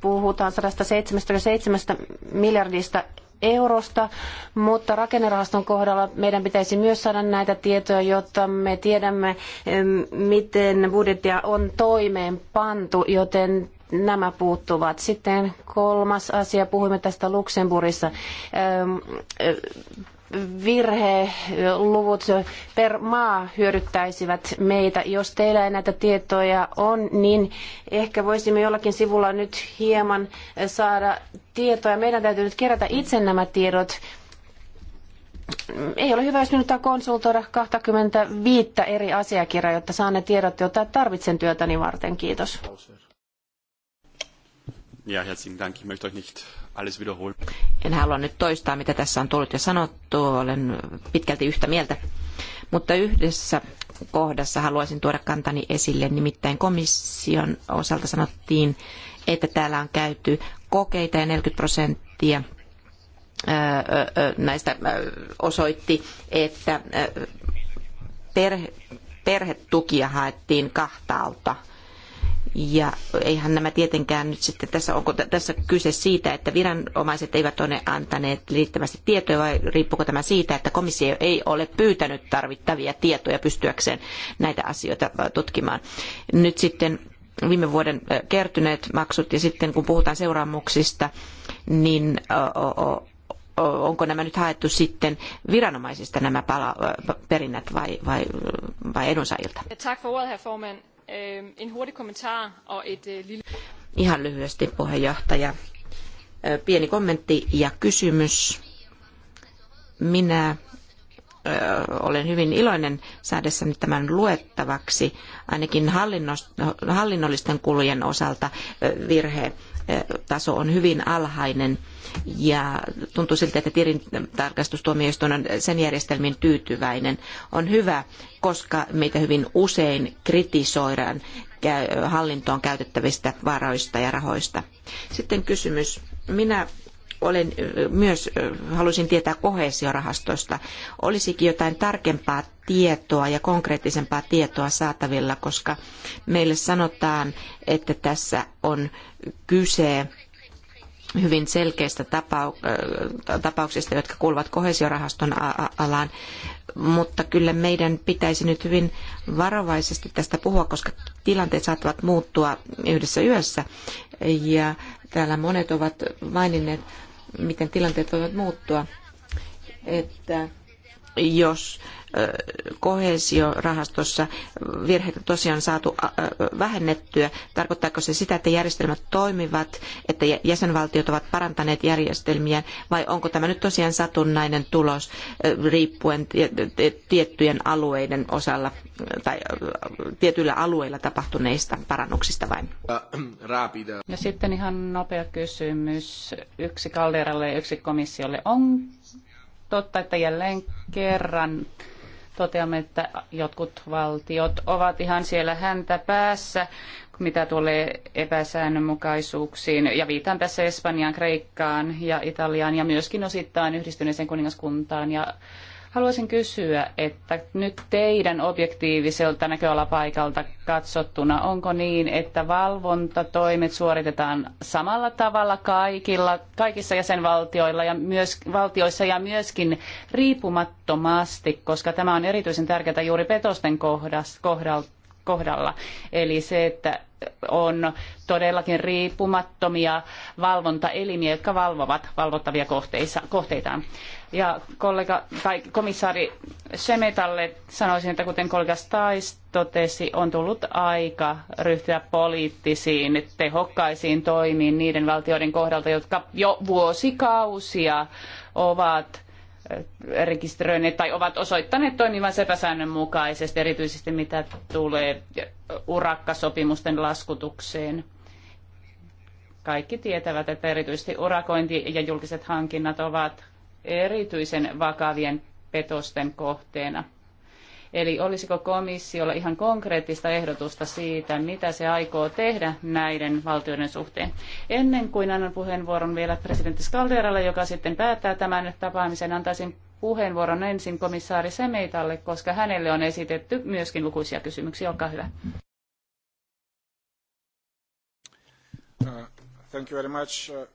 puhutaan 177 miljardista eurosta, mutta rakennerahaston kohdalla meidän pitäisi myös saada näitä tietoja, jotta me tiedämme, miten budjettia on toimeenpantu, joten nämä puuttuvat. Sitten kolmas asia, puhuimme tästä Luxemburgissa virheluvut per maa hyödyttäisivät meitä. Jos teillä ei näitä tietoja on, niin ehkä voisimme jollakin sivulla nyt hieman saada tietoja. Meidän täytyy nyt kerätä itse nämä tiedot. Ei ole hyvä, jos minun konsultoida 25 eri asiakirjaa, jotta saan ne tiedot, joita tarvitsen työtäni varten. Kiitos. Ja, herzlichen Dank. Ich möchte euch nicht alles wiederholen. En halua nyt toistaa, mitä tässä on tullut jo sanottua. Olen pitkälti yhtä mieltä. Mutta yhdessä kohdassa haluaisin tuoda kantani esille. Nimittäin komission osalta sanottiin, että täällä on käyty kokeita ja 40 prosenttia näistä osoitti, että perhetukia haettiin kahtaalta – ja eihän nämä tietenkään nyt sitten, tässä onko tässä kyse siitä, että viranomaiset eivät ole antaneet riittävästi tietoja vai riippuuko tämä siitä, että komissio ei ole pyytänyt tarvittavia tietoja pystyäkseen näitä asioita äh, tutkimaan. Nyt sitten viime vuoden äh, kertyneet maksut ja sitten kun puhutaan seuraamuksista, niin onko nämä nyt haettu sitten viranomaisista nämä pala- perinnät vai, vai, vai edunsaajilta? Tack för ordet, herr en hurtig kommentar og et øh, lille... Ihan lyhyesti puheenjohtaja. Pieni kommentti ja kysymys. Minä olen hyvin iloinen saadessani tämän luettavaksi, ainakin hallinnollisten kulujen osalta virhe taso on hyvin alhainen ja tuntuu siltä, että tilintarkastustuomioistuin on sen järjestelmiin tyytyväinen. On hyvä, koska meitä hyvin usein kritisoidaan hallintoon käytettävistä varoista ja rahoista. Sitten kysymys. Minä olen myös, halusin tietää koheesiorahastosta Olisikin jotain tarkempaa tietoa ja konkreettisempaa tietoa saatavilla, koska meille sanotaan, että tässä on kyse hyvin selkeistä tapauksista, jotka kuuluvat kohesiorahaston alaan, mutta kyllä meidän pitäisi nyt hyvin varovaisesti tästä puhua, koska tilanteet saattavat muuttua yhdessä yössä. Ja täällä monet ovat maininneet miten tilanteet voivat muuttua, että jos kohesiorahastossa virheitä tosiaan saatu vähennettyä? Tarkoittaako se sitä, että järjestelmät toimivat, että jäsenvaltiot ovat parantaneet järjestelmiä vai onko tämä nyt tosiaan satunnainen tulos riippuen tiettyjen alueiden osalla tai tietyillä alueilla tapahtuneista parannuksista vain? Ja sitten ihan nopea kysymys yksi Kalderalle ja yksi komissiolle. On totta, että jälleen kerran toteamme, että jotkut valtiot ovat ihan siellä häntä päässä, mitä tulee epäsäännönmukaisuuksiin. Ja viitan tässä Espanjaan, Kreikkaan ja Italiaan ja myöskin osittain yhdistyneeseen kuningaskuntaan ja Haluaisin kysyä, että nyt teidän objektiiviselta näköalapaikalta katsottuna, onko niin, että valvontatoimet suoritetaan samalla tavalla kaikilla, kaikissa jäsenvaltioilla ja myös, valtioissa ja myöskin riippumattomasti, koska tämä on erityisen tärkeää juuri petosten kohdalla. Eli se, että on todellakin riippumattomia valvontaelimiä, jotka valvovat valvottavia kohteitaan. Ja kollega, tai komissaari Semetalle sanoisin, että kuten kollega Stais totesi, on tullut aika ryhtyä poliittisiin tehokkaisiin toimiin niiden valtioiden kohdalta, jotka jo vuosikausia ovat rekisteröineet tai ovat osoittaneet toimivan sepäsäännön mukaisesti, erityisesti mitä tulee urakkasopimusten laskutukseen. Kaikki tietävät, että erityisesti urakointi ja julkiset hankinnat ovat erityisen vakavien petosten kohteena. Eli olisiko komissiolla ihan konkreettista ehdotusta siitä, mitä se aikoo tehdä näiden valtioiden suhteen? Ennen kuin annan puheenvuoron vielä presidentti Skalderalle, joka sitten päättää tämän tapaamisen, antaisin puheenvuoron ensin komissaari Semeitalle, koska hänelle on esitetty myöskin lukuisia kysymyksiä. Olkaa hyvä. Uh, uh,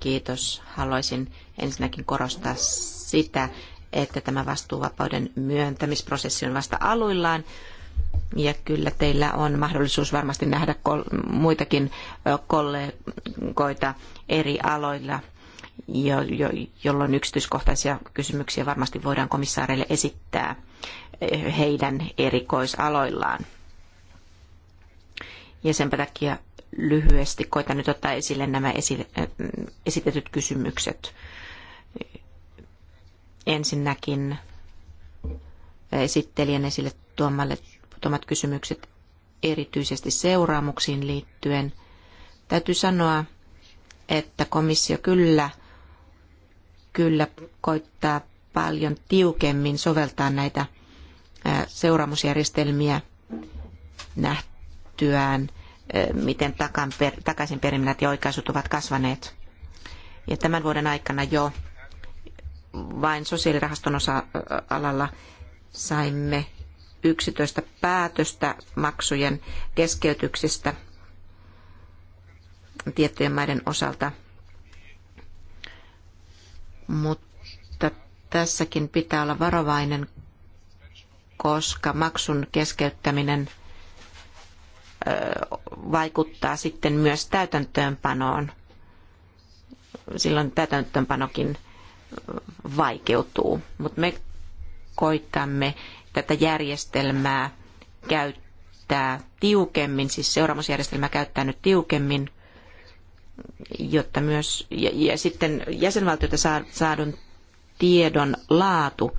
Kiitos. Haluaisin ensinnäkin korostaa sitä, että tämä vastuuvapauden myöntämisprosessi on vasta aluillaan. Ja kyllä teillä on mahdollisuus varmasti nähdä muitakin kollegoita eri aloilla, jo, jo, jolloin yksityiskohtaisia kysymyksiä varmasti voidaan komissaareille esittää eh, heidän erikoisaloillaan. Ja senpä takia lyhyesti koitan nyt ottaa esille nämä eh, esitetyt kysymykset ensinnäkin esittelijän esille tuomalle, tuomat kysymykset erityisesti seuraamuksiin liittyen. Täytyy sanoa, että komissio kyllä, kyllä koittaa paljon tiukemmin soveltaa näitä seuraamusjärjestelmiä nähtyään, miten takan takaisin ja oikaisut ovat kasvaneet. Ja tämän vuoden aikana jo vain sosiaalirahaston osa-alalla saimme 11 päätöstä maksujen keskeytyksistä tiettyjen maiden osalta. Mutta tässäkin pitää olla varovainen, koska maksun keskeyttäminen vaikuttaa sitten myös täytäntöönpanoon. Silloin täytäntöönpanokin vaikeutuu. Mutta me koitamme tätä järjestelmää käyttää tiukemmin, siis seuraamusjärjestelmää käyttää nyt tiukemmin, jotta myös, ja, ja sitten jäsenvaltiota saadun tiedon laatu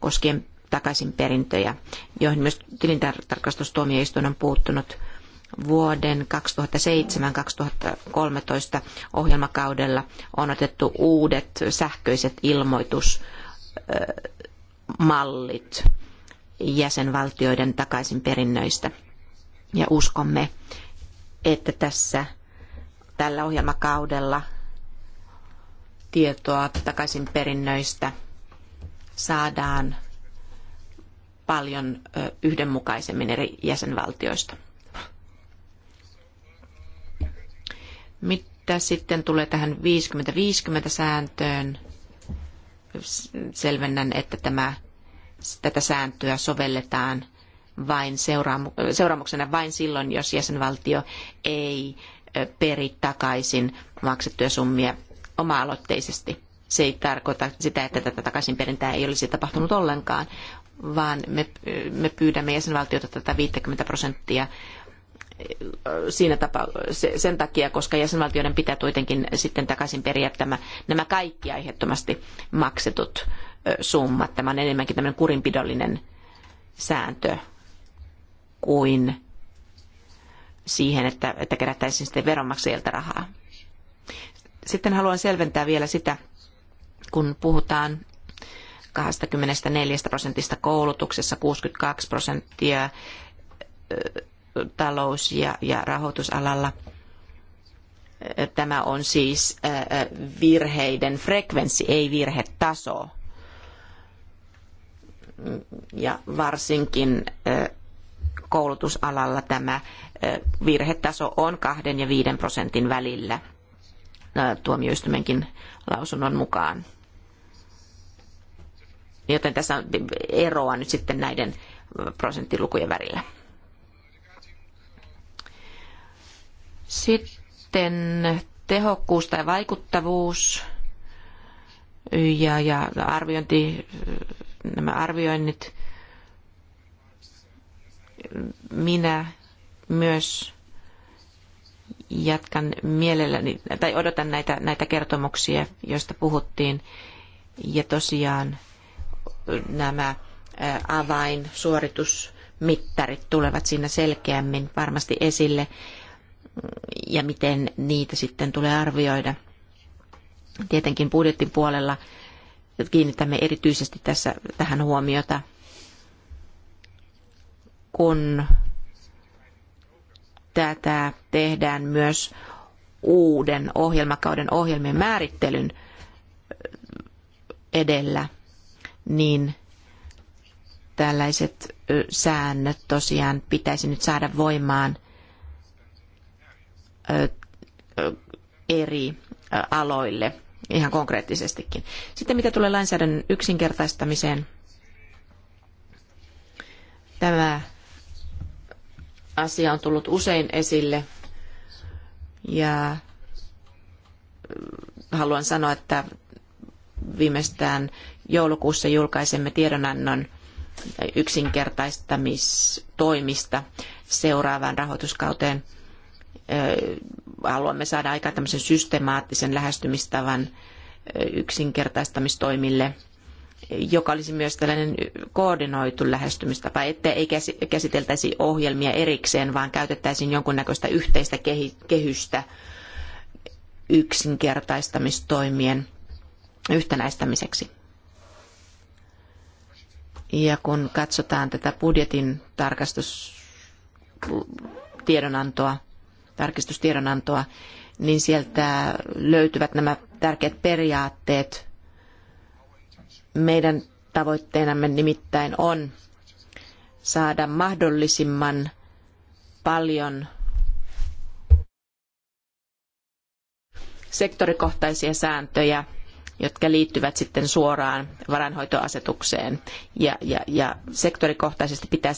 koskien takaisinperintöjä, joihin myös tilintarkastustuomioistuin on puuttunut, vuoden 2007-2013 ohjelmakaudella on otettu uudet sähköiset ilmoitusmallit jäsenvaltioiden takaisinperinnöistä. Ja uskomme, että tässä tällä ohjelmakaudella tietoa takaisinperinnöistä saadaan paljon yhdenmukaisemmin eri jäsenvaltioista. Mitä sitten tulee tähän 50-50-sääntöön? Selvennän, että tämä, tätä sääntöä sovelletaan vain seuraamu, seuraamuksena vain silloin, jos jäsenvaltio ei peri takaisin maksettuja summia oma-aloitteisesti. Se ei tarkoita sitä, että tätä takaisinperintää ei olisi tapahtunut ollenkaan, vaan me, me pyydämme jäsenvaltiota tätä 50 prosenttia siinä tapa, sen takia, koska jäsenvaltioiden pitää kuitenkin sitten takaisin periä tämä, nämä kaikki aiheettomasti maksetut summat. Tämä on enemmänkin tämmöinen kurinpidollinen sääntö kuin siihen, että, että kerättäisiin sitten veronmaksajilta rahaa. Sitten haluan selventää vielä sitä, kun puhutaan 24 prosentista koulutuksessa, 62 prosenttia talous- ja, ja rahoitusalalla. Tämä on siis virheiden frekvenssi, ei virhetaso. Ja varsinkin koulutusalalla tämä virhetaso on kahden ja viiden prosentin välillä tuomioistuimenkin lausunnon mukaan. Joten tässä on eroa nyt sitten näiden prosenttilukujen välillä. Sitten tehokkuus tai vaikuttavuus ja, ja arviointi, nämä arvioinnit. Minä myös jatkan mielelläni, tai odotan näitä, näitä kertomuksia, joista puhuttiin. Ja tosiaan nämä avainsuoritusmittarit tulevat siinä selkeämmin varmasti esille ja miten niitä sitten tulee arvioida. Tietenkin budjetin puolella kiinnitämme erityisesti tässä, tähän huomiota, kun tätä tehdään myös uuden ohjelmakauden ohjelmien määrittelyn edellä, niin tällaiset säännöt tosiaan pitäisi nyt saada voimaan – eri aloille ihan konkreettisestikin. Sitten mitä tulee lainsäädännön yksinkertaistamiseen, tämä asia on tullut usein esille ja haluan sanoa, että viimeistään joulukuussa julkaisemme tiedonannon yksinkertaistamistoimista seuraavaan rahoituskauteen – haluamme saada aikaan tämmöisen systemaattisen lähestymistavan yksinkertaistamistoimille, joka olisi myös tällainen koordinoitu lähestymistapa, ettei käsiteltäisi ohjelmia erikseen, vaan käytettäisiin jonkunnäköistä yhteistä kehystä yksinkertaistamistoimien yhtenäistämiseksi. Ja kun katsotaan tätä budjetin tarkastustiedonantoa, tarkistustiedonantoa, niin sieltä löytyvät nämä tärkeät periaatteet. Meidän tavoitteenamme nimittäin on saada mahdollisimman paljon sektorikohtaisia sääntöjä jotka liittyvät sitten suoraan varainhoitoasetukseen. Ja, ja, ja sektorikohtaisesti pitää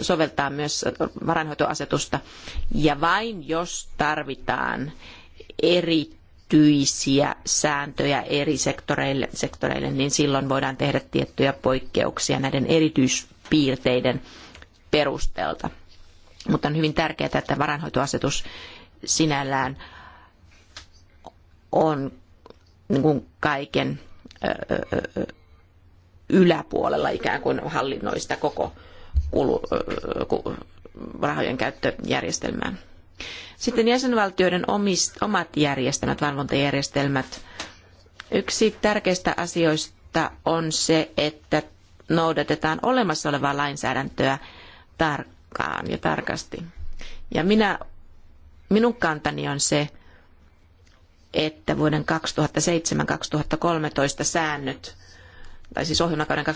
soveltaa myös varainhoitoasetusta. Ja vain jos tarvitaan erityisiä sääntöjä eri sektoreille, sektoreille, niin silloin voidaan tehdä tiettyjä poikkeuksia näiden erityispiirteiden perusteelta. Mutta on hyvin tärkeää, että varainhoitoasetus sinällään on niin kuin kaiken yläpuolella ikään kuin hallinnoi sitä koko kulu, rahojen käyttöjärjestelmää. Sitten jäsenvaltioiden omat järjestelmät, valvontajärjestelmät. Yksi tärkeistä asioista on se, että noudatetaan olemassa olevaa lainsäädäntöä tarkkaan ja tarkasti. Ja minä, minun kantani on se, että vuoden 2007-2013 säännöt tai siis ohjelmakauden 2007-2013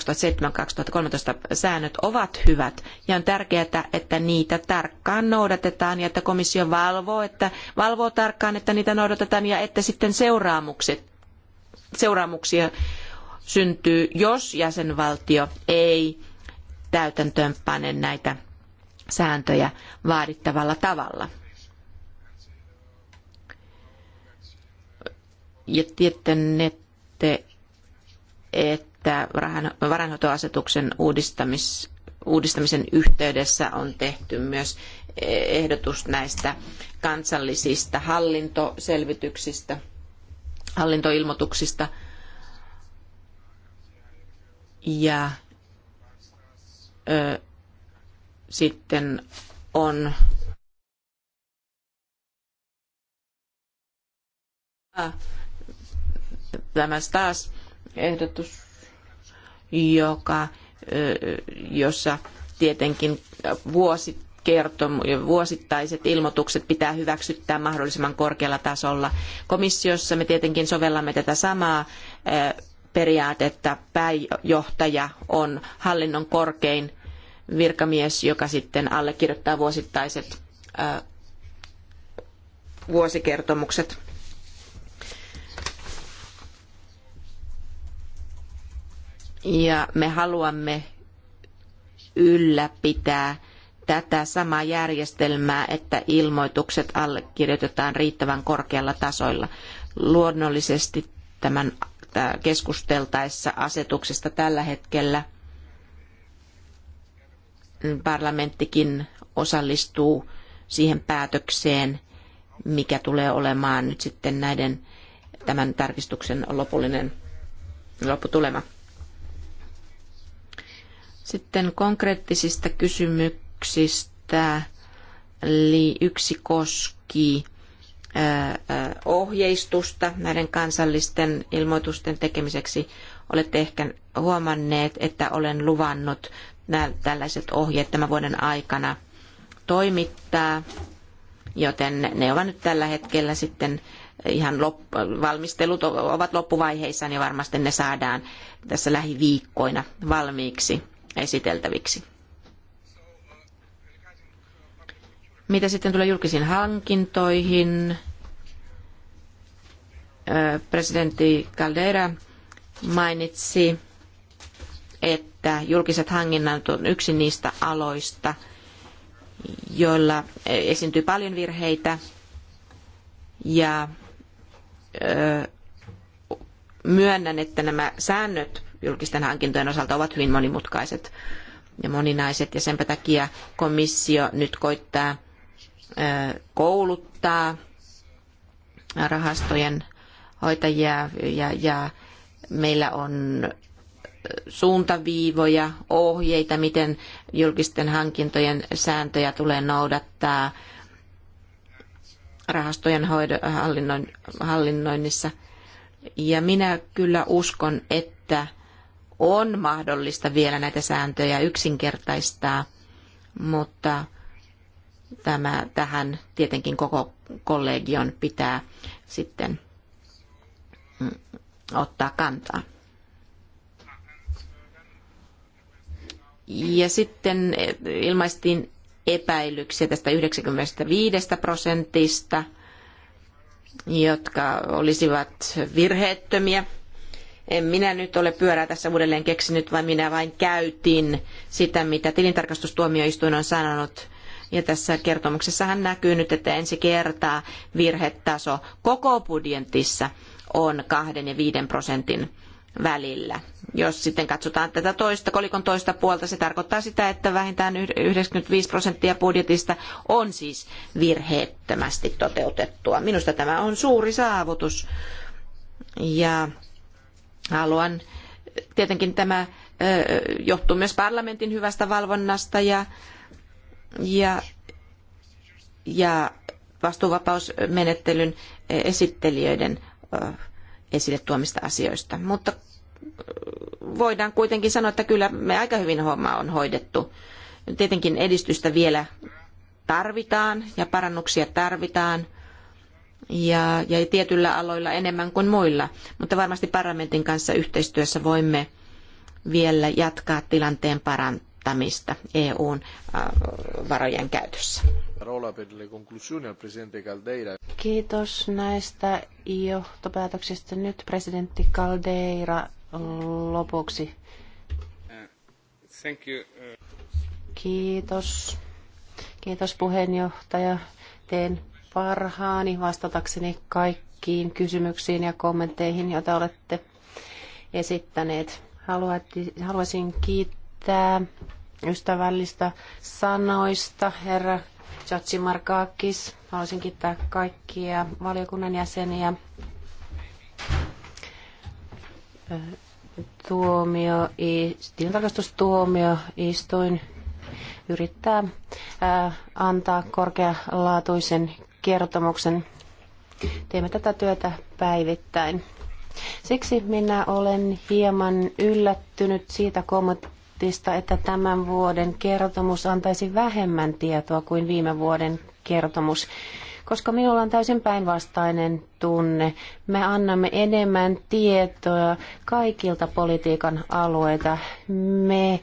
säännöt ovat hyvät ja on tärkeää, että niitä tarkkaan noudatetaan ja että komissio valvoo, että valvoo tarkkaan, että niitä noudatetaan ja että sitten seuraamukset, seuraamuksia syntyy, jos jäsenvaltio ei täytäntöönpane näitä sääntöjä vaadittavalla tavalla. Ja tiettänette, että varainhoitoasetuksen uudistamis, uudistamisen yhteydessä on tehty myös ehdotus näistä kansallisista hallintoselvityksistä, hallintoilmoituksista. Ja ö, sitten on Uh, tämä taas ehdotus, joka, jossa tietenkin vuosi kertom, vuosittaiset ilmoitukset pitää hyväksyttää mahdollisimman korkealla tasolla. Komissiossa me tietenkin sovellamme tätä samaa periaatetta. Pääjohtaja on hallinnon korkein virkamies, joka sitten allekirjoittaa vuosittaiset vuosikertomukset. Ja me haluamme ylläpitää tätä samaa järjestelmää, että ilmoitukset allekirjoitetaan riittävän korkealla tasoilla. Luonnollisesti tämän keskusteltaessa asetuksesta tällä hetkellä parlamenttikin osallistuu siihen päätökseen, mikä tulee olemaan nyt sitten näiden tämän tarkistuksen lopullinen lopputulema. Sitten konkreettisista kysymyksistä. Eli yksi koski ohjeistusta näiden kansallisten ilmoitusten tekemiseksi. Olette ehkä huomanneet, että olen luvannut tällaiset ohjeet tämän vuoden aikana toimittaa, joten ne ovat nyt tällä hetkellä sitten ihan lop- valmistelut ovat loppuvaiheissa, niin varmasti ne saadaan tässä lähiviikkoina valmiiksi esiteltäviksi. Mitä sitten tulee julkisiin hankintoihin, presidentti Caldera mainitsi, että julkiset hankinnat on yksi niistä aloista, joilla esiintyy paljon virheitä ja myönnän, että nämä säännöt julkisten hankintojen osalta ovat hyvin monimutkaiset ja moninaiset. Ja senpä takia komissio nyt koittaa kouluttaa rahastojen hoitajia ja, ja meillä on suuntaviivoja, ohjeita, miten julkisten hankintojen sääntöjä tulee noudattaa rahastojen hoido, hallinnoinnissa. Ja minä kyllä uskon, että on mahdollista vielä näitä sääntöjä yksinkertaistaa, mutta tämä, tähän tietenkin koko kollegion pitää sitten mm, ottaa kantaa. Ja sitten ilmaistiin epäilyksiä tästä 95 prosentista, jotka olisivat virheettömiä – en minä nyt ole pyörää tässä uudelleen keksinyt, vaan minä vain käytin sitä, mitä tilintarkastustuomioistuin on sanonut. Ja tässä kertomuksessahan näkyy nyt, että ensi kertaa virhetaso koko budjetissa on kahden ja viiden prosentin välillä. Jos sitten katsotaan tätä toista, kolikon toista puolta, se tarkoittaa sitä, että vähintään 95 prosenttia budjetista on siis virheettömästi toteutettua. Minusta tämä on suuri saavutus. Ja Haluan tietenkin tämä johtuu myös parlamentin hyvästä valvonnasta ja, ja, ja vastuuvapausmenettelyn esittelijöiden esille tuomista asioista. Mutta voidaan kuitenkin sanoa, että kyllä me aika hyvin homma on hoidettu. Tietenkin edistystä vielä tarvitaan ja parannuksia tarvitaan – ja, ja tietyillä aloilla enemmän kuin muilla. Mutta varmasti parlamentin kanssa yhteistyössä voimme vielä jatkaa tilanteen parantamista EUn äh, varojen käytössä. Kiitos näistä johtopäätöksistä. Nyt presidentti Caldeira lopuksi. Kiitos. Kiitos puheenjohtaja. Teen parhaani vastatakseni kaikkiin kysymyksiin ja kommentteihin, joita olette esittäneet. Haluaisin kiittää ystävällistä sanoista, herra Jatsi Markakis. Haluaisin kiittää kaikkia valiokunnan jäseniä. Tuomio, tilintarkastustuomioistuin yrittää antaa korkealaatuisen kertomuksen. Teemme tätä työtä päivittäin. Siksi minä olen hieman yllättynyt siitä kommentista, että tämän vuoden kertomus antaisi vähemmän tietoa kuin viime vuoden kertomus, koska minulla on täysin päinvastainen tunne. Me annamme enemmän tietoa kaikilta politiikan alueilta. Me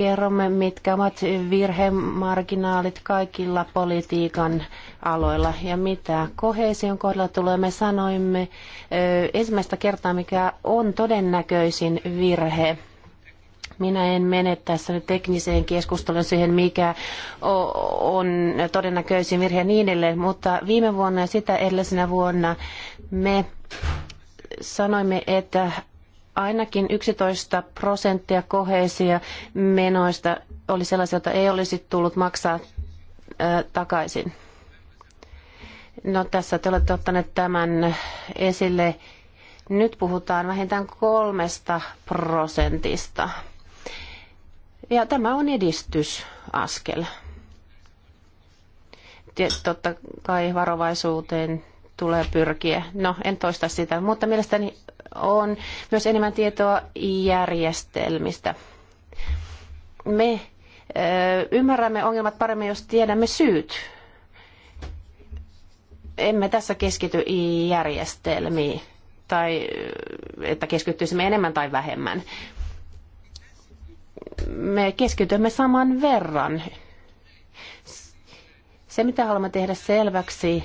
kerromme, mitkä ovat virhemarginaalit kaikilla politiikan aloilla ja mitä kohesion kohdalla tulee. Me sanoimme ensimmäistä kertaa, mikä on todennäköisin virhe. Minä en mene tässä nyt tekniseen keskusteluun siihen, mikä on todennäköisin virhe ja niin edelleen, mutta viime vuonna ja sitä edellisenä vuonna me sanoimme, että ainakin 11 prosenttia koheisia menoista oli sellaisia, joita ei olisi tullut maksaa takaisin. No tässä te olette ottaneet tämän esille. Nyt puhutaan vähintään kolmesta prosentista. Ja tämä on edistysaskel. Totta kai varovaisuuteen tulee pyrkiä. No, en toista sitä, mutta mielestäni on myös enemmän tietoa järjestelmistä. Me ymmärrämme ongelmat paremmin, jos tiedämme syyt. Emme tässä keskity järjestelmiin tai että keskittyisimme enemmän tai vähemmän. Me keskitymme saman verran. Se, mitä haluamme tehdä selväksi,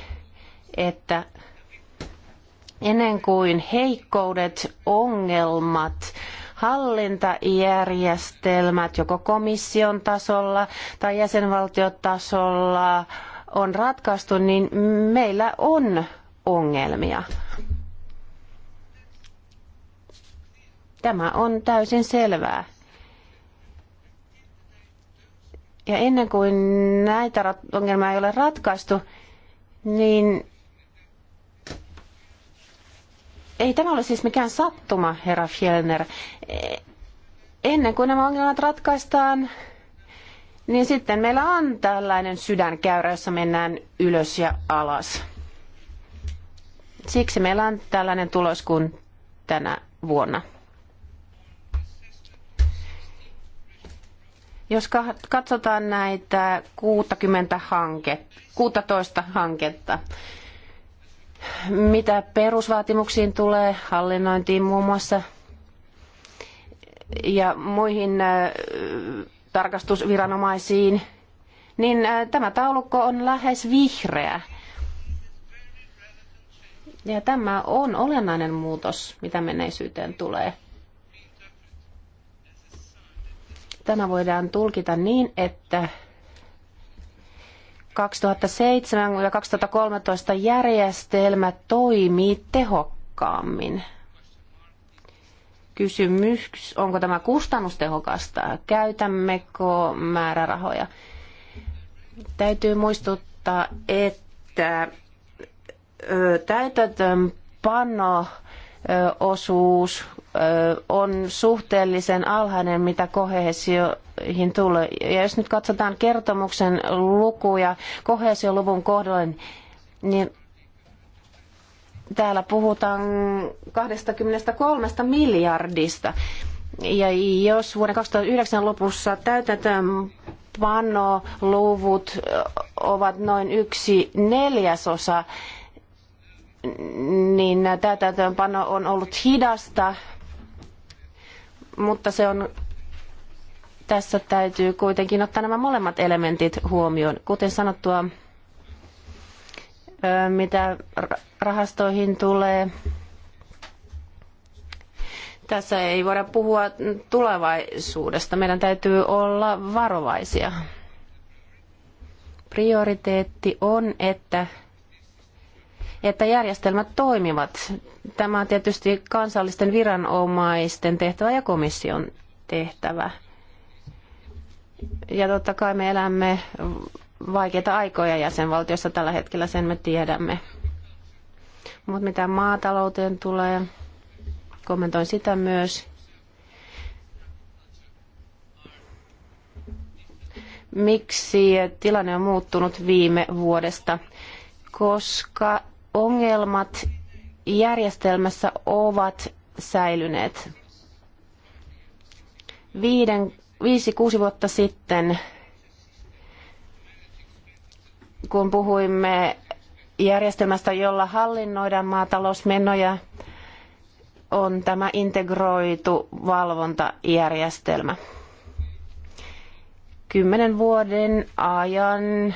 että ennen kuin heikkoudet, ongelmat, hallintajärjestelmät joko komission tasolla tai jäsenvaltiotasolla on ratkaistu, niin meillä on ongelmia. Tämä on täysin selvää. Ja ennen kuin näitä ongelmia ei ole ratkaistu, niin ei tämä ole siis mikään sattuma, herra Fjellner. Ennen kuin nämä ongelmat ratkaistaan, niin sitten meillä on tällainen sydänkäyrä, jossa mennään ylös ja alas. Siksi meillä on tällainen tulos kuin tänä vuonna. Jos katsotaan näitä 60 hanke, 16 hanketta, mitä perusvaatimuksiin tulee, hallinnointiin muun muassa ja muihin äh, tarkastusviranomaisiin, niin äh, tämä taulukko on lähes vihreä. Ja tämä on olennainen muutos, mitä menneisyyteen tulee. Tämä voidaan tulkita niin, että 2007 ja 2013 järjestelmä toimii tehokkaammin. Kysymys, onko tämä kustannustehokasta? Käytämmekö määrärahoja? Täytyy muistuttaa, että täytäntöönpano osuus on suhteellisen alhainen, mitä kohesioihin tulee. Ja jos nyt katsotaan kertomuksen lukuja kohesioluvun kohdalla, niin täällä puhutaan 23 miljardista. Ja jos vuoden 2009 lopussa täytetään panoluvut ovat noin yksi neljäsosa niin täytäntöönpano on ollut hidasta, mutta se on tässä täytyy kuitenkin ottaa nämä molemmat elementit huomioon. Kuten sanottua, mitä rahastoihin tulee, tässä ei voida puhua tulevaisuudesta. Meidän täytyy olla varovaisia. Prioriteetti on, että että järjestelmät toimivat. Tämä on tietysti kansallisten viranomaisten tehtävä ja komission tehtävä. Ja totta kai me elämme vaikeita aikoja jäsenvaltiossa tällä hetkellä, sen me tiedämme. Mutta mitä maatalouteen tulee, kommentoin sitä myös. Miksi tilanne on muuttunut viime vuodesta? Koska ongelmat järjestelmässä ovat säilyneet. Viiden, viisi, kuusi vuotta sitten, kun puhuimme järjestelmästä, jolla hallinnoidaan maatalousmenoja, on tämä integroitu valvontajärjestelmä. Kymmenen vuoden ajan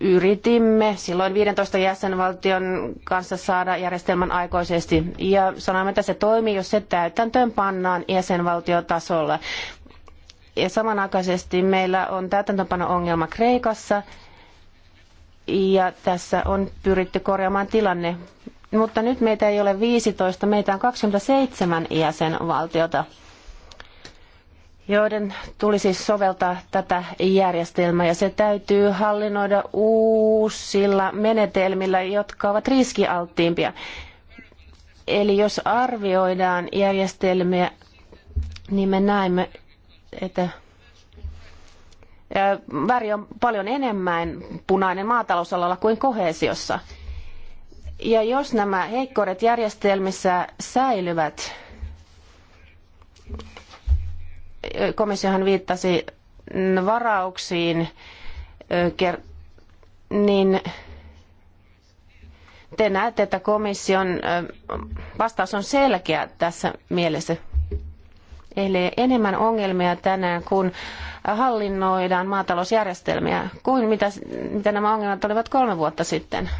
yritimme silloin 15 jäsenvaltion kanssa saada järjestelmän aikoisesti ja sanoimme, että se toimii, jos se täytäntöön pannaan jäsenvaltiotasolla. Ja samanaikaisesti meillä on täytäntöpano-ongelma Kreikassa ja tässä on pyritty korjaamaan tilanne. Mutta nyt meitä ei ole 15, meitä on 27 jäsenvaltiota joiden tulisi soveltaa tätä järjestelmää ja se täytyy hallinnoida uusilla menetelmillä, jotka ovat riskialttiimpia. Eli jos arvioidaan järjestelmiä, niin me näemme, että väri on paljon enemmän punainen maatalousalalla kuin kohesiossa. Ja jos nämä heikkoudet järjestelmissä säilyvät, komissiohan viittasi varauksiin, niin te näette, että komission vastaus on selkeä tässä mielessä. Eli enemmän ongelmia tänään, kun hallinnoidaan maatalousjärjestelmiä, kuin mitä, mitä nämä ongelmat olivat kolme vuotta sitten.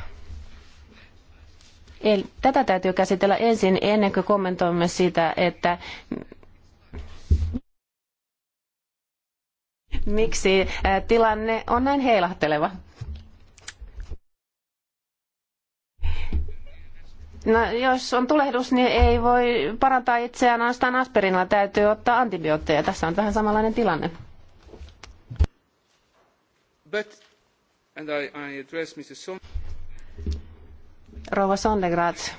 Eli tätä täytyy käsitellä ensin, ennen kuin kommentoimme sitä, että miksi tilanne on näin heilahteleva. No, jos on tulehdus, niin ei voi parantaa itseään ainoastaan aspirinilla. Täytyy ottaa antibiootteja. Tässä on vähän samanlainen tilanne. But, and I, I address Mrs. Son- Rouva Sondegrat,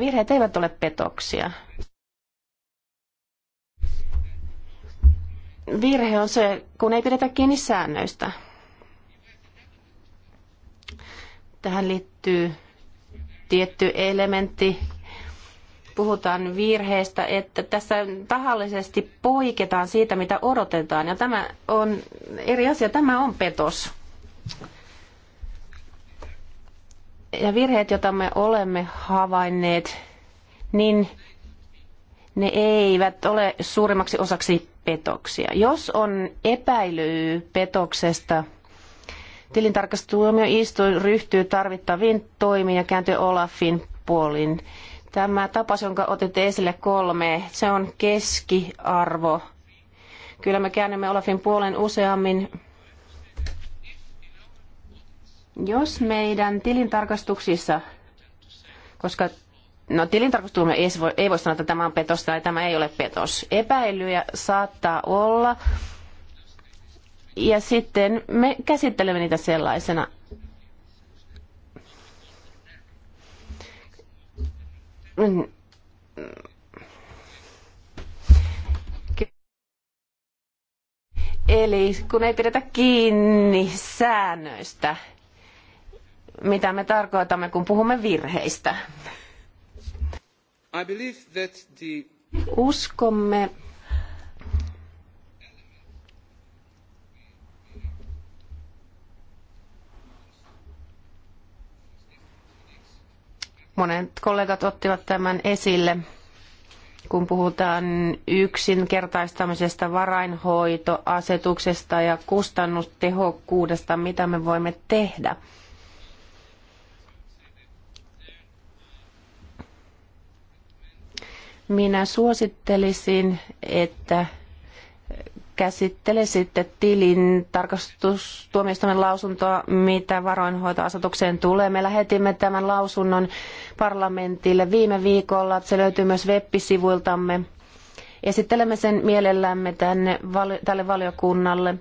virheet eivät ole petoksia. virhe on se, kun ei pidetä kiinni säännöistä. Tähän liittyy tietty elementti. Puhutaan virheestä, että tässä tahallisesti poiketaan siitä, mitä odotetaan. Ja tämä on eri asia. Tämä on petos. Ja virheet, joita me olemme havainneet, niin ne eivät ole suurimmaksi osaksi petoksia. Jos on epäily petoksesta, tilintarkastustuomioistuin ryhtyy tarvittaviin toimiin ja kääntyy Olafin puolin. Tämä tapaus, jonka otitte esille kolme, se on keskiarvo. Kyllä me käännymme Olafin puolen useammin. Jos meidän tilintarkastuksissa, koska No tilintarkastustuomio ei voi, ei voi sanoa, että tämä on petos tai tämä ei ole petos. Epäilyjä saattaa olla ja sitten me käsittelemme niitä sellaisena. Eli kun ei pidetä kiinni säännöistä, mitä me tarkoitamme, kun puhumme virheistä. Uskomme, monet kollegat ottivat tämän esille, kun puhutaan yksinkertaistamisesta, varainhoitoasetuksesta ja kustannustehokkuudesta, mitä me voimme tehdä – Minä suosittelisin, että käsittele sitten tilin tarkastustuomioistuimen lausuntoa, mitä varoinhoitoasetukseen tulee. Me lähetimme tämän lausunnon parlamentille viime viikolla. Se löytyy myös web-sivuiltamme. Esittelemme sen mielellämme tänne, tälle valiokunnalle.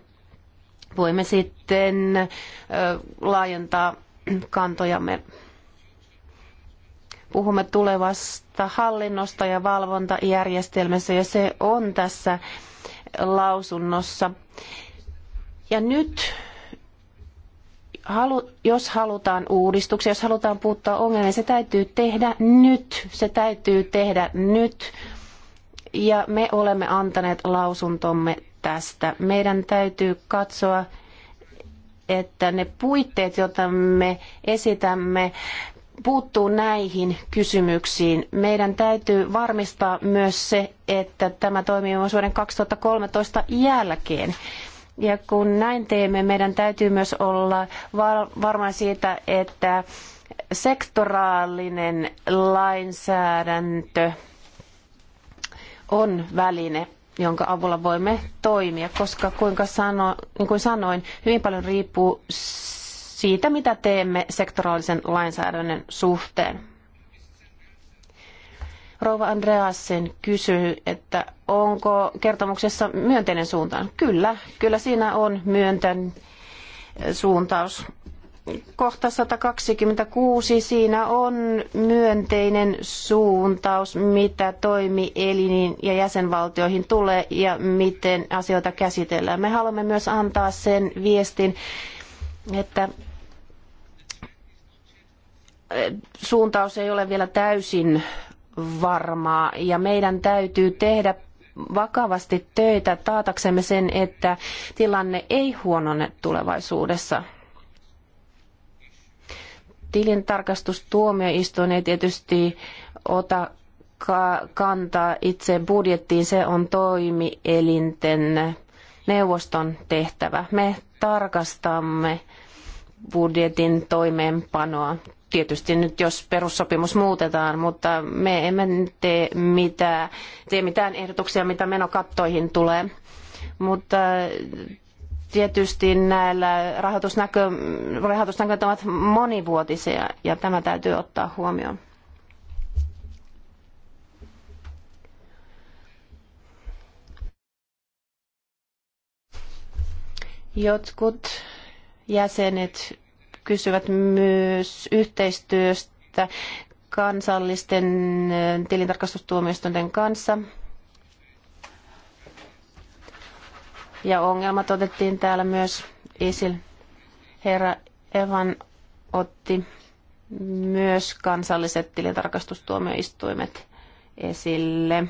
Voimme sitten laajentaa kantojamme puhumme tulevasta hallinnosta ja valvontajärjestelmässä ja se on tässä lausunnossa. Ja nyt jos halutaan uudistuksia, jos halutaan puuttua ongelmiin, se täytyy tehdä nyt. Se täytyy tehdä nyt. Ja me olemme antaneet lausuntomme tästä. Meidän täytyy katsoa, että ne puitteet, joita me esitämme, puuttuu näihin kysymyksiin. Meidän täytyy varmistaa myös se, että tämä toimii myös vuoden 2013 jälkeen. Ja kun näin teemme, meidän täytyy myös olla varma siitä, että sektoraalinen lainsäädäntö on väline, jonka avulla voimme toimia, koska kuinka sano, niin kuin sanoin, hyvin paljon riippuu siitä, mitä teemme sektoraalisen lainsäädännön suhteen. Rouva Andreasen kysyy, että onko kertomuksessa myönteinen suuntaan? Kyllä, kyllä siinä on myönteinen suuntaus. Kohta 126 siinä on myönteinen suuntaus, mitä toimieliniin ja jäsenvaltioihin tulee ja miten asioita käsitellään. Me haluamme myös antaa sen viestin, että suuntaus ei ole vielä täysin varmaa ja meidän täytyy tehdä vakavasti töitä taataksemme sen, että tilanne ei huonone tulevaisuudessa. Tilintarkastustuomioistuin ei tietysti ota kantaa itse budjettiin, se on toimielinten neuvoston tehtävä. Me tarkastamme budjetin toimeenpanoa tietysti nyt jos perussopimus muutetaan, mutta me emme tee mitään, tee mitään ehdotuksia, mitä menokattoihin tulee. Mutta äh, tietysti näillä rahoitusnäkö, rahoitusnäköt ovat monivuotisia ja tämä täytyy ottaa huomioon. Jotkut jäsenet kysyvät myös yhteistyöstä kansallisten eh, tilintarkastustuomioistuinten kanssa. Ja ongelmat otettiin täällä myös esille. Herra Evan otti myös kansalliset tilintarkastustuomioistuimet esille.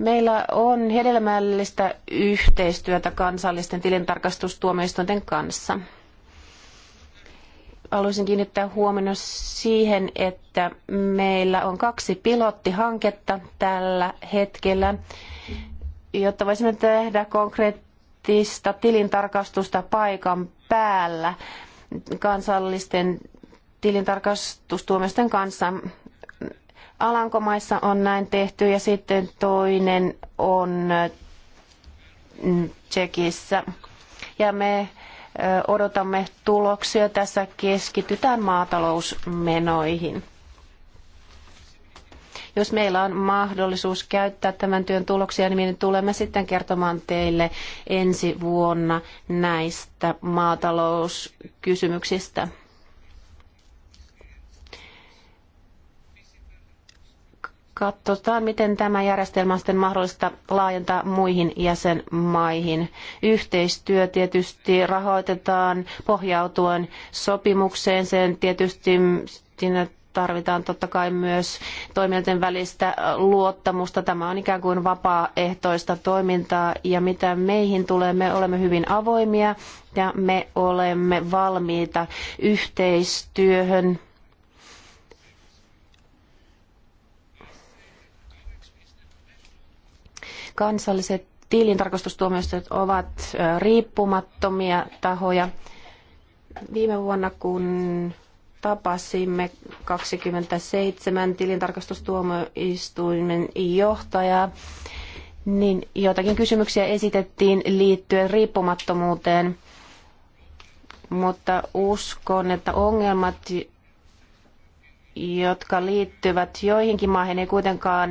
Meillä on hedelmällistä yhteistyötä kansallisten tilintarkastustuomioistuinten kanssa. Haluaisin kiinnittää huomioon siihen, että meillä on kaksi pilottihanketta tällä hetkellä, jotta voisimme tehdä konkreettista tilintarkastusta paikan päällä kansallisten tilintarkastustuomioisten kanssa Alankomaissa on näin tehty ja sitten toinen on mm, Tsekissä. Ja me odotamme tuloksia. Tässä keskitytään maatalousmenoihin. Jos meillä on mahdollisuus käyttää tämän työn tuloksia, niin me tulemme sitten kertomaan teille ensi vuonna näistä maatalouskysymyksistä. katsotaan, miten tämä järjestelmä on sitten mahdollista laajentaa muihin jäsenmaihin. Yhteistyö tietysti rahoitetaan pohjautuen sopimukseen. Sen tietysti siinä tarvitaan totta kai myös toimijoiden välistä luottamusta. Tämä on ikään kuin vapaaehtoista toimintaa ja mitä meihin tulee, me olemme hyvin avoimia ja me olemme valmiita yhteistyöhön kansalliset tilintarkastustuomioistuimet ovat riippumattomia tahoja. Viime vuonna, kun tapasimme 27 tilintarkastustuomioistuimen johtajaa, niin joitakin kysymyksiä esitettiin liittyen riippumattomuuteen, mutta uskon, että ongelmat, jotka liittyvät joihinkin maihin, ei kuitenkaan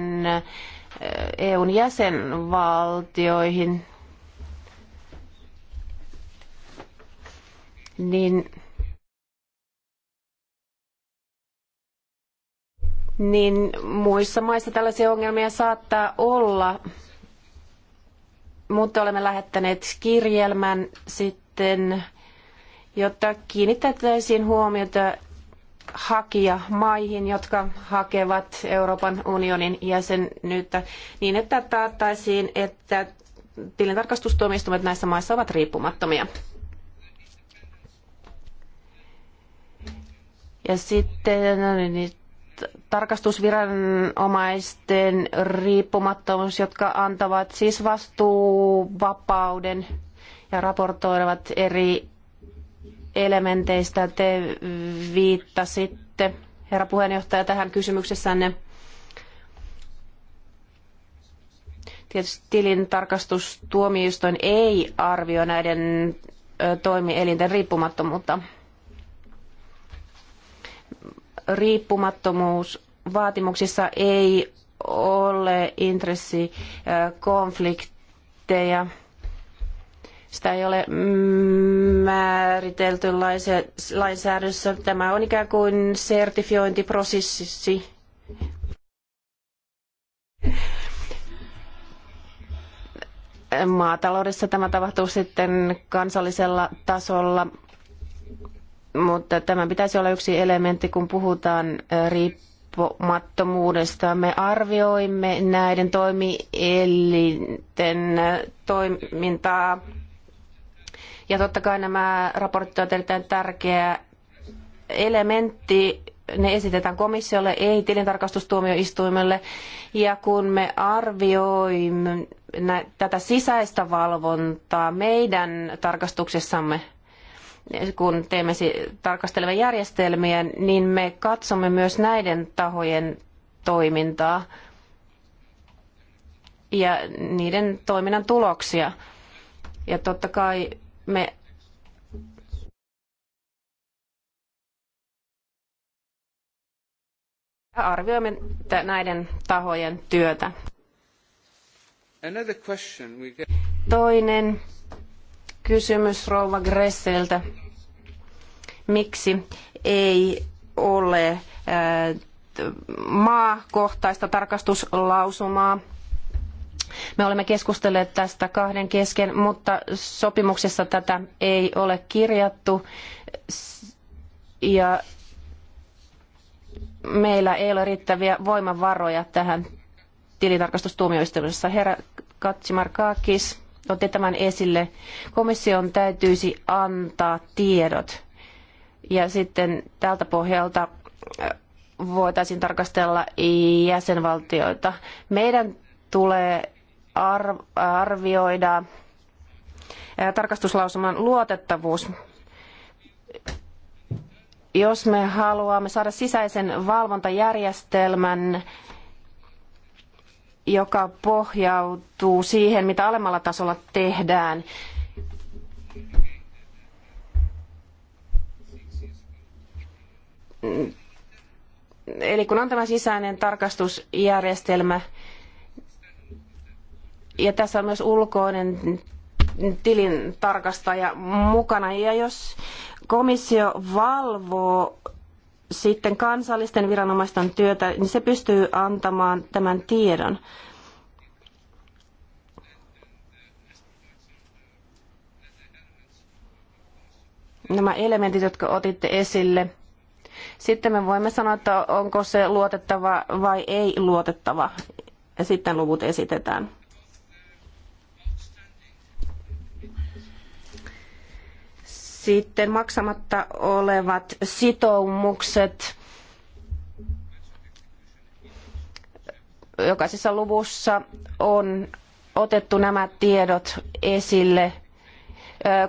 EUn jäsenvaltioihin, niin, niin muissa maissa tällaisia ongelmia saattaa olla, mutta olemme lähettäneet kirjelmän sitten, jotta kiinnitettäisiin huomiota hakija maihin, jotka hakevat Euroopan unionin jäsenyyttä niin, että taattaisiin, että tilintarkastustuomioistuimet näissä maissa ovat riippumattomia. Ja sitten no niin, niin, tarkastusviranomaisten riippumattomuus, jotka antavat siis vastuuvapauden ja raportoivat eri elementeistä te viittasitte, herra puheenjohtaja, tähän kysymyksessänne. Tietysti tilintarkastustuomioistuin ei arvioi näiden toimielinten riippumattomuutta. Riippumattomuusvaatimuksissa ei ole intressikonflikteja. Sitä ei ole määritelty lainsäädännössä. Tämä on ikään kuin sertifiointiprosessi. Maataloudessa tämä tapahtuu sitten kansallisella tasolla, mutta tämä pitäisi olla yksi elementti, kun puhutaan riippumattomuudesta. Me arvioimme näiden toimielinten toimintaa ja totta kai nämä raportit ovat erittäin tärkeä elementti. Ne esitetään komissiolle, ei tilintarkastustuomioistuimelle. Ja kun me arvioimme tätä sisäistä valvontaa meidän tarkastuksessamme, kun teemme tarkastelevia järjestelmiä, niin me katsomme myös näiden tahojen toimintaa ja niiden toiminnan tuloksia. Ja totta kai me arvioimme näiden tahojen työtä. Toinen kysymys Rouva Gresseltä. Miksi ei ole maakohtaista tarkastuslausumaa? Me olemme keskustelleet tästä kahden kesken, mutta sopimuksessa tätä ei ole kirjattu. Ja meillä ei ole riittäviä voimavaroja tähän tilintarkastustuomioistuimessa. Herra Katsimarkakis otti tämän esille. Komission täytyisi antaa tiedot ja sitten tältä pohjalta äh, voitaisiin tarkastella jäsenvaltioita. Meidän tulee arvioida tarkastuslausuman luotettavuus. Jos me haluamme saada sisäisen valvontajärjestelmän, joka pohjautuu siihen, mitä alemmalla tasolla tehdään, Eli kun on tämä sisäinen tarkastusjärjestelmä, ja tässä on myös ulkoinen tilin tarkastaja mukana. Ja jos komissio valvoo sitten kansallisten viranomaisten työtä, niin se pystyy antamaan tämän tiedon. Nämä elementit, jotka otitte esille. Sitten me voimme sanoa, että onko se luotettava vai ei luotettava. Ja sitten luvut esitetään. Sitten maksamatta olevat sitoumukset. Jokaisessa luvussa on otettu nämä tiedot esille.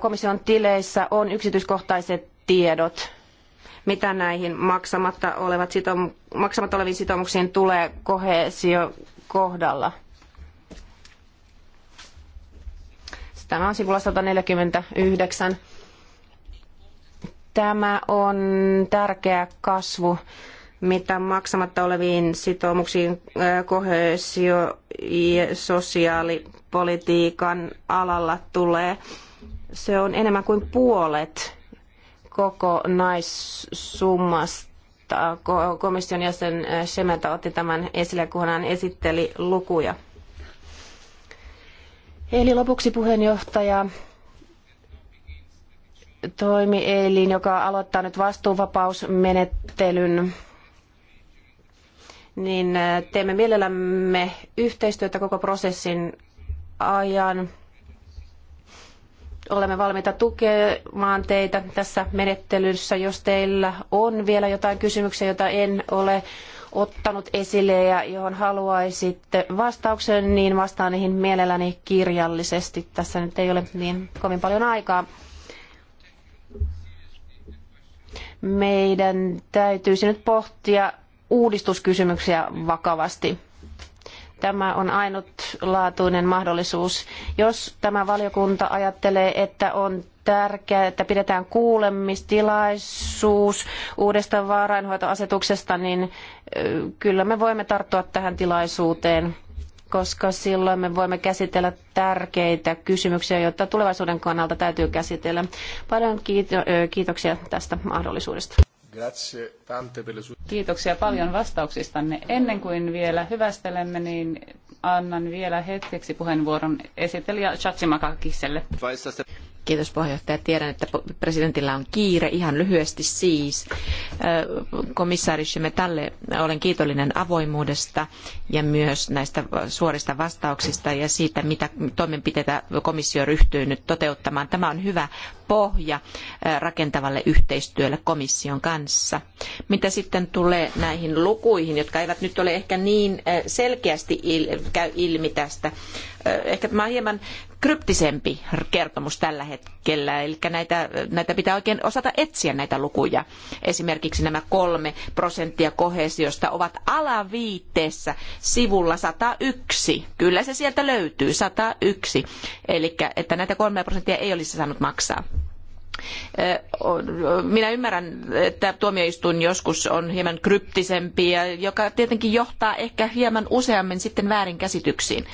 Komission tileissä on yksityiskohtaiset tiedot, mitä näihin maksamatta, olevat sitoum- maksamatta oleviin sitoumuksiin tulee kohesio kohdalla. Tämä on sivulla 149. Tämä on tärkeä kasvu, mitä maksamatta oleviin sitoumuksiin kohesio- ja sosiaalipolitiikan alalla tulee. Se on enemmän kuin puolet kokonaissummasta komission jäsen Semeta otti tämän esille, kun hän esitteli lukuja. Eli lopuksi puheenjohtaja, toimielin, joka aloittaa nyt vastuuvapausmenettelyn, niin äh, teemme mielellämme yhteistyötä koko prosessin ajan. Olemme valmiita tukemaan teitä tässä menettelyssä, jos teillä on vielä jotain kysymyksiä, joita en ole ottanut esille ja johon haluaisitte vastauksen, niin vastaan niihin mielelläni kirjallisesti. Tässä nyt ei ole niin kovin paljon aikaa. meidän täytyisi nyt pohtia uudistuskysymyksiä vakavasti. Tämä on ainutlaatuinen mahdollisuus. Jos tämä valiokunta ajattelee, että on tärkeää, että pidetään kuulemistilaisuus uudesta vaarainhoitoasetuksesta, niin kyllä me voimme tarttua tähän tilaisuuteen koska silloin me voimme käsitellä tärkeitä kysymyksiä, joita tulevaisuuden kannalta täytyy käsitellä. Paljon kiitoksia tästä mahdollisuudesta. Kiitoksia paljon vastauksistanne. Ennen kuin vielä hyvästelemme, niin annan vielä hetkeksi puheenvuoron esittelijä Chatsimakakiselle. Kiitos puheenjohtaja. Tiedän, että presidentillä on kiire. Ihan lyhyesti siis. Komissaari tälle olen kiitollinen avoimuudesta ja myös näistä suorista vastauksista ja siitä, mitä toimenpiteitä komissio ryhtyy nyt toteuttamaan. Tämä on hyvä pohja rakentavalle yhteistyölle komission kanssa. Mitä sitten tulee näihin lukuihin, jotka eivät nyt ole ehkä niin selkeästi käy ilmi tästä Äh, ehkä tämä on hieman kryptisempi kertomus tällä hetkellä, eli näitä, näitä pitää oikein osata etsiä näitä lukuja. Esimerkiksi nämä kolme prosenttia kohesiosta ovat alaviitteessä sivulla 101. Kyllä se sieltä löytyy, 101. Eli että näitä kolme prosenttia ei olisi saanut maksaa. Minä ymmärrän, että tuomioistuin joskus on hieman kryptisempi, joka tietenkin johtaa ehkä hieman useammin sitten väärinkäsityksiin.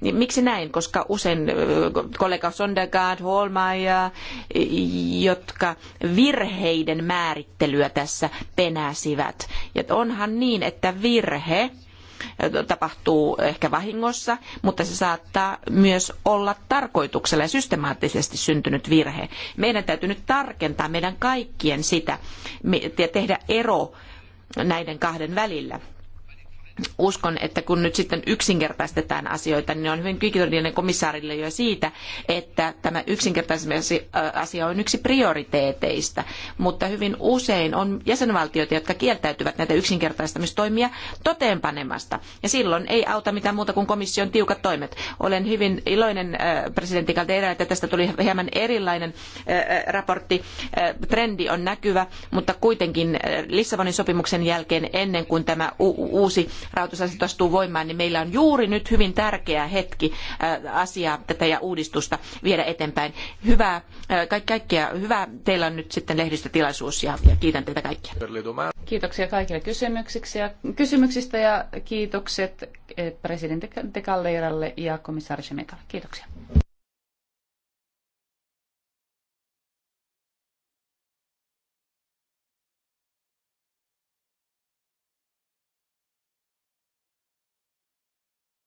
Niin miksi näin? Koska usein kollega Sondergaard, Holmeier, jotka virheiden määrittelyä tässä penäsivät. Ja onhan niin, että virhe tapahtuu ehkä vahingossa, mutta se saattaa myös olla tarkoituksella ja systemaattisesti syntynyt virhe. Meidän täytyy nyt tarkentaa meidän kaikkien sitä ja tehdä ero näiden kahden välillä uskon, että kun nyt sitten yksinkertaistetaan asioita, niin on hyvin kiitollinen komissaarille jo siitä, että tämä yksinkertaistamisasia on yksi prioriteeteista, mutta hyvin usein on jäsenvaltioita, jotka kieltäytyvät näitä yksinkertaistamistoimia toteenpanemasta, ja silloin ei auta mitään muuta kuin komission tiukat toimet. Olen hyvin iloinen presidentti Caldera, että tästä tuli hieman erilainen raportti. Trendi on näkyvä, mutta kuitenkin Lissabonin sopimuksen jälkeen ennen kuin tämä uusi rahoitusasetus astuu voimaan, niin meillä on juuri nyt hyvin tärkeä hetki äh, asiaa tätä ja uudistusta viedä eteenpäin. Hyvää, äh, kaik, hyvä hyvää teillä on nyt sitten lehdistötilaisuus ja, ja kiitän teitä kaikkia. Kiitoksia kaikille kysymyksistä ja kiitokset eh, presidentti Caldeiralle ja komissaari Kiitoksia.